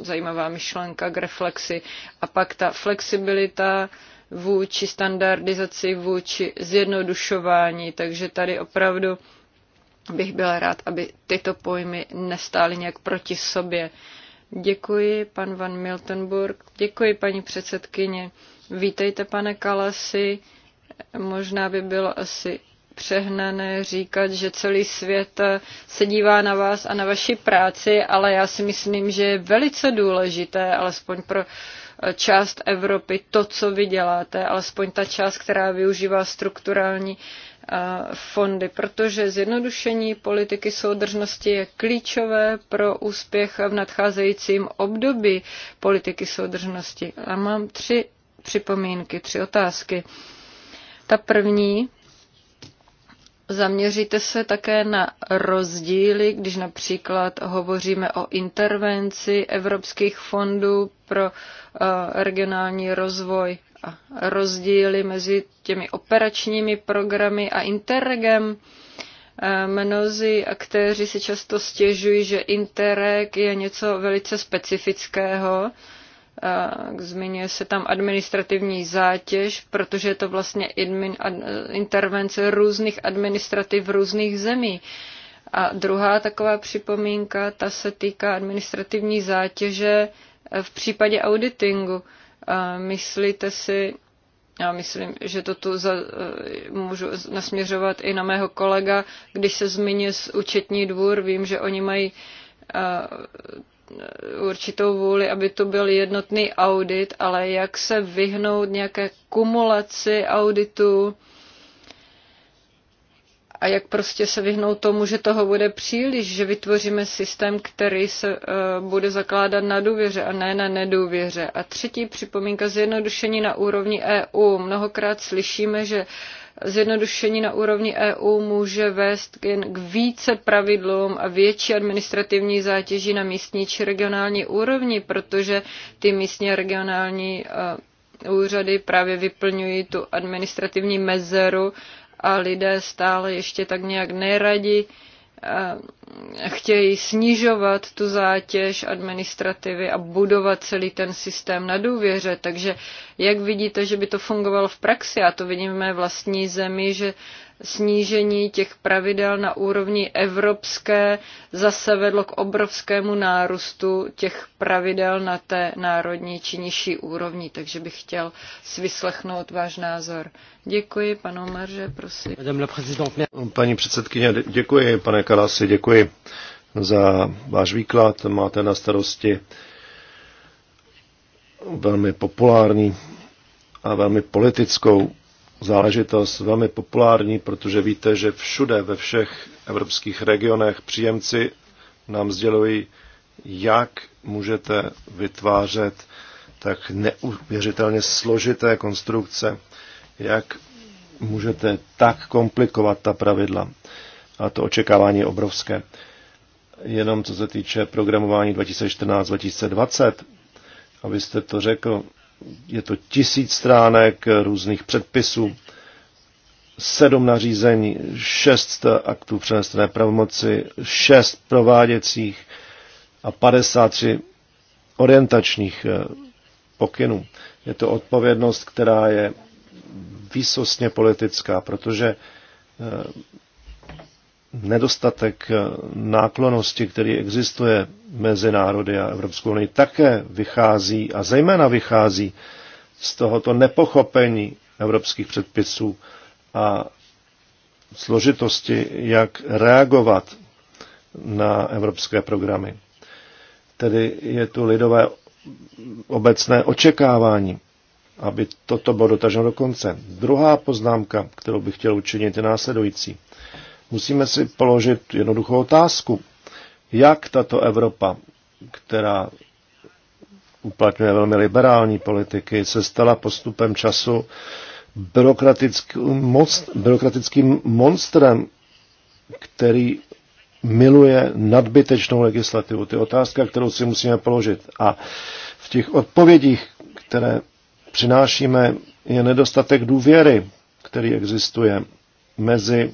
zajímavá myšlenka k reflexi. A pak ta flexibilita vůči standardizaci, vůči zjednodušování, takže tady opravdu bych byla rád, aby tyto pojmy nestály nějak proti sobě. Děkuji, pan Van Miltenburg. Děkuji, paní předsedkyně. Vítejte, pane Kalasi. Možná by bylo asi přehnané říkat, že celý svět se dívá na vás a na vaši práci, ale já si myslím, že je velice důležité, alespoň pro eh, část Evropy, to, co vy děláte, alespoň ta část, která využívá strukturální eh, fondy, protože zjednodušení politiky soudržnosti je klíčové pro úspěch v nadcházejícím období politiky soudržnosti. A mám tři připomínky, tři otázky. Ta první, Zaměříte se také na rozdíly, když například hovoříme o intervenci evropských fondů pro eh, regionální rozvoj a rozdíly mezi těmi operačními programy a interregem. Eh, mnozí aktéři si často stěžují, že Interreg je něco velice specifického Eh, zmiňuje se tam administrativní zátěž, protože je to vlastně eh, intervence různých administrativ v různých zemí. A druhá taková připomínka, ta se týká administrativní zátěže eh, v případě auditingu. Myslíte si, já myslím, že to tu za, můžu nasměřovat i na mého kolega, když se zmiňuje z účetní dvůr, vím, že oni mají určitou vůli, aby to byl jednotný audit, ale jak se vyhnout nějaké kumulaci auditu a jak prostě se vyhnout tomu, že toho bude příliš, že vytvoříme systém, který se uh, bude zakládat na důvěře a ne na nedůvěře. A třetí připomínka zjednodušení na úrovni EU. Mnohokrát slyšíme, že uh, Zjednodušení na úrovni EU může vést jen k více pravidlům a větší administrativní zátěži na místní či regionální úrovni, protože ty místní a regionální eh, úřady právě vyplňují tu administrativní mezeru a lidé stále ještě tak nějak neradi Eh, chtějí snižovat tu zátěž administrativy a budovat celý ten systém na důvěře. Takže jak vidíte, že by to fungovalo v praxi? a to vidíme v vlastní zemi, že snížení těch pravidel na úrovni evropské zase vedlo k obrovskému nárůstu těch pravidel na té národní či nižší úrovni, takže bych chtěl si vyslechnout váš názor. Děkuji, panu Marže, prosím. Paní předsedkyně, děkuji, pane Kalasi, děkuji za váš výklad. Máte na starosti velmi populární a velmi politickou záležitost velmi populární, protože víte, že všude ve všech evropských regionech příjemci nám sdělují, jak můžete vytvářet tak neuvěřitelně složité konstrukce, jak můžete tak komplikovat ta pravidla. A to očekávání je obrovské. Jenom co se týče programování 2014-2020, abyste to řekl, je to tisíc stránek různých předpisů, sedm nařízení, šest aktů přenesené pravomoci, šest prováděcích a 53 orientačních eh, pokynů. Je to odpovědnost, která je výsostně politická, protože eh, nedostatek eh, náklonosti, který existuje mezi národy a Evropskou unii, také vychází a zejména vychází z tohoto nepochopení evropských předpisů a složitosti, jak reagovat na evropské programy. Tedy je tu lidové obecné očekávání, aby toto bylo dotaženo do konce. Druhá poznámka, kterou bych chtěl učinit, je následující. Musíme si položit jednoduchou otázku. Jak tato Evropa, která uplatňuje velmi liberální politiky, se stala postupem času byrokratickým, most, byrokratickým monstrem, který miluje nadbytečnou legislativu. To je otázka, kterou si musíme položit. A v těch odpovědích, které přinášíme, je nedostatek důvěry, který existuje mezi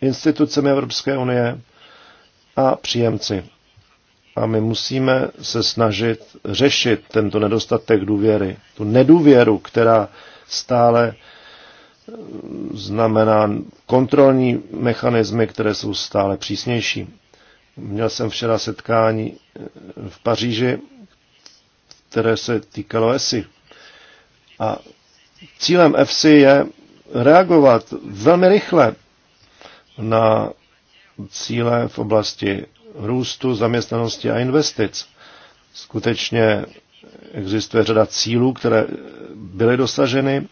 institucemi Evropské unie a příjemci. A my musíme se snažit řešit tento nedostatek důvěry, tu nedůvěru, která stále eh, znamená kontrolní mechanismy, které jsou stále přísnější. Měl jsem včera setkání eh, v Paříži, které se týkalo ESI. A cílem EFSI je reagovat velmi rychle na cíle v oblasti růstu, zaměstnanosti a investic. Skutečně existuje řada cílů, které byly dosaženy,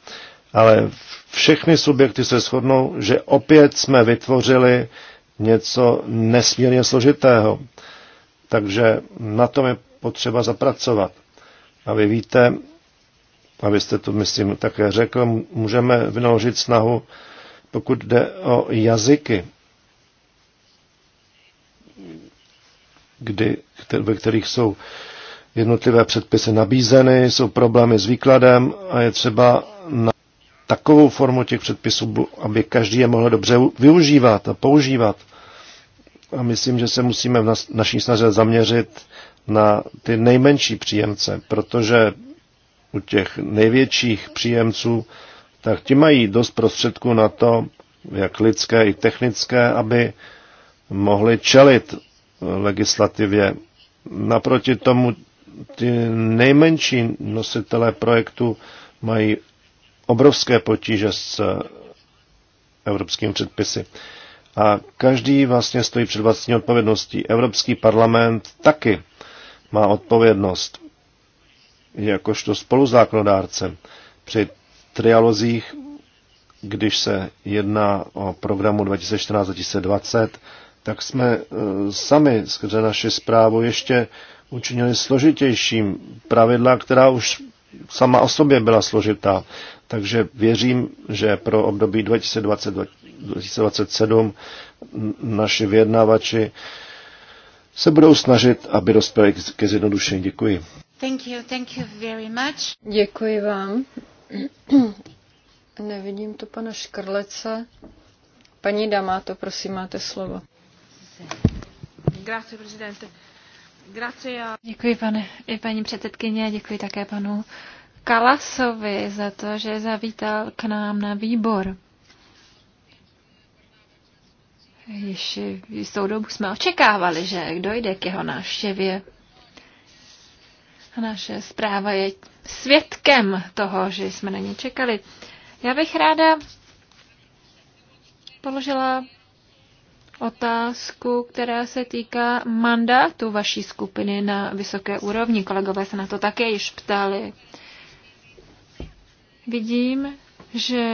ale všechny subjekty se shodnou, že opět jsme vytvořili něco nesmírně složitého. Takže na tom je potřeba zapracovat. A vy víte, abyste to, myslím, také řekl, můžeme vynaložit snahu pokud jde o jazyky, kdy, ve kterých jsou jednotlivé předpisy nabízeny, jsou problémy s výkladem a je třeba na takovou formu těch předpisů, aby každý je mohl dobře využívat a používat. A myslím, že se musíme v naší snaze zaměřit na ty nejmenší příjemce, protože u těch největších příjemců tak ti mají dost prostředků na to, jak lidské i technické, aby mohli čelit legislativě. Naproti tomu ty nejmenší nositelé projektu mají obrovské potíže s evropským předpisy. A každý vlastně stojí před vlastní odpovědností. Evropský parlament taky má odpovědnost jakožto spoluzákonodárce při trialozích, když se jedná o programu 2014-2020, tak jsme eh, sami skrze naši zprávu ještě učinili složitějším pravidla, která už sama o sobě byla složitá. Takže věřím, že pro období 2020-2027 naši vyjednávači se budou snažit, aby dospěli ke zjednodušení. Děkuji. Thank you, thank you very much. Děkuji vám Nevidím to, pana Škrlece. Paní to prosím, máte slovo. Grazie, prezidente. Grazie. Děkuji, pane, i paní předsedkyně, děkuji také panu Kalasovi za to, že zavítal k nám na výbor. Již jistou dobu jsme očekávali, že dojde k jeho návštěvě. Naše zpráva je svědkem toho, že jsme na ně čekali. Já bych ráda položila otázku, která se týká mandátu vaší skupiny na vysoké úrovni. Kolegové se na to také již ptali. Vidím, že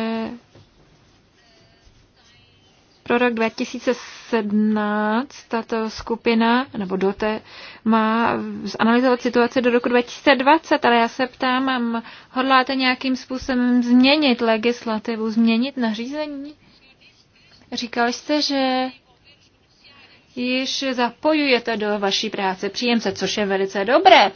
pro rok 2017 tato skupina, nebo DOTE, má zanalizovat situaci do roku 2020, ale já se ptám, hodláte nějakým způsobem změnit legislativu, změnit nařízení? Říkal jste, že již zapojujete do vaší práce příjemce, což je velice dobré.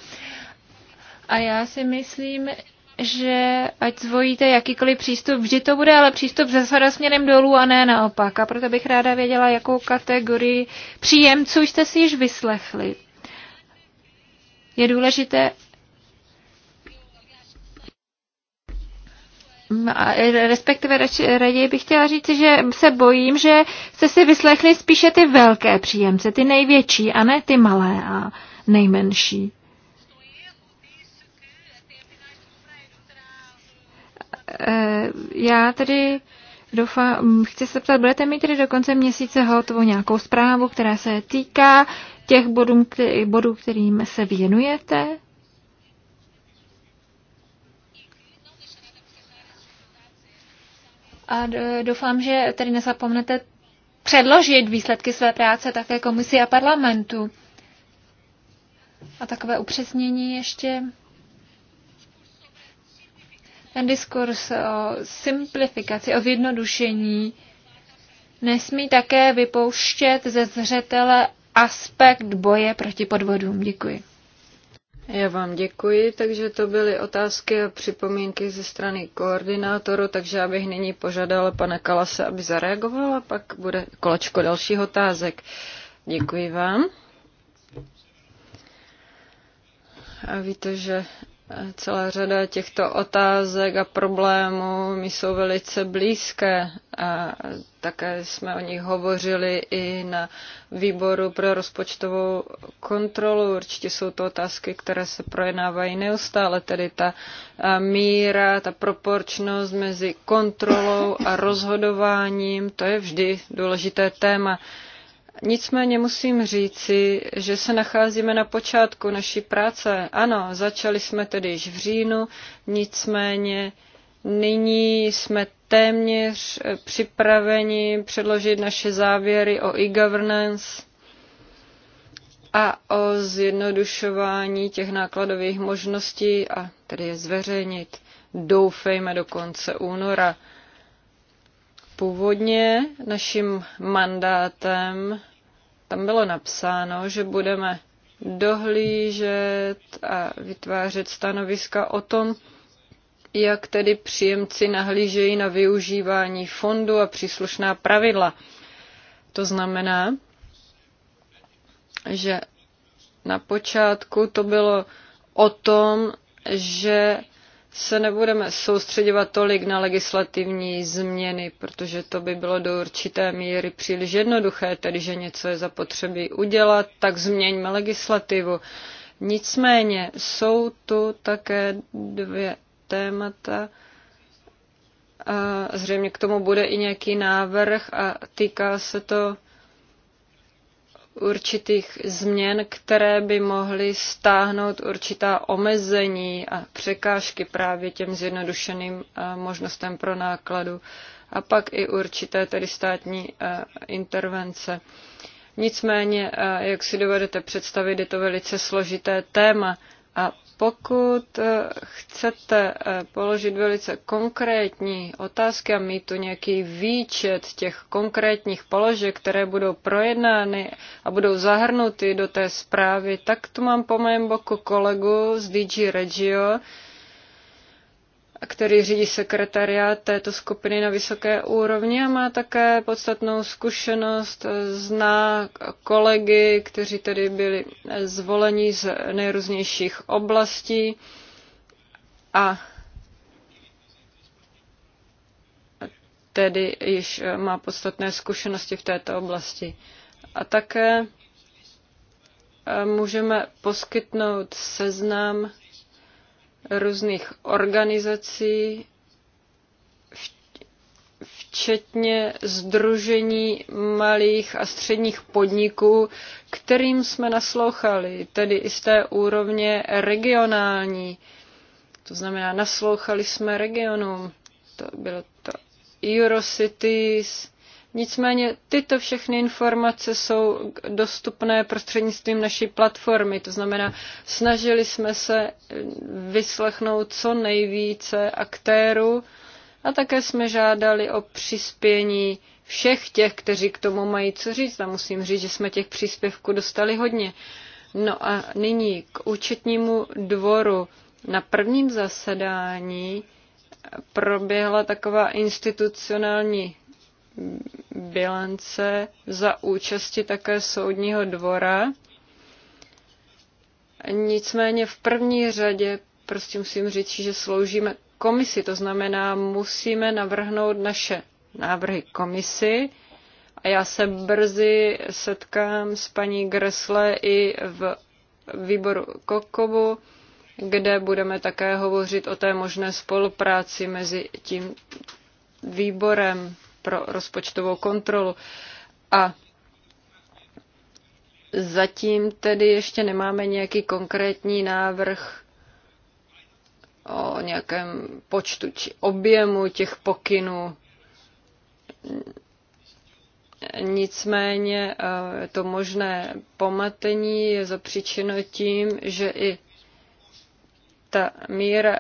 A já si myslím, že ať zvolíte jakýkoliv přístup, vždy to bude ale přístup ze zhora směrem dolů a ne naopak. A proto bych ráda věděla, jakou kategorii příjemců jste si již vyslechli. Je důležité, respektive raději bych chtěla říct, že se bojím, že jste si vyslechli spíše ty velké příjemce, ty největší, a ne ty malé a nejmenší. já tedy doufám, chci se ptat, budete mít tedy do konce měsíce hotovou nějakou zprávu, která se týká těch bodů, který, bodů kterým se věnujete? A doufám, že tedy nezapomnete předložit výsledky své práce také komisi a parlamentu. A takové upřesnění ještě. Ten diskurs o simplifikaci, o zjednodušení nesmí také vypouštět ze zřetele aspekt boje proti podvodům. Děkuji. Já vám děkuji, takže to byly otázky a připomínky ze strany koordinátoru, takže já bych nyní požádala pana Kalase, aby zareagovala, pak bude kolečko dalších otázek. Děkuji vám. A víte, že Celá řada těchto otázek a problémů mi jsou velice blízké a také jsme o nich hovořili i na výboru pro rozpočtovou kontrolu. Určitě jsou to otázky, které se projednávají neustále, tedy ta míra, ta proporčnost mezi kontrolou a rozhodováním, to je vždy důležité téma. Nicméně musím říci, že se nacházíme na počátku naší práce. Ano, začali jsme tedy již v říjnu, nicméně nyní jsme téměř eh, připraveni předložit naše závěry o e-governance a o zjednodušování těch nákladových možností a tedy je zveřejnit. Doufejme do konce února. Původně naším mandátem tam bylo napsáno, že budeme dohlížet a vytvářet stanoviska o tom, jak tedy příjemci nahlížejí na využívání fondu a příslušná pravidla. To znamená, že na počátku to bylo o tom, že se nebudeme soustředovat tolik na legislativní změny, protože to by bylo do určité míry příliš jednoduché, tedy že něco je zapotřebí udělat, tak změňme legislativu. Nicméně jsou tu také dvě témata. A zřejmě k tomu bude i nějaký návrh a týká se to určitých změn, které by mohly stáhnout určitá omezení a překážky právě těm zjednodušeným eh, možnostem pro nákladu a pak i určité tedy státní eh, intervence. Nicméně, eh, jak si dovedete představit, je to velice složité téma a pokud eh, chcete eh, položit velice konkrétní otázky a mít tu nějaký výčet těch konkrétních položek, které budou projednány a budou zahrnuty do té zprávy, tak tu mám po mém boku kolegu z DG Regio, který řídí sekretariát této skupiny na vysoké úrovni a má také podstatnou zkušenost, zná kolegy, kteří tedy byli zvoleni z nejrůznějších oblastí a tedy již má podstatné zkušenosti v této oblasti. A také eh, můžeme poskytnout seznam různých organizací, včetně Združení malých a středních podniků, kterým jsme naslouchali, tedy i z té úrovně regionální. To znamená, naslouchali jsme regionům. To bylo to Eurocities, Nicméně tyto všechny informace jsou dostupné prostřednictvím naší platformy, to znamená, snažili jsme se vyslechnout co nejvíce aktérů a také jsme žádali o přispění všech těch, kteří k tomu mají co říct. A musím říct, že jsme těch příspěvků dostali hodně. No a nyní k účetnímu dvoru. Na prvním zasedání proběhla taková institucionální bilance za účasti také soudního dvora. Nicméně v první řadě prostě musím říct, že sloužíme komisi, to znamená, musíme navrhnout naše návrhy komisi a já se brzy setkám s paní Gresle i v výboru Kokobu, kde budeme také hovořit o té možné spolupráci mezi tím výborem pro rozpočtovou kontrolu. A zatím tedy ještě nemáme nějaký konkrétní návrh o nějakém počtu či objemu těch pokynů. Nicméně eh, to možné pomatení je zapříčeno tím, že i ta míra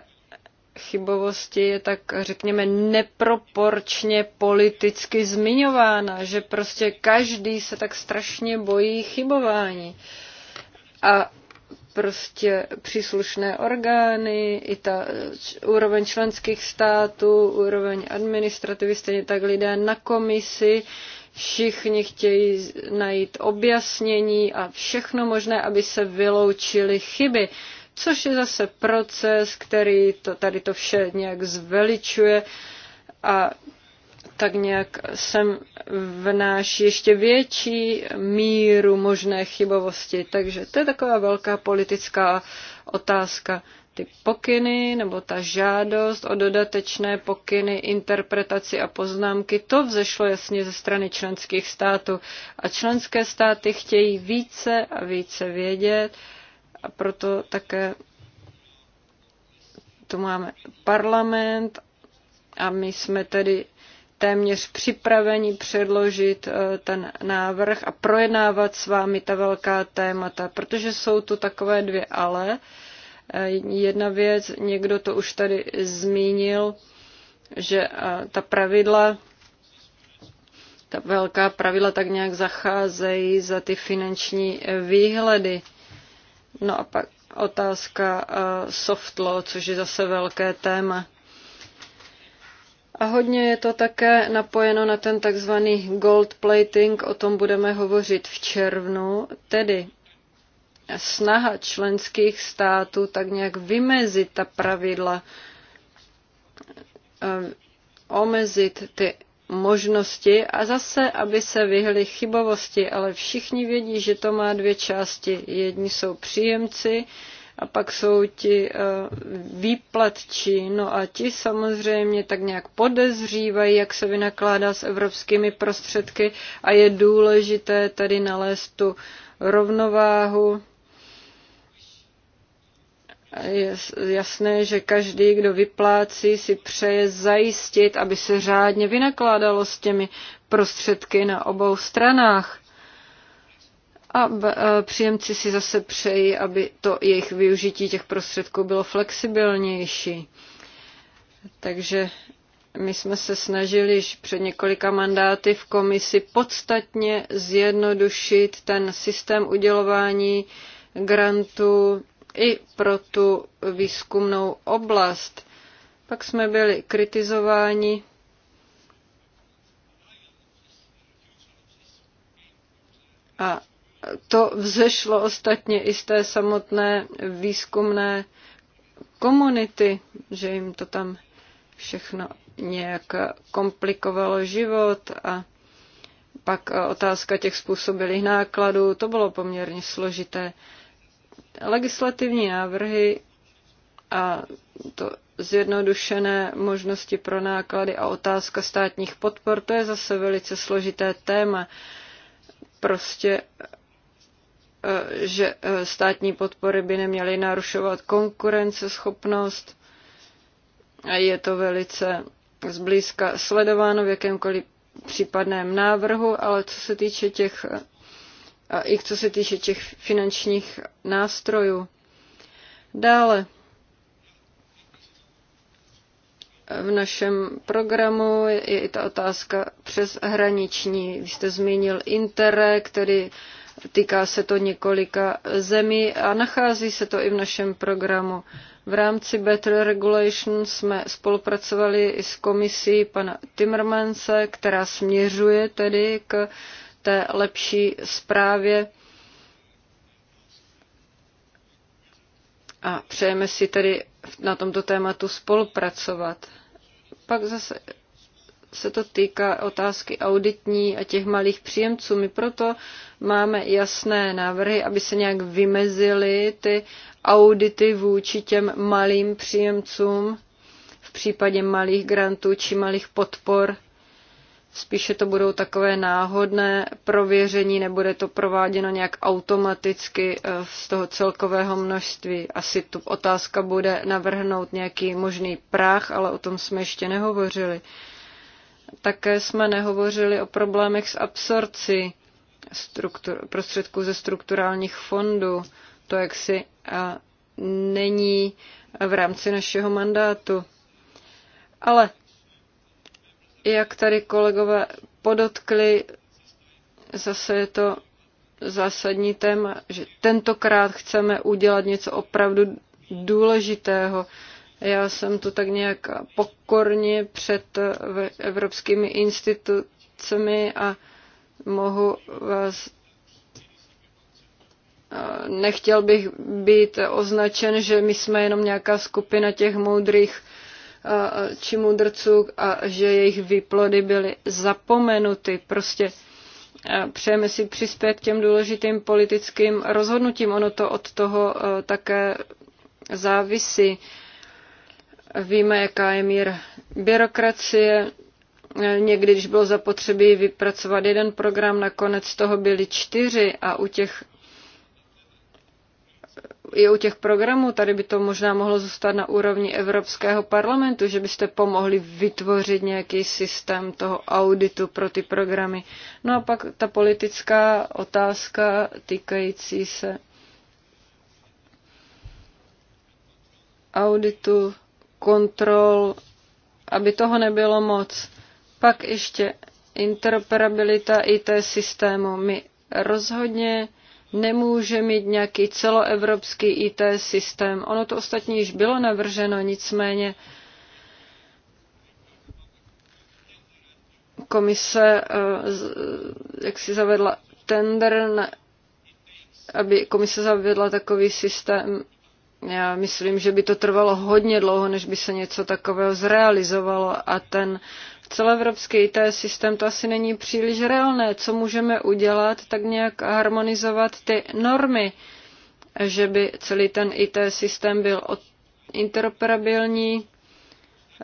chybovosti je tak, řekněme, neproporčně politicky zmiňována, že prostě každý se tak strašně bojí chybování. A prostě příslušné orgány, i ta úroveň členských států, úroveň administrativy, stejně tak lidé na komisi, všichni chtějí najít objasnění a všechno možné, aby se vyloučily chyby což je zase proces, který to, tady to vše nějak zveličuje a tak nějak sem vnáší ještě větší míru možné chybovosti. Takže to je taková velká politická otázka. Ty pokyny nebo ta žádost o dodatečné pokyny, interpretaci a poznámky, to vzešlo jasně ze strany členských států. A členské státy chtějí více a více vědět a proto také tu máme parlament a my jsme tedy téměř připraveni předložit eh, ten návrh a projednávat s vámi ta velká témata, protože jsou tu takové dvě ale. Eh, jedna věc, někdo to už tady zmínil, že eh, ta pravidla, ta velká pravidla tak nějak zacházejí za ty finanční výhledy. No a pak otázka eh, soft law, což je zase velké téma. A hodně je to také napojeno na ten takzvaný gold plating, o tom budeme hovořit v červnu, tedy snaha členských států tak nějak vymezit ta pravidla, eh, omezit ty možnosti a zase, aby se vyhly chybovosti, ale všichni vědí, že to má dvě části. Jedni jsou příjemci a pak jsou ti eh, výplatčí. No a ti samozřejmě tak nějak podezřívají, jak se vynakládá s evropskými prostředky a je důležité tady nalézt tu rovnováhu je jasné, že každý, kdo vyplácí, si přeje zajistit, aby se řádně vynakládalo s těmi prostředky na obou stranách. A e, příjemci si zase přejí, aby to jejich využití těch prostředků bylo flexibilnější. Takže my jsme se snažili již před několika mandáty v komisi podstatně zjednodušit ten systém udělování grantů i pro tu výzkumnou oblast. Pak jsme byli kritizováni a to vzešlo ostatně i z té samotné výzkumné komunity, že jim to tam všechno nějak komplikovalo život a pak otázka těch způsobilých nákladů, to bylo poměrně složité. Legislativní návrhy a to zjednodušené možnosti pro náklady a otázka státních podpor, to je zase velice složité téma. Prostě eh, že eh, státní podpory by neměly narušovat konkurenceschopnost. Je to velice zblízka sledováno v jakémkoliv případném návrhu, ale co se týče těch eh, a i co se týče těch finančních nástrojů. Dále v našem programu je i ta otázka přeshraniční. Vy jste zmínil Interreg, který týká se to několika zemí a nachází se to i v našem programu. V rámci Better Regulation jsme spolupracovali i s komisí pana Timmermansa, která směřuje tedy k té lepší zprávě. A přejeme si tedy na tomto tématu spolupracovat. Pak zase se to týká otázky auditní a těch malých příjemců. My proto máme jasné návrhy, aby se nějak vymezily ty audity vůči těm malým příjemcům v případě malých grantů či malých podpor Spíše to budou takové náhodné prověření, nebude to prováděno nějak automaticky eh, z toho celkového množství. Asi tu otázka bude navrhnout nějaký možný práh, ale o tom jsme ještě nehovořili. Také jsme nehovořili o problémech s absorcí struktur, prostředků ze strukturálních fondů. To jaksi a, eh, není v rámci našeho mandátu. Ale jak tady kolegové podotkli, zase je to zásadní téma, že tentokrát chceme udělat něco opravdu důležitého. Já jsem tu tak nějak pokorně před evropskými institucemi a mohu vás nechtěl bych být označen, že my jsme jenom nějaká skupina těch moudrých či mudrců a že jejich výplody byly zapomenuty. Prostě přejeme si přispět k těm důležitým politickým rozhodnutím. Ono to od toho také závisí. Víme, jaká je mír byrokracie. Někdy, když bylo zapotřebí vypracovat jeden program, nakonec toho byly čtyři a u těch i u těch programů, tady by to možná mohlo zůstat na úrovni Evropského parlamentu, že byste pomohli vytvořit nějaký systém toho auditu pro ty programy. No a pak ta politická otázka týkající se auditu, kontrol, aby toho nebylo moc. Pak ještě interoperabilita IT systému. My rozhodně nemůže mít nějaký celoevropský IT systém. Ono to ostatně již bylo navrženo, nicméně komise, eh, jak si zavedla tender, aby komise zavedla takový systém, já myslím, že by to trvalo hodně dlouho, než by se něco takového zrealizovalo a ten celoevropský IT systém to asi není příliš reálné. Co můžeme udělat, tak nějak harmonizovat ty normy, že by celý ten IT systém byl interoperabilní.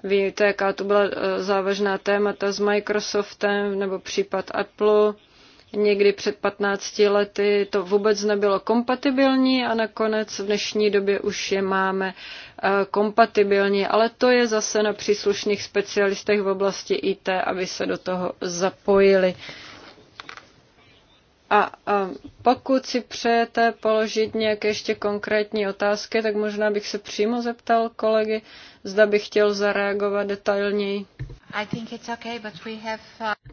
Víte, jaká to byla e, závažná témata s Microsoftem nebo případ Apple Někdy před 15 lety to vůbec nebylo kompatibilní a nakonec v dnešní době už je máme eh, kompatibilní, ale to je zase na příslušných specialistech v oblasti IT, aby se do toho zapojili. A, a pokud si přejete položit nějaké ještě konkrétní otázky, tak možná bych se přímo zeptal kolegy, zda bych chtěl zareagovat detailněji. I think it's okay, but we have, uh...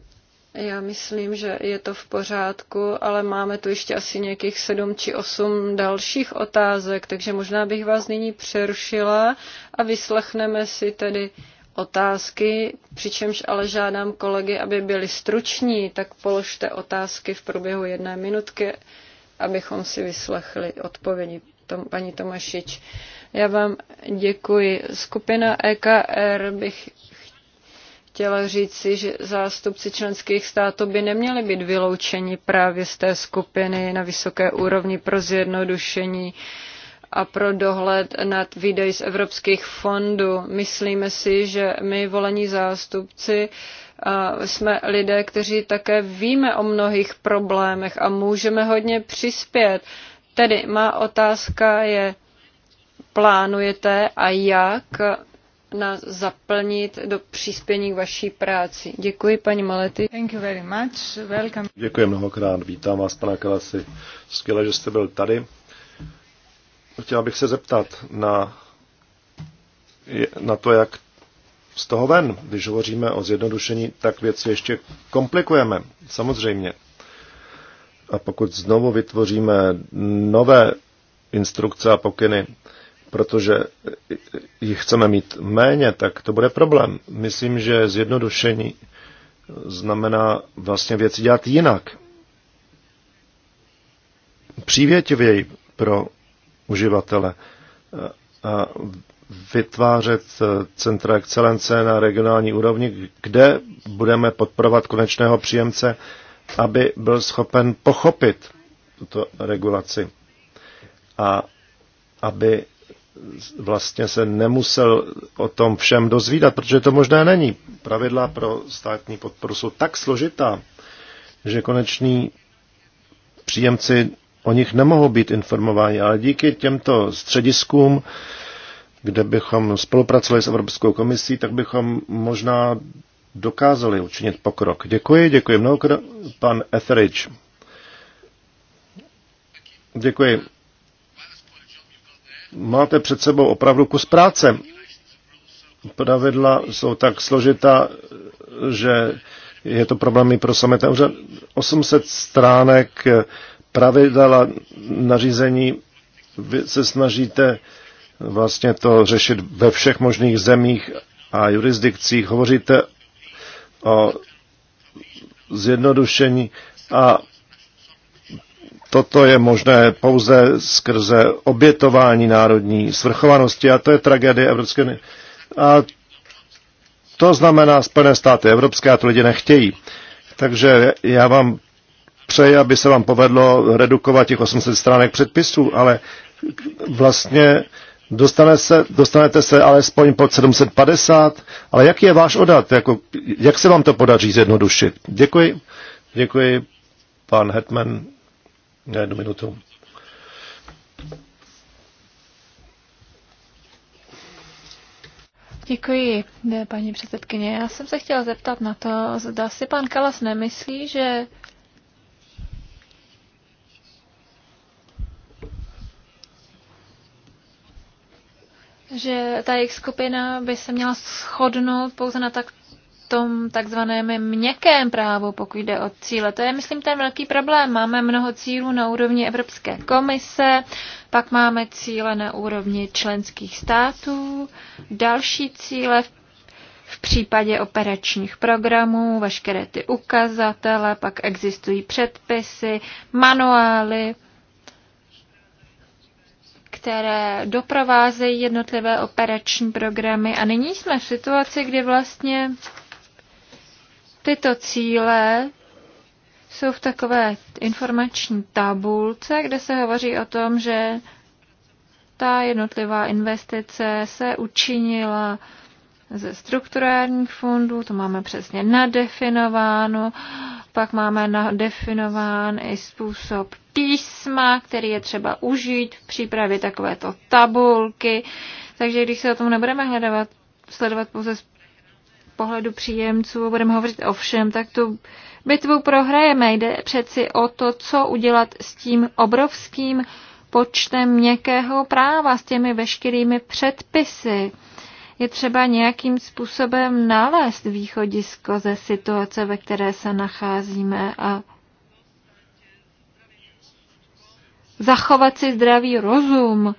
Já myslím, že je to v pořádku, ale máme tu ještě asi nějakých sedm či osm dalších otázek, takže možná bych vás nyní přerušila a vyslechneme si tedy otázky, přičemž ale žádám kolegy, aby byli struční, tak položte otázky v průběhu jedné minutky, abychom si vyslechli odpovědi. Tom, paní Tomašič, já vám děkuji. Skupina EKR bych chtěla říci, že zástupci členských států by neměli být vyloučeni právě z té skupiny na vysoké úrovni pro zjednodušení a pro dohled nad výdej z evropských fondů. Myslíme si, že my volení zástupci jsme lidé, kteří také víme o mnohých problémech a můžeme hodně přispět. Tedy má otázka je, plánujete a jak na zaplnit do příspění k vaší práci. Děkuji, paní Malety. Thank you very much. Welcome. Děkuji mnohokrát. Vítám vás, pana Kelasi. Skvěle, že jste byl tady. Chtěla bych se zeptat na, na to, jak z toho ven. Když hovoříme o zjednodušení, tak věci ještě komplikujeme, samozřejmě. A pokud znovu vytvoříme nové instrukce a pokyny, protože jich chceme mít méně, tak to bude problém. Myslím, že zjednodušení znamená vlastně věci dělat jinak. Přívětivěji pro uživatele eh, a vytvářet eh, centra excelence na regionální úrovni, kde budeme podporovat konečného příjemce, aby byl schopen pochopit tuto regulaci a aby vlastně se nemusel o tom všem dozvídat, protože to možná není. Pravidla pro státní podporu jsou tak složitá, že koneční příjemci o nich nemohou být informováni, ale díky těmto střediskům, kde bychom spolupracovali s Evropskou komisí, tak bychom možná dokázali učinit pokrok. Děkuji, děkuji mnohokrát, pan Etheridge. Děkuji máte před sebou opravdu kus práce. Pravidla jsou tak složitá, že je to problém i pro samotné úřad. 800 stránek pravidla nařízení, vy se snažíte vlastně to řešit ve všech možných zemích a jurisdikcích. Hovoříte o zjednodušení a Toto je možné pouze skrze obětování národní svrchovanosti a to je tragédie Evropské unie. A to znamená Spojené státy evropské a to lidi nechtějí. Takže já vám přeji, aby se vám povedlo redukovat těch 800 stránek předpisů, ale vlastně dostane se, dostanete se alespoň pod 750, ale jaký je váš odat? Jako, jak se vám to podaří zjednodušit? Děkuji. Děkuji, pan Hetman na jednu minutu. Děkuji, paní předsedkyně. Já jsem se chtěla zeptat na to, zda si pan Kalas nemyslí, že že ta jejich skupina by se měla shodnout pouze na tak tom takzvaném měkkém právu, pokud jde o cíle. To je, myslím, ten velký problém. Máme mnoho cílů na úrovni Evropské komise, pak máme cíle na úrovni členských států, další cíle v v případě operačních programů, veškeré ty ukazatele, pak existují předpisy, manuály, které doprovázejí jednotlivé operační programy. A nyní jsme v situaci, kdy vlastně Tyto cíle jsou v takové informační tabulce, kde se hovoří o tom, že ta jednotlivá investice se učinila ze strukturálních fondů, to máme přesně nadefinováno, pak máme nadefinován i způsob písma, který je třeba užít v přípravě takovéto tabulky. Takže když se o tom nebudeme hledovat, sledovat pouze pohledu příjemců budeme hovořit o všem, tak tu bitvu prohrajeme. Jde přeci o to, co udělat s tím obrovským počtem měkkého práva, s těmi veškerými předpisy. Je třeba nějakým způsobem nalézt východisko ze situace, ve které se nacházíme a zachovat si zdravý rozum,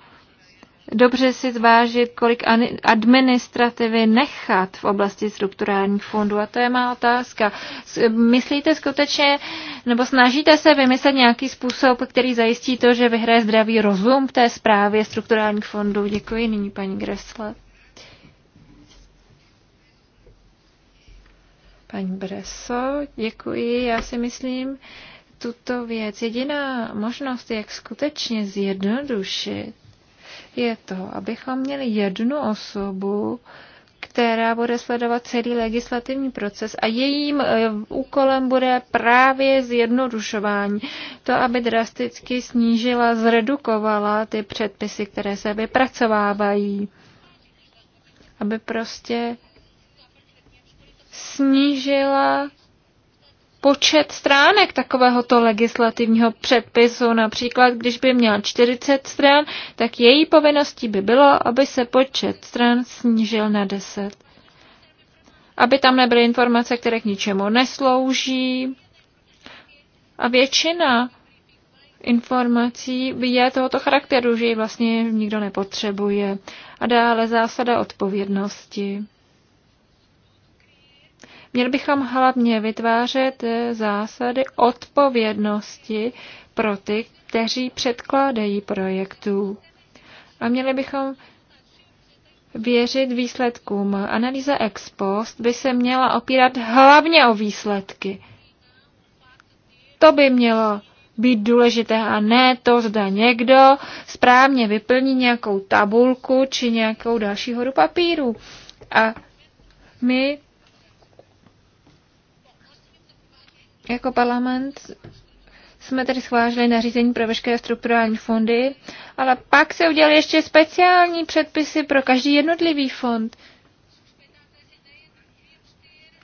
dobře si zvážit, kolik administrativy nechat v oblasti strukturálních fondů. A to je má otázka. Myslíte skutečně, nebo snažíte se vymyslet nějaký způsob, který zajistí to, že vyhraje zdravý rozum v té zprávě strukturálních fondů? Děkuji nyní, paní Gressle. Paní Breso, děkuji. Já si myslím, tuto věc. Jediná možnost, jak skutečně zjednodušit je to, abychom měli jednu osobu, která bude sledovat celý legislativní proces a jejím eh, úkolem bude právě zjednodušování. To, aby drasticky snížila, zredukovala ty předpisy, které se vypracovávají. Aby prostě snížila počet stránek takovéhoto legislativního předpisu. Například, když by měl 40 stran, tak její povinností by bylo, aby se počet stran snížil na 10. Aby tam nebyly informace, které k ničemu neslouží. A většina informací je tohoto charakteru, že ji vlastně nikdo nepotřebuje. A dále zásada odpovědnosti. Měli bychom hlavně vytvářet eh, zásady odpovědnosti pro ty, kteří předkládají projektů. A měli bychom věřit výsledkům. Analýza ex post by se měla opírat hlavně o výsledky. To by mělo být důležité a ne to, zda někdo správně vyplní nějakou tabulku či nějakou další horu papíru. A my Jako parlament jsme tedy schválili nařízení pro veškeré strukturální fondy, ale pak se udělali ještě speciální předpisy pro každý jednotlivý fond.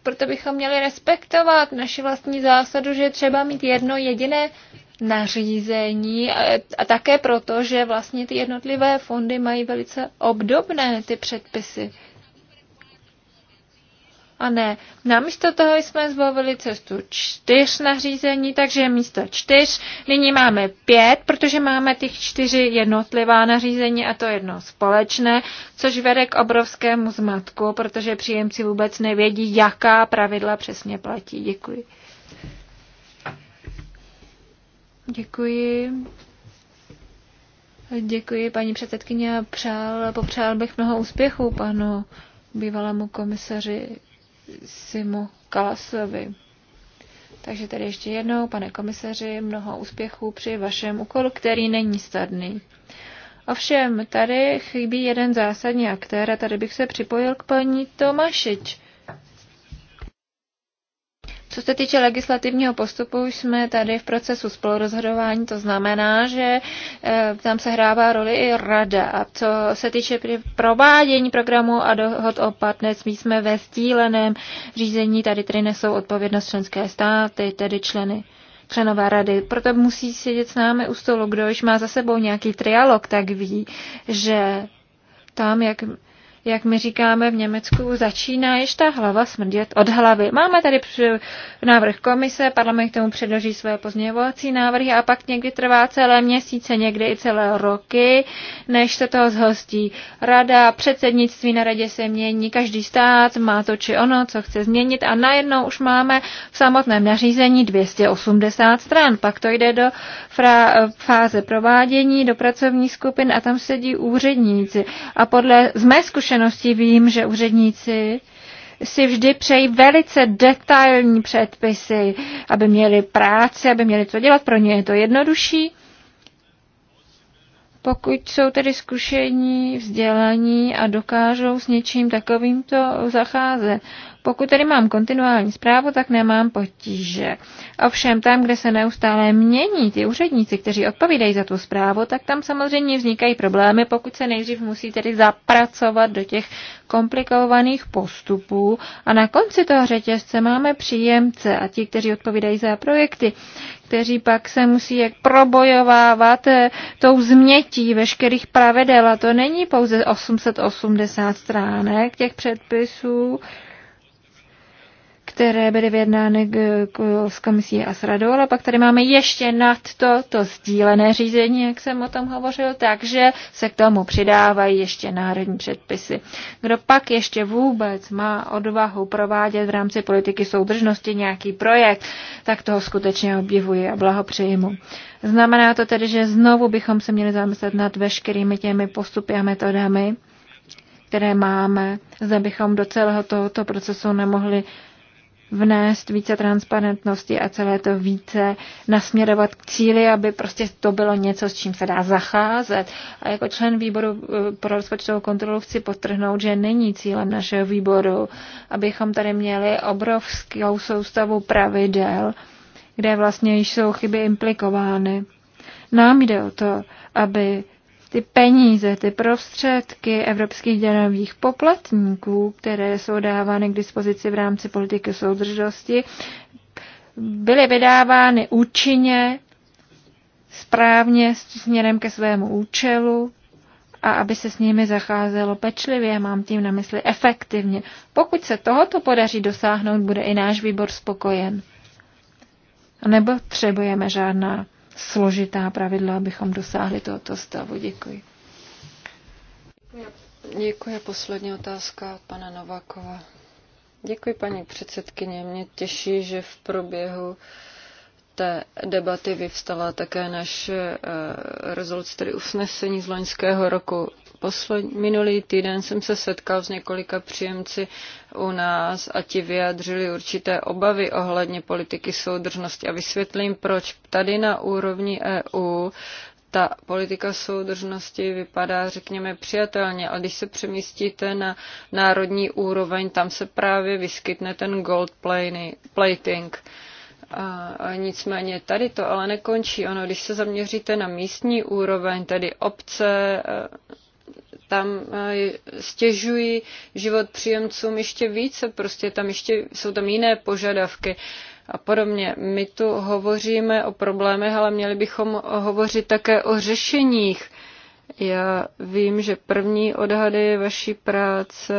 Proto bychom měli respektovat naši vlastní zásadu, že třeba mít jedno jediné nařízení a, a také proto, že vlastně ty jednotlivé fondy mají velice obdobné ty předpisy. A ne, namísto toho jsme zvolili cestu čtyř nařízení, takže místo čtyř nyní máme pět, protože máme těch čtyři jednotlivá nařízení a to jedno společné, což vede k obrovskému zmatku, protože příjemci vůbec nevědí, jaká pravidla přesně platí. Děkuji. Děkuji. Děkuji, paní předsedkyně, přál, popřál bych mnoho úspěchů panu bývalému komisaři Simu Kalasovi. Takže tady ještě jednou, pane komisaři, mnoho úspěchů při vašem úkolu, který není snadný. Ovšem, tady chybí jeden zásadní aktér a tady bych se připojil k paní Tomašič. Co se týče legislativního postupu, jsme tady v procesu spolurozhodování, to znamená, že eh, tam se hrává roli i rada. A co se týče provádění programu a dohod o partnerství, jsme ve stíleném řízení, tady tedy nesou odpovědnost členské státy, tedy členy členové rady. Proto musí sedět s námi u stolu, kdo už má za sebou nějaký trialog, tak ví, že tam, jak jak my říkáme v Německu, začíná ještě ta hlava smrdět od hlavy. Máme tady návrh komise, parlament k tomu předloží své pozměňovací návrhy a pak někdy trvá celé měsíce, někdy i celé roky, než se toho zhostí rada, předsednictví na radě se mění, každý stát má to či ono, co chce změnit a najednou už máme v samotném nařízení 280 stran. Pak to jde do fáze provádění, do pracovních skupin a tam sedí úředníci. A podle z mé zkušenosti zkušenosti vím, že úředníci si vždy přejí velice detailní předpisy, aby měli práci, aby měli co dělat, pro ně je to jednodušší. Pokud jsou tedy zkušení, vzdělaní a dokážou s něčím takovýmto zacházet. Pokud tedy mám kontinuální zprávu, tak nemám potíže. Ovšem tam, kde se neustále mění ty úředníci, kteří odpovídají za tu zprávu, tak tam samozřejmě vznikají problémy, pokud se nejdřív musí tedy zapracovat do těch komplikovaných postupů a na konci toho řetězce máme příjemce a ti, kteří odpovídají za projekty, kteří pak se musí jak probojovávat eh, tou změtí veškerých pravidel. A to není pouze 880 stránek těch předpisů, které byly vyjednány s komisí a s radou, ale pak tady máme ještě nad to, to sdílené řízení, jak jsem o tom hovořil, takže se k tomu přidávají ještě národní předpisy. Kdo pak ještě vůbec má odvahu provádět v rámci politiky soudržnosti nějaký projekt, tak toho skutečně obdivuji a blahopřeji mu. Znamená to tedy, že znovu bychom se měli zamyslet nad veškerými těmi postupy a metodami, které máme. Zde bychom do celého tohoto procesu nemohli vnést více transparentnosti a celé to více nasměrovat k cíli, aby prostě to bylo něco, s čím se dá zacházet. A jako člen výboru eh, pro rozpočtovou kontrolu chci potrhnout, že není cílem našeho výboru, abychom tady měli obrovskou soustavu pravidel, kde vlastně již jsou chyby implikovány. Nám jde o to, aby ty peníze, ty prostředky evropských děnových poplatníků, které jsou dávány k dispozici v rámci politiky soudržnosti, byly vydávány účinně, správně směrem ke svému účelu a aby se s nimi zacházelo pečlivě, mám tím na mysli efektivně. Pokud se tohoto podaří dosáhnout, bude i náš výbor spokojen. Nebo třebujeme žádná složitá pravidla, abychom dosáhli tohoto stavu. Děkuji. Děkuji. A Poslední otázka od pana Novakova. Děkuji, paní předsedkyně. Mě těší, že v průběhu té debaty vyvstala také naše eh, rezoluce, tedy usnesení z loňského roku. Posled, minulý týden jsem se setkal s několika příjemci u nás a ti vyjádřili určité obavy ohledně politiky soudržnosti. A vysvětlím, proč tady na úrovni EU ta politika soudržnosti vypadá, řekněme, přijatelně, ale když se přemístíte na národní úroveň, tam se právě vyskytne ten gold plating. A, a nicméně tady to ale nekončí. Ono, když se zaměříte na místní úroveň, tedy obce, tam eh, stěžují život příjemcům ještě více, prostě tam ještě, jsou tam jiné požadavky a podobně. My tu hovoříme o problémech, ale měli bychom hovořit také o řešeních. Já vím, že první odhady vaší práce,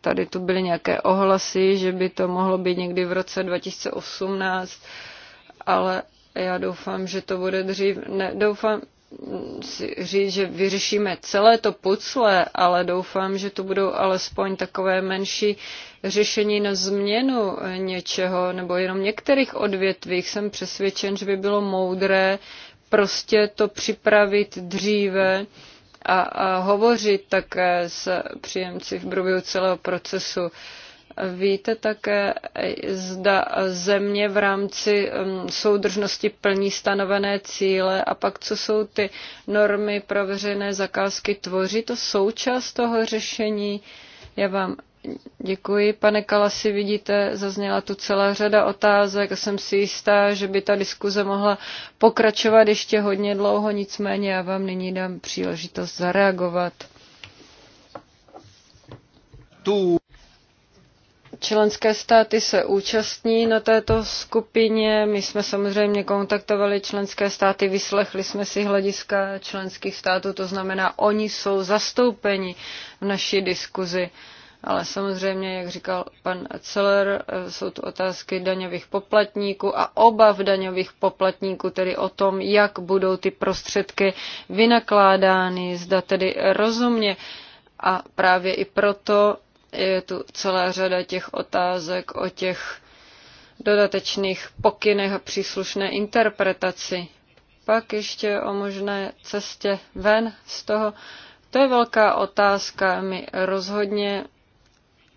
tady tu byly nějaké ohlasy, že by to mohlo být někdy v roce 2018, ale já doufám, že to bude dřív. Ne, doufám, si říct, že vyřešíme celé to pucle, ale doufám, že to budou alespoň takové menší řešení na změnu něčeho nebo jenom některých odvětvích. Jsem přesvědčen, že by bylo moudré prostě to připravit dříve a, a hovořit také s příjemci v průběhu celého procesu. Víte také, zda země v rámci um, soudržnosti plní stanovené cíle a pak co jsou ty normy pro veřejné zakázky? Tvoří to součást toho řešení? Já vám Děkuji, pane Kalasi, vidíte, zazněla tu celá řada otázek a jsem si jistá, že by ta diskuze mohla pokračovat ještě hodně dlouho, nicméně já vám nyní dám příležitost zareagovat. Tu Členské státy se účastní na této skupině. My jsme samozřejmě kontaktovali členské státy, vyslechli jsme si hlediska členských států, to znamená, oni jsou zastoupeni v naší diskuzi. Ale samozřejmě, jak říkal pan Celer, jsou tu otázky daňových poplatníků a obav daňových poplatníků, tedy o tom, jak budou ty prostředky vynakládány, zda tedy rozumně. A právě i proto je tu celá řada těch otázek o těch dodatečných pokynech a příslušné interpretaci. Pak ještě o možné cestě ven z toho. To je velká otázka. My rozhodně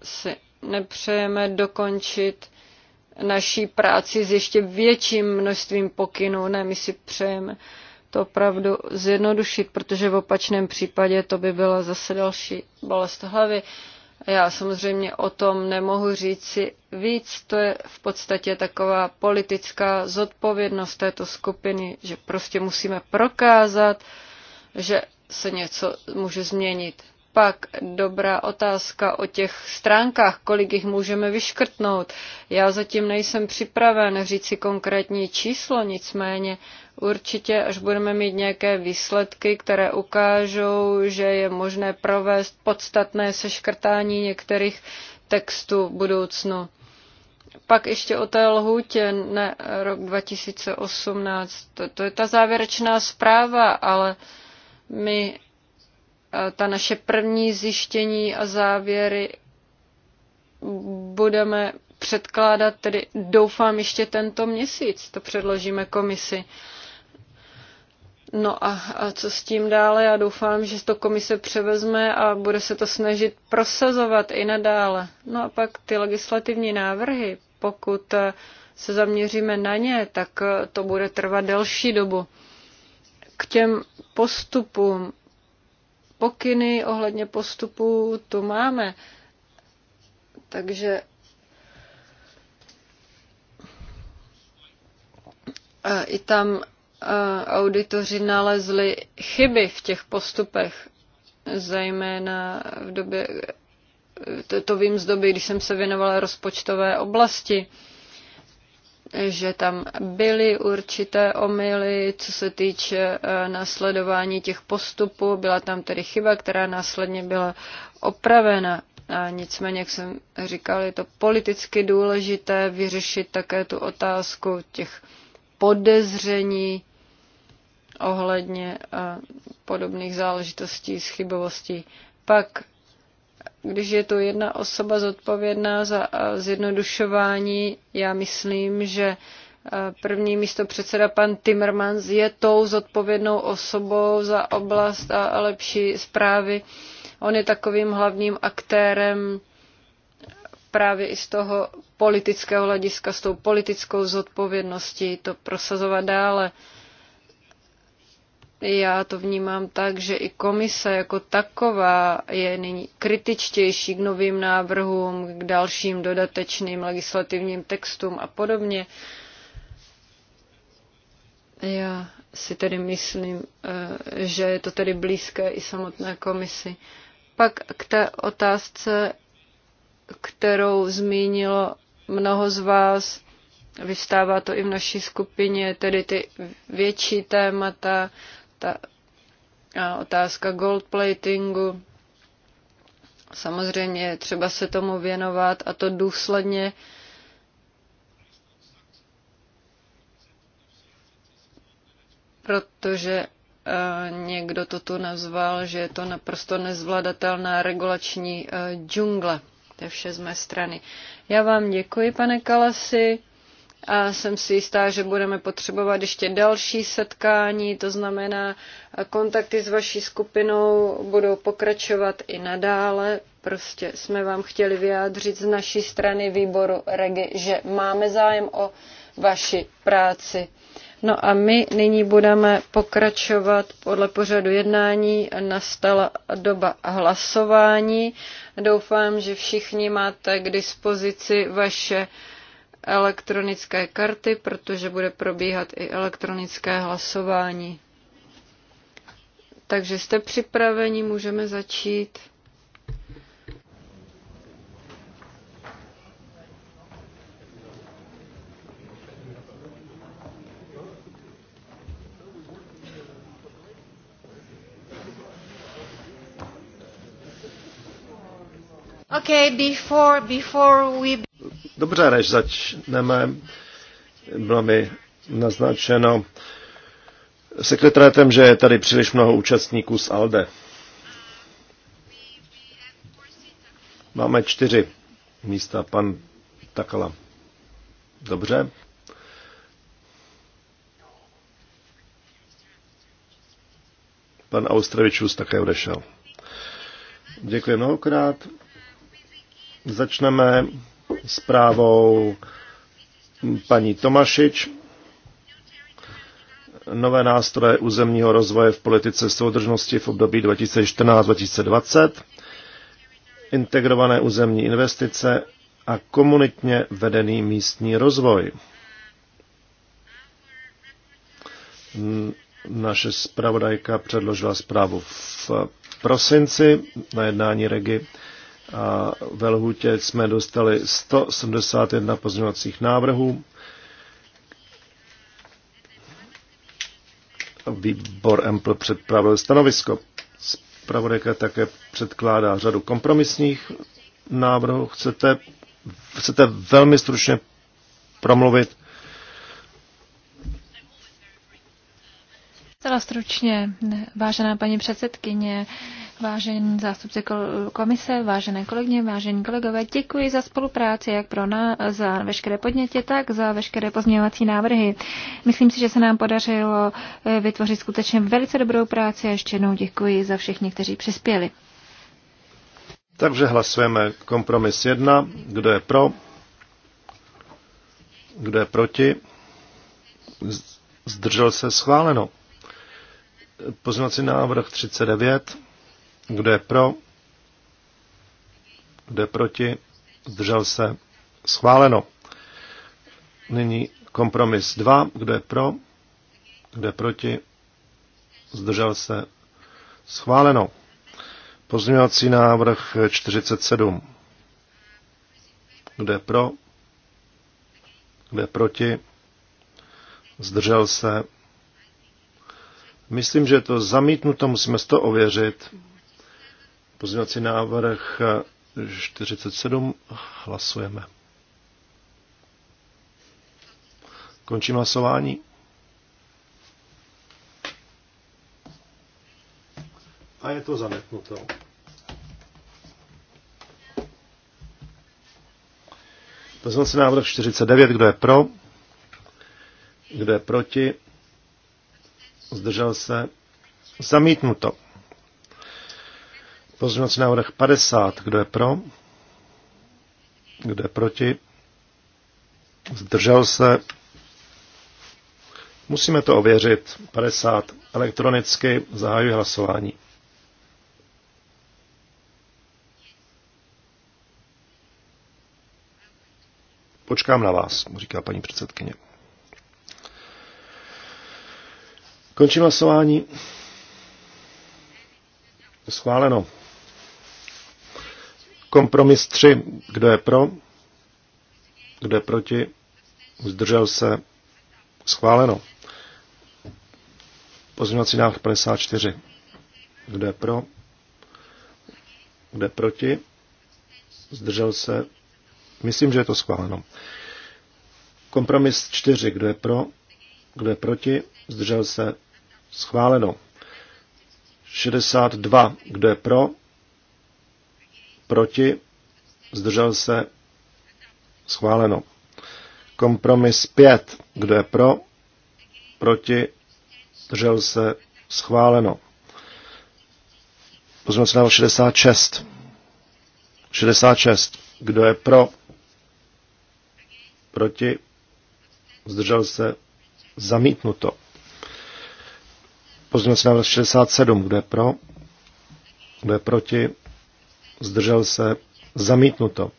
si nepřejeme dokončit naší práci s ještě větším množstvím pokynů. Ne, my si přejeme to opravdu zjednodušit, protože v opačném případě to by byla zase další bolest hlavy. Já samozřejmě o tom nemohu říct si víc, to je v podstatě taková politická zodpovědnost této skupiny, že prostě musíme prokázat, že se něco může změnit. Pak dobrá otázka o těch stránkách, kolik jich můžeme vyškrtnout. Já zatím nejsem připraven říct si konkrétní číslo, nicméně Určitě, až budeme mít nějaké výsledky, které ukážou, že je možné provést podstatné seškrtání některých textů v budoucnu. Pak ještě o té lhůtě, ne, rok 2018, to, to je ta závěrečná zpráva, ale my, ta naše první zjištění a závěry budeme předkládat, tedy doufám ještě tento měsíc, to předložíme komisi. No a, a co s tím dále? Já doufám, že to komise převezme a bude se to snažit prosazovat i nadále. No a pak ty legislativní návrhy, pokud eh, se zaměříme na ně, tak eh, to bude trvat delší dobu. K těm postupům, pokyny ohledně postupů tu máme. Takže eh, i tam Eh, auditoři nalezli chyby v těch postupech, zejména v době, to, to vím z doby, když jsem se věnovala rozpočtové oblasti, že tam byly určité omily, co se týče eh, následování těch postupů. Byla tam tedy chyba, která následně byla opravena. A nicméně, jak jsem říkal, je to politicky důležité vyřešit také tu otázku těch podezření ohledně eh, podobných záležitostí schybovostí. Pak, když je tu jedna osoba zodpovědná za eh, zjednodušování, já myslím, že eh, první místo předseda pan Timmermans je tou zodpovědnou osobou za oblast a lepší zprávy. On je takovým hlavním aktérem právě i z toho politického hlediska, s tou politickou zodpovědností to prosazovat dále. Uh, já to vnímám tak, že i komise jako taková je nyní kritičtější k novým návrhům, k dalším dodatečným legislativním textům a podobně. Já si tedy myslím, eh, že je to tedy blízké i samotné komisi. Pak k té otázce, kterou zmínilo mnoho z vás, vystává to i v naší skupině, tedy ty větší témata, ta a otázka goldplatingu. Samozřejmě je třeba se tomu věnovat a to důsledně. Protože e, někdo to tu nazval, že je to naprosto nezvladatelná regulační e, džungle. To je vše z mé strany. Já vám děkuji, pane Kalasi a jsem si jistá, že budeme potřebovat ještě další setkání, to znamená, kontakty s vaší skupinou budou pokračovat i nadále. Prostě jsme vám chtěli vyjádřit z naší strany výboru REGI, že máme zájem o vaši práci. No a my nyní budeme pokračovat podle pořadu jednání. Nastala doba hlasování. Doufám, že všichni máte k dispozici vaše elektronické karty, protože bude probíhat i elektronické hlasování. Takže jste připraveni, můžeme začít. Okay, before, before we... Dobře, než začneme, bylo mi naznačeno sekretariatem, že je tady příliš mnoho účastníků z ALDE. Máme čtyři místa, pan Takala. Dobře. Pan Austrevičus také odešel. Děkuji mnohokrát. Začneme zprávou paní Tomašič. Nové nástroje územního rozvoje v politice soudržnosti v období 2014-2020, integrované územní investice a komunitně vedený místní rozvoj. Naše zpravodajka předložila zprávu v prosinci na jednání Regi a ve lhutě jsme dostali 171 pozměňovacích návrhů. Výbor MPL předpravil stanovisko. Spravodajka také předkládá řadu kompromisních návrhů. Chcete, chcete velmi stručně promluvit? Zcela stručně, vážená paní předsedkyně, Vážený zástupce komise, vážené kolegyně, vážení kolegové, děkuji za spolupráci jak pro nás, za veškeré podnětě, tak za veškeré pozměňovací návrhy. Myslím si, že se nám podařilo eh, vytvořit skutečně velice dobrou práci a ještě jednou děkuji za všechny, kteří přispěli. Takže hlasujeme kompromis 1. Kdo je pro? Kdo je proti? Zdržel se schváleno. Pozměňovací návrh 39. Kdo je pro? Kdo je proti? Zdržel se? Schváleno. Nyní kompromis 2. Kdo je pro? Kdo je proti? Zdržel se? Schváleno. Pozměňovací návrh 47. Kdo je pro? Kdo je proti? Zdržel se? Myslím, že je to zamítnuto, musíme to ověřit. Pozměňovací návrh 47. Hlasujeme. Končím hlasování. A je to zametnuto. Pozměňovací návrh 49. Kdo je pro? Kdo je proti? Zdržel se? Zamítnuto. Pozměňovací návrh 50. Kdo je pro? Kdo je proti? Zdržel se? Musíme to ověřit. 50. Elektronicky zahajuji hlasování. Počkám na vás, říká paní předsedkyně. Končím hlasování. Schváleno. Kompromis 3. Kdo je pro? Kdo je proti? Zdržel se? Schváleno. Pozměňovací návrh 54. Kdo je pro? Kdo je proti? Zdržel se? Myslím, že je to schváleno. Kompromis 4. Kdo je pro? Kdo je proti? Zdržel se? Schváleno. 62. Kdo je pro? proti, zdržel se, schváleno. Kompromis 5, kdo je pro, proti, zdržel se, schváleno. Pozvěme se na 66. 66. Kdo je pro? Proti? Zdržel se? Zamítnuto. Pozvěme se na 67. Kdo je pro? Kdo je proti? zdržel se, zamítnuto.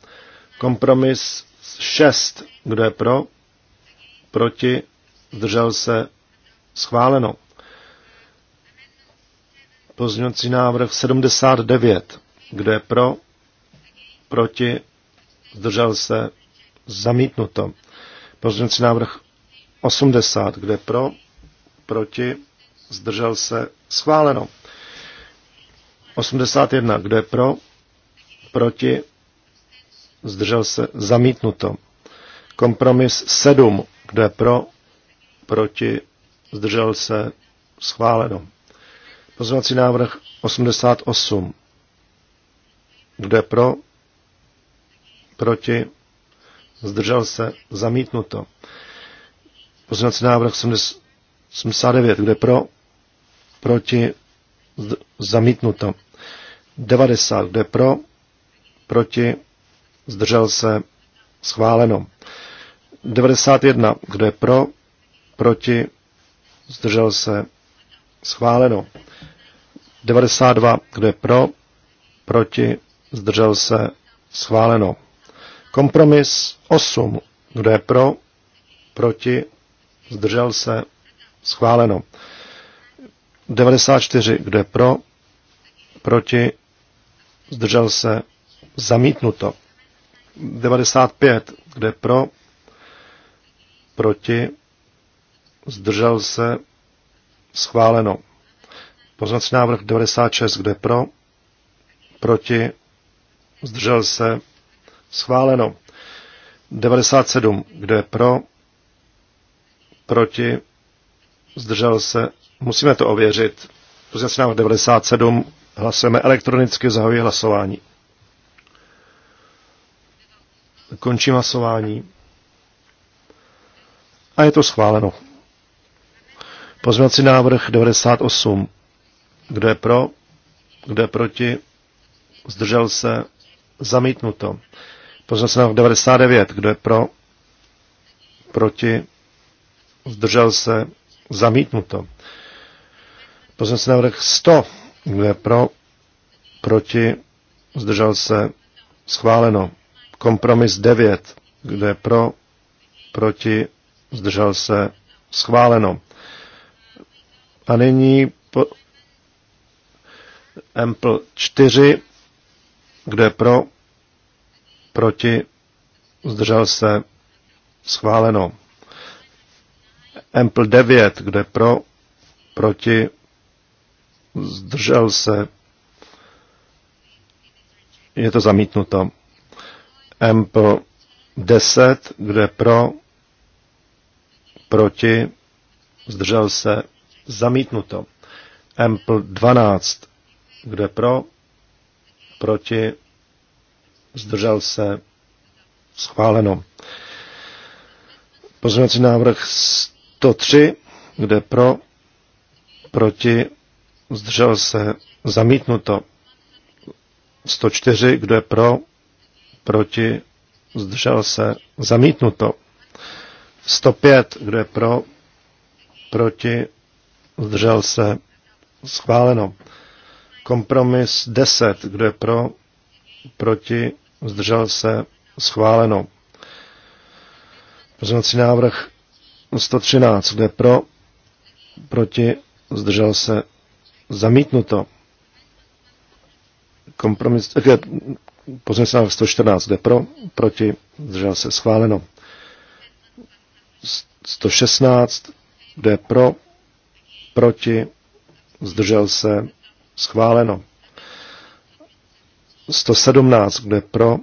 Kompromis 6, kdo je pro, proti, zdržel se, schváleno. Pozměňovací návrh 79, kdo je pro, proti, zdržel se, zamítnuto. Pozměňovací návrh 80, kde pro, proti, zdržel se, schváleno. 81, kde pro, proti, zdržel se, zamítnuto. Kompromis 7, kdo je pro, proti, zdržel se, schváleno. Pozvací návrh 88, kdo je pro, proti, zdržel se, zamítnuto. Pozvací návrh 79, kdo je pro, proti, zamítnuto. 90, kdo je pro, proti, zdržel se, schváleno. 91, kdo je pro, proti, zdržel se, schváleno. 92, kdo je pro, proti, zdržel se, schváleno. Kompromis 8, kdo je pro, proti, zdržel se, schváleno. 94, kdo je pro, proti, zdržel se, Zamítnuto. 95, kde pro, proti, zdržel se, schváleno. Poznací návrh 96, kde pro, proti, zdržel se, schváleno. 97, kde pro, proti, zdržel se, musíme to ověřit. Poznací návrh 97, hlasujeme elektronicky, zahajuji hlasování. Končím hlasování. A je to schváleno. Pozměňovací návrh 98. Kdo je pro? Kdo je proti? Zdržel se? Zamítnuto. Pozměňovací návrh 99. Kdo je pro? Proti? Zdržel se? Zamítnuto. Pozměňovací návrh 100. Kdo je pro? Proti? Zdržel se? Schváleno. Kompromis 9. kde pro? Proti? Zdržel se? Schváleno. A nyní po... Ample 4. kde pro? Proti? Zdržel se? Schváleno. Ample 9. kde pro? Proti? Zdržel se? Je to zamítnuto. Ample 10, kde pro, proti, zdržel se, zamítnuto. Ample 12, kde pro, proti, zdržel se, schváleno. Pozměňovací návrh 103, kde pro, proti, zdržel se, zamítnuto. 104, kde pro, proti, zdržel se, zamítnuto. 105, kdo je pro, proti, zdržel se, schváleno. Kompromis 10, kdo je pro, proti, zdržel se, schváleno. Pozměňovací návrh 113, kde pro, proti, zdržel se, zamítnuto. Kompromis, eh, Pozměňovací 114 jde pro, proti, zdržel se schváleno. 116 jde pro, proti, zdržel se schváleno. 117 jde pro,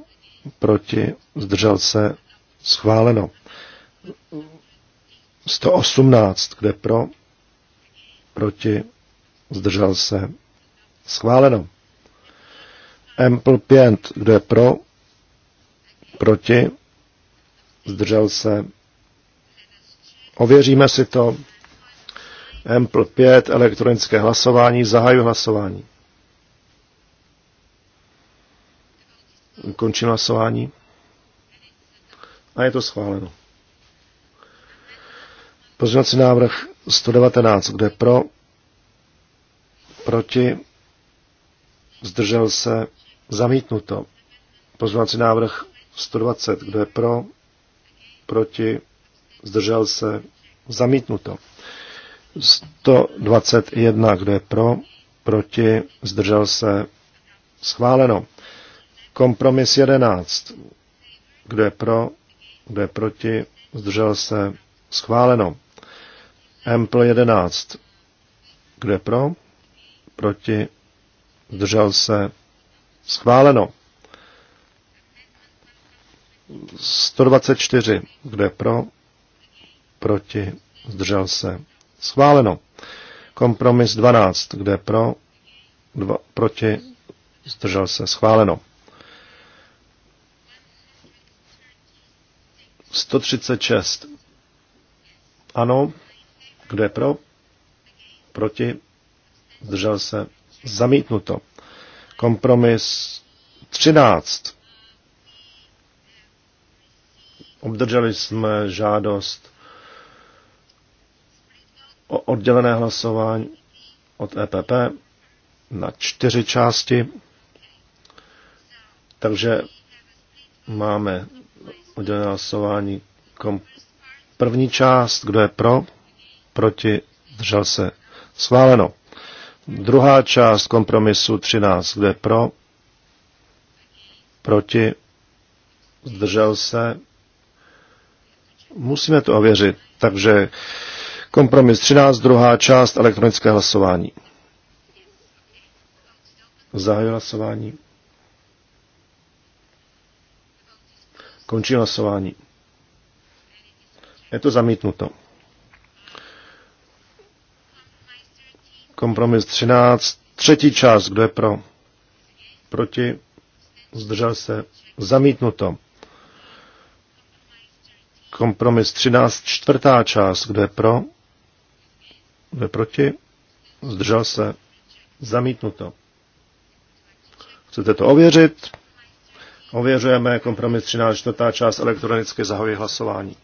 proti, zdržel se schváleno. 118 jde pro, proti, zdržel se schváleno. Ample 5, kdo je pro, proti, zdržel se. Ověříme si to. Ample 5, elektronické hlasování, zahaju hlasování. Končím hlasování. A je to schváleno. Pozměňovací návrh 119, kde pro, proti, zdržel se, zamítnuto. Pozvánci návrh 120, kdo je pro, proti, zdržel se, zamítnuto. 121, kdo je pro, proti, zdržel se, schváleno. Kompromis 11, kdo je pro, kdo je proti, zdržel se, schváleno. Empl 11, kdo je pro, proti, zdržel se, schváleno. 124, kde pro, proti, zdržel se, schváleno. Kompromis 12, kde pro, dva, proti, zdržel se, schváleno. 136. Ano, kde pro, proti, zdržel se, Zamítnuto. Kompromis 13. Obdrželi jsme žádost o oddělené hlasování od EPP na čtyři části. Takže máme oddělené hlasování kom- první část, kdo je pro, proti, držel se, schváleno. Druhá část kompromisu 13, kde pro, proti, zdržel se. Musíme to ověřit. Takže kompromis 13, druhá část, elektronické hlasování. Zahajuji hlasování. Končí hlasování. Je to zamítnuto. Kompromis 13, třetí část, kdo je pro? Proti? Zdržel se? Zamítnuto. Kompromis 13, čtvrtá část, kdo je pro? Kdo je proti? Zdržel se? Zamítnuto. Chcete to ověřit? Ověřujeme kompromis 13, čtvrtá část elektronické zahojí hlasování.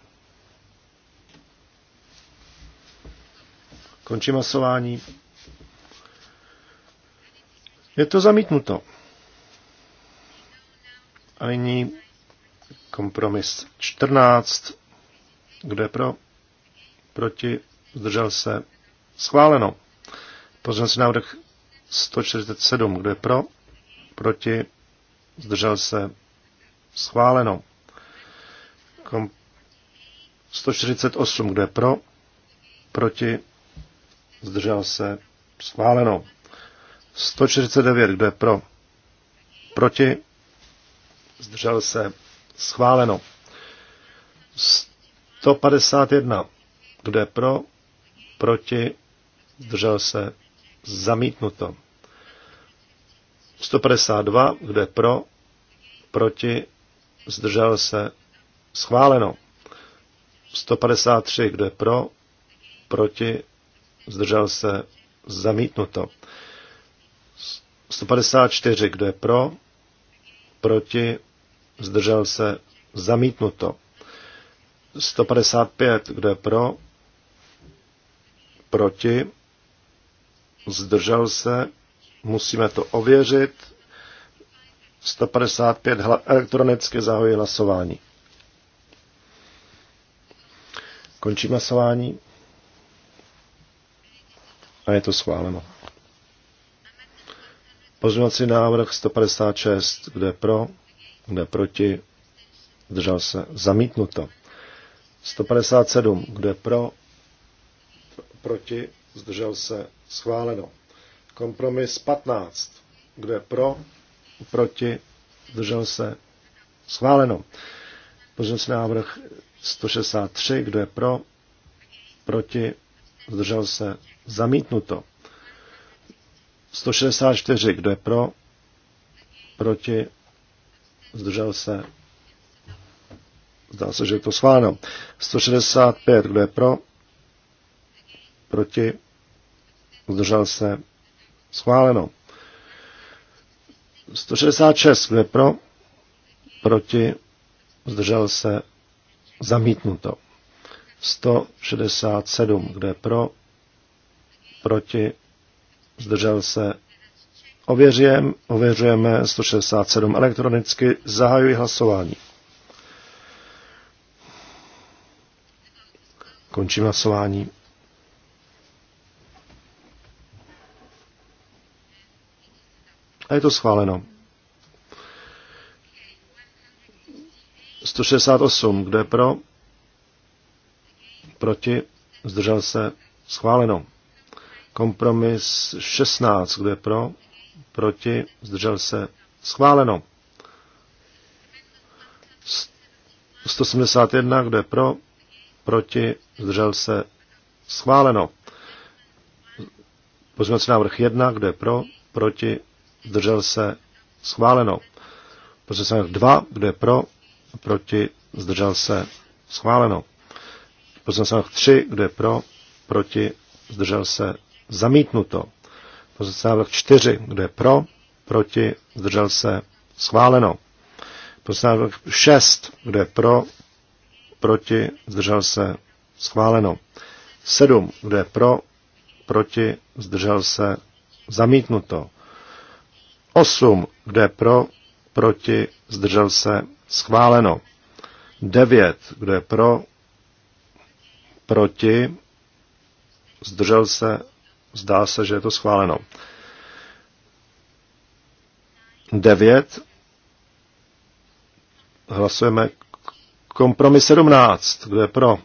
Končím hlasování. Je to zamítnuto. A nyní kompromis 14. Kdo je pro? Proti? Zdržel se? Schváleno. Pozměňovací návrh 147. Kdo je pro? Proti? Zdržel se? Schváleno. Kom 148. Kdo je pro? Proti? Zdržel se? Schváleno. 149, kdo je pro? Proti? Zdržel se. Schváleno. 151, kdo je pro? Proti? Zdržel se. Zamítnuto. 152, kdo je pro? Proti? Zdržel se. Schváleno. 153, kdo je pro? Proti? Zdržel se. Zamítnuto. 154, kdo je pro, proti, zdržel se, zamítnuto. 155, kdo je pro, proti, zdržel se, musíme to ověřit. 155 elektronicky zahojí hlasování. Končíme hlasování. A je to schváleno. Pozměňovací návrh 156, kde pro, kde proti, zdržel se, zamítnuto. 157, kde pro, proti, zdržel se, schváleno. Kompromis 15, kde pro, proti, zdržel se, schváleno. Pozměňovací návrh 163, kde pro, proti, zdržel se, zamítnuto. 164, kdo je pro, proti, zdržel se, zdá se, že je to schváleno. 165, kdo je pro, proti, zdržel se, schváleno. 166, kdo je pro, proti, zdržel se, zamítnuto. 167, kdo je pro, proti, zdržel se, ověřujem, ověřujeme 167 elektronicky, zahajuji hlasování. Končím hlasování. A je to schváleno. 168, kde pro? Proti? Zdržel se? Schváleno. Kompromis 16, kde pro, proti, zdržel se, schváleno. 171, kde pro, proti, zdržel se, schváleno. Pozměňovací návrh 1, kde pro, proti, zdržel se, schváleno. Pozměňovací návrh 2, kde pro, proti, zdržel se, schváleno. Pozměňovací návrh 3, kde pro, proti, zdržel se, Zamítnuto. Pozice návrh 4. Kdo je pro? Proti? Zdržel se? Schváleno. Pozice návrh 6. Kdo je pro? Proti? Zdržel se? Schváleno. 7. Kdo je pro? Proti? Zdržel se? Zamítnuto. 8. Kdo je pro? Proti? Zdržel se? Schváleno. 9. Kdo je pro? Proti? Zdržel se? Zdá se, že je to schváleno. 9. Hlasujeme kompromis 17. Kdo je pro?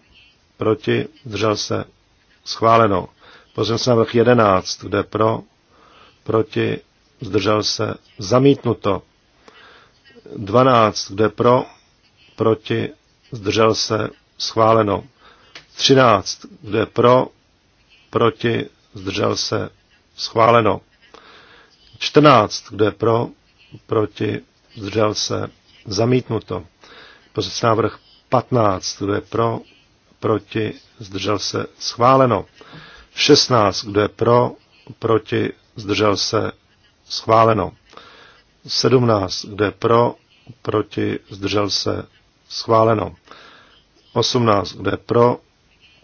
Proti? Držel se? Schváleno. se na vrch 11. Kdo je pro? Proti? Zdržel se? Zamítnuto. 12. Kdo je pro? Proti? Zdržel se? Schváleno. 13. Kdo je pro? Proti? zdržel se, schváleno. 14, kdo je pro, proti, zdržel se, zamítnuto. Pozic návrh 15, kdo je pro, proti, zdržel se, schváleno. 16, kdo je pro, proti, zdržel se, schváleno. 17, kdo je pro, proti, zdržel se, schváleno. 18, kdo je pro,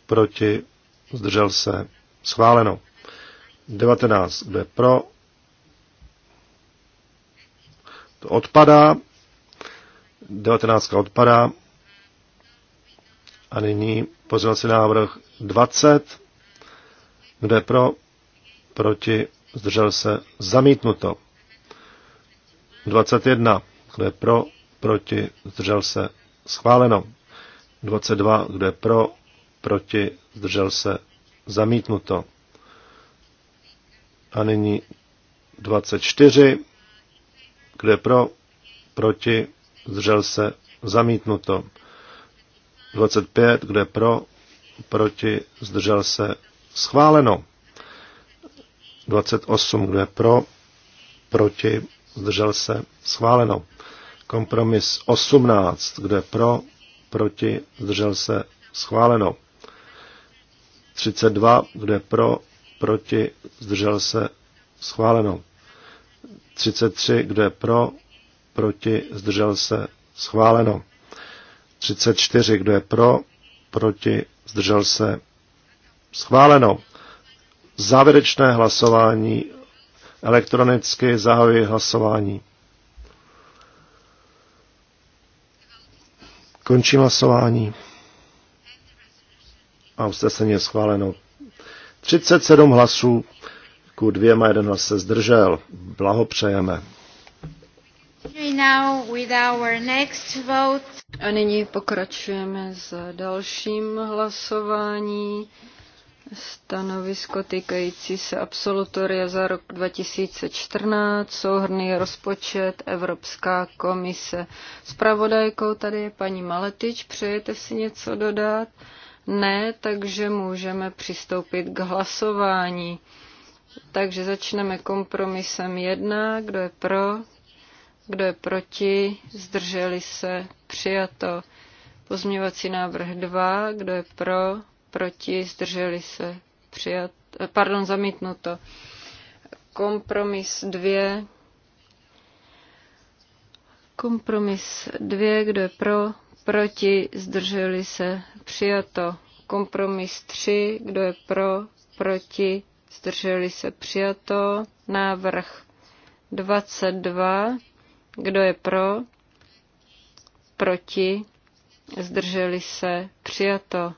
proti, zdržel se, Schváleno. 19. Kdo je pro? To odpadá. 19. odpadá. A nyní pozvací návrh 20. Kdo je pro? Proti? Zdržel se? Zamítnuto. 21. Kdo je pro? Proti? Zdržel se? Schváleno. 22. Kdo je pro? Proti? Zdržel se? Zamítnuto. A nyní 24. Kde pro? Proti? Zdržel se? Zamítnuto. 25. Kde pro? Proti? Zdržel se? Schváleno. 28. Kde pro? Proti? Zdržel se? Schváleno. Kompromis 18. Kde pro? Proti? Zdržel se? Schváleno. 32, kdo je pro, proti, zdržel se, schváleno. 33, kdo je pro, proti, zdržel se, schváleno. 34, kdo je pro, proti, zdržel se, schváleno. Závěrečné hlasování elektronicky zahajuji hlasování. Končím hlasování a usnesení je schváleno 37 hlasů ku dvěma, jeden hlas se zdržel. Blahopřejeme. A nyní pokračujeme s dalším hlasování. Stanovisko týkající se absolutoria za rok 2014, souhrný rozpočet Evropská komise. Spravodajkou tady je paní Maletič, přejete si něco dodat? Ne, takže můžeme přistoupit k hlasování. Takže začneme kompromisem 1. Kdo je pro? Kdo je proti? Zdrželi se? Přijato. Pozměvací návrh 2. Kdo je pro? Proti? Zdrželi se? přijato. Eh, pardon, zamítnuto. Kompromis 2. Kompromis 2. Kdo je pro? proti, zdrželi se, přijato. Kompromis 3, kdo je pro, proti, zdrželi se, přijato. Návrh 22, kdo je pro, proti, zdrželi se, přijato.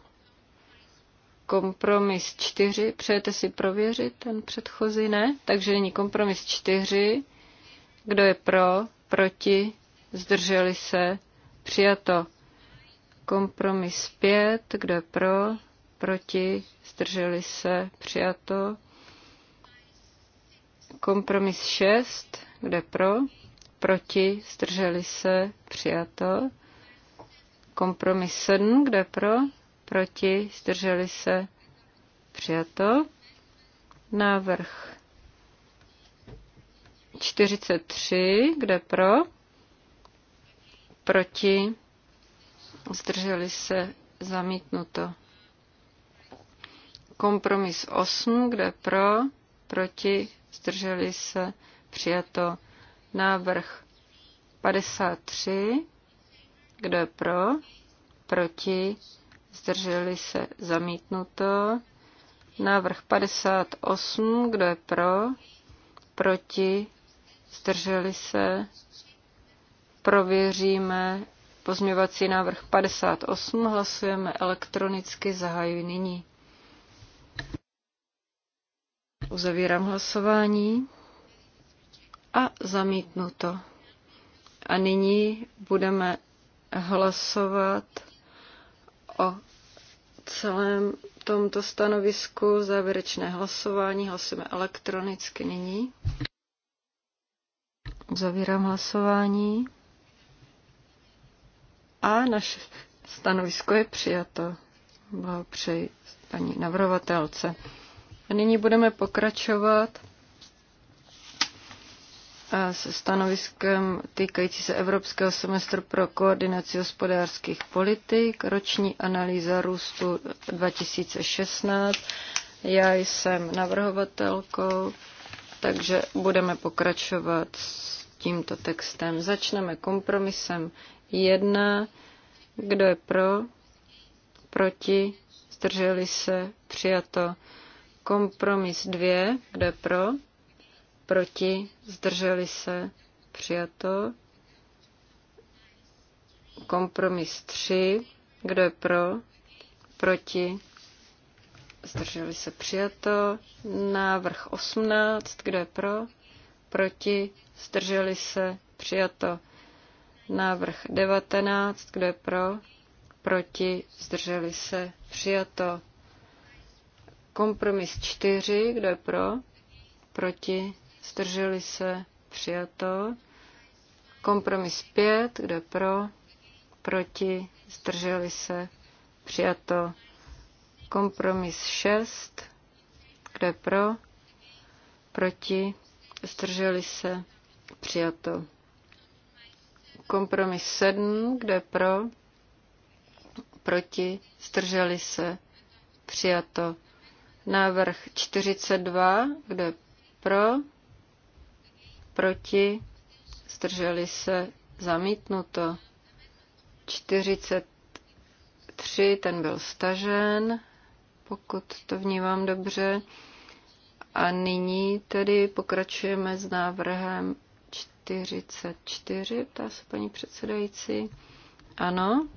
Kompromis 4, přejete si prověřit ten předchozí, ne? Takže nyní kompromis 4, kdo je pro, proti, zdrželi se, Přijato. Kompromis 5. Kdo je pro? Proti? Zdrželi se? Přijato. Kompromis 6. Kdo je pro? Proti? Zdrželi se? Přijato. Kompromis 7. Kdo je pro? Proti? Zdrželi se? Přijato. Návrh 43. Kde pro? proti, zdrželi se, zamítnuto. Kompromis 8, kde pro, proti, zdrželi se, přijato. Návrh 53, kde pro, proti, zdrželi se, zamítnuto. Návrh 58, kde pro, proti, zdrželi se, Prověříme pozměvací návrh 58, hlasujeme elektronicky, zahajuji nyní. Uzavírám hlasování a zamítnuto. A nyní budeme hlasovat o celém tomto stanovisku závěrečné hlasování. Hlasujeme elektronicky nyní. Zavírám hlasování a naše stanovisko je přijato. Blahopřeji paní navrhovatelce. A nyní budeme pokračovat eh, se stanoviskem týkající se Evropského semestru pro koordinaci hospodářských politik, roční analýza růstu 2016. Já jsem navrhovatelkou, takže budeme pokračovat s tímto textem. Začneme kompromisem 1. Kdo je pro? Proti? Zdrželi se? Přijato. Kompromis 2. Kdo je pro? Proti? Zdrželi se? Přijato. Kompromis 3. Kdo je pro? Proti? Zdrželi se přijato. Návrh 18. Kdo je pro? Proti? Zdrželi se přijato. Návrh 19, kdo je pro? Proti, zdrželi se, přijato. Kompromis 4, kdo je pro? Proti, zdrželi se, přijato. Kompromis 5, kdo je pro? Proti, zdrželi se, přijato. Kompromis 6, kdo je pro? Proti, zdrželi se, přijato. Kompromis 7, kde pro, proti, zdrželi se, přijato. Návrh 42, kde pro, proti, zdrželi se, zamítnuto. 43, ten byl stažen, pokud to vnímám dobře. A nyní tedy pokračujeme s návrhem 44, ptá se paní předsedající. Ano.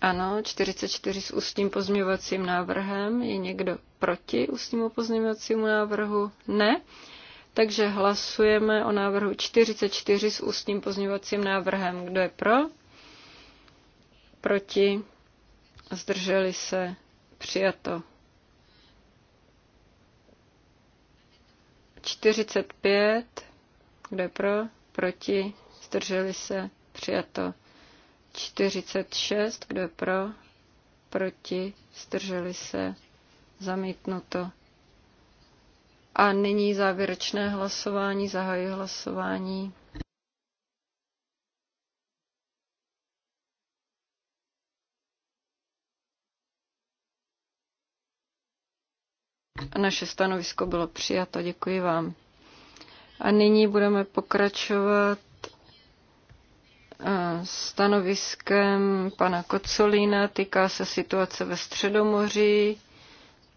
Ano, 44 s ústním pozměňovacím návrhem. Je někdo proti ústnímu pozměňovacímu návrhu? Ne. Takže hlasujeme o návrhu 44 s ústním pozměňovacím návrhem. Kdo je pro? Proti? Zdrželi se? Přijato. 45, kdo je pro, proti, zdrželi se, přijato. 46, kdo je pro, proti, zdrželi se, zamítnuto. A nyní závěrečné hlasování, zahajuji hlasování. Naše stanovisko bylo přijato. Děkuji vám. A nyní budeme pokračovat eh, stanoviskem pana Kocolína. Týká se situace ve Středomoří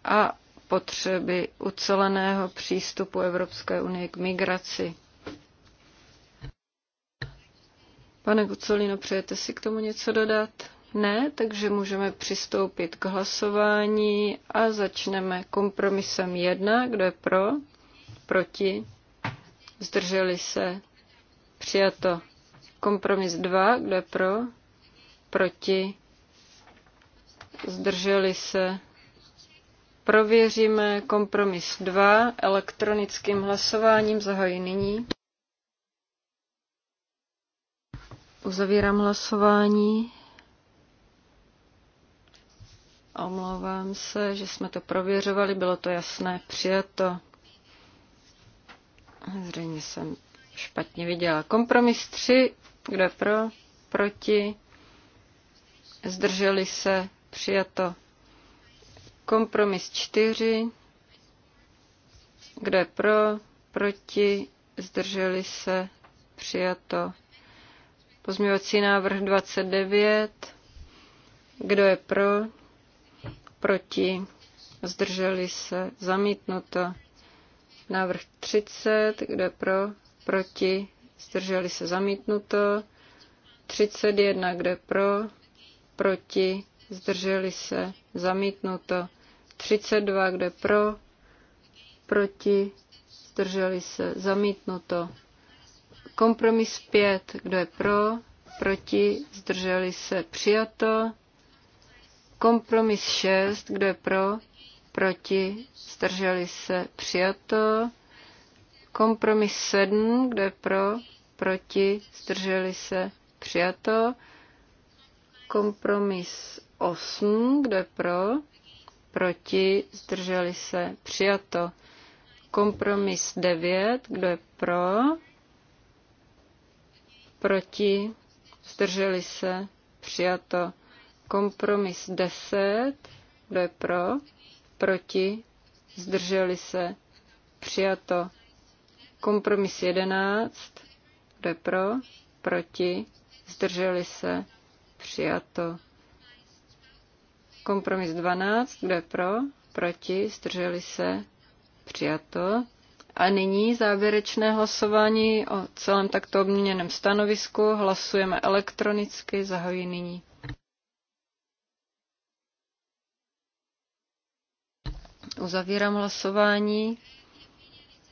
a potřeby uceleného přístupu Evropské unie k migraci. Pane Kocolino, přejete si k tomu něco dodat? Ne, takže můžeme přistoupit k hlasování a začneme kompromisem 1. Kdo je pro? Proti? Zdrželi se? Přijato. Kompromis 2. Kdo je pro? Proti? Zdrželi se? Prověříme kompromis 2 elektronickým hlasováním. Zahoji nyní. Uzavírám hlasování. Omlouvám se, že jsme to prověřovali, bylo to jasné, přijato. Zřejmě jsem špatně viděla. Kompromis 3, kdo je pro, proti, zdrželi se, přijato. Kompromis 4, kdo je pro, proti, zdrželi se, přijato. Pozměvací návrh 29, kdo je pro, proti, zdrželi se, zamítnuto. Návrh 30, kde pro, proti, zdrželi se, zamítnuto. 31, kde pro, proti, zdrželi se, zamítnuto. 32, kde pro, proti, zdrželi se, zamítnuto. Kompromis 5, kdo je pro, proti, zdrželi se, přijato. Kompromis 6, kdo je pro, proti, zdrželi se, přijato. Kompromis 7, kdo je pro, proti, zdrželi se, přijato. Kompromis 8, kdo je pro, proti, zdrželi se, přijato. Kompromis 9, kdo je pro, proti, zdrželi se, přijato. Kompromis 10. Kdo je pro? Proti? Zdrželi se? Přijato. Kompromis 11. Kdo je pro? Proti? Zdrželi se? Přijato. Kompromis 12. Kdo je pro? Proti? Zdrželi se? Přijato. A nyní závěrečné hlasování o celém takto obměněném stanovisku. Hlasujeme elektronicky. Zahojí nyní. Uzavírám hlasování.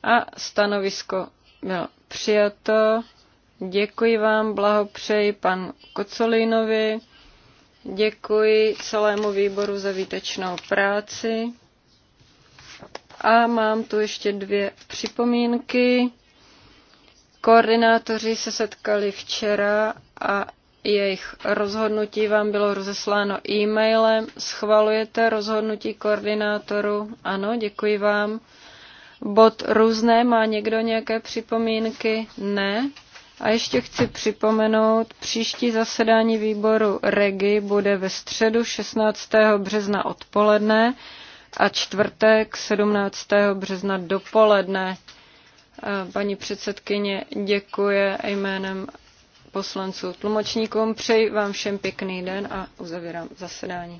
A stanovisko bylo přijato. Děkuji vám, blahopřeji panu Kocolinovi. Děkuji celému výboru za výtečnou práci. A mám tu ještě dvě připomínky. Koordinátoři se setkali včera a jejich rozhodnutí vám bylo rozesláno e-mailem. Schvalujete rozhodnutí koordinátoru? Ano, děkuji vám. Bod různé, má někdo nějaké připomínky? Ne. A ještě chci připomenout, příští zasedání výboru REGI bude ve středu 16. března odpoledne a čtvrtek 17. března dopoledne. Paní předsedkyně děkuje jménem poslanců tlumočníkům. Přeji vám všem pěkný den a uzavírám zasedání.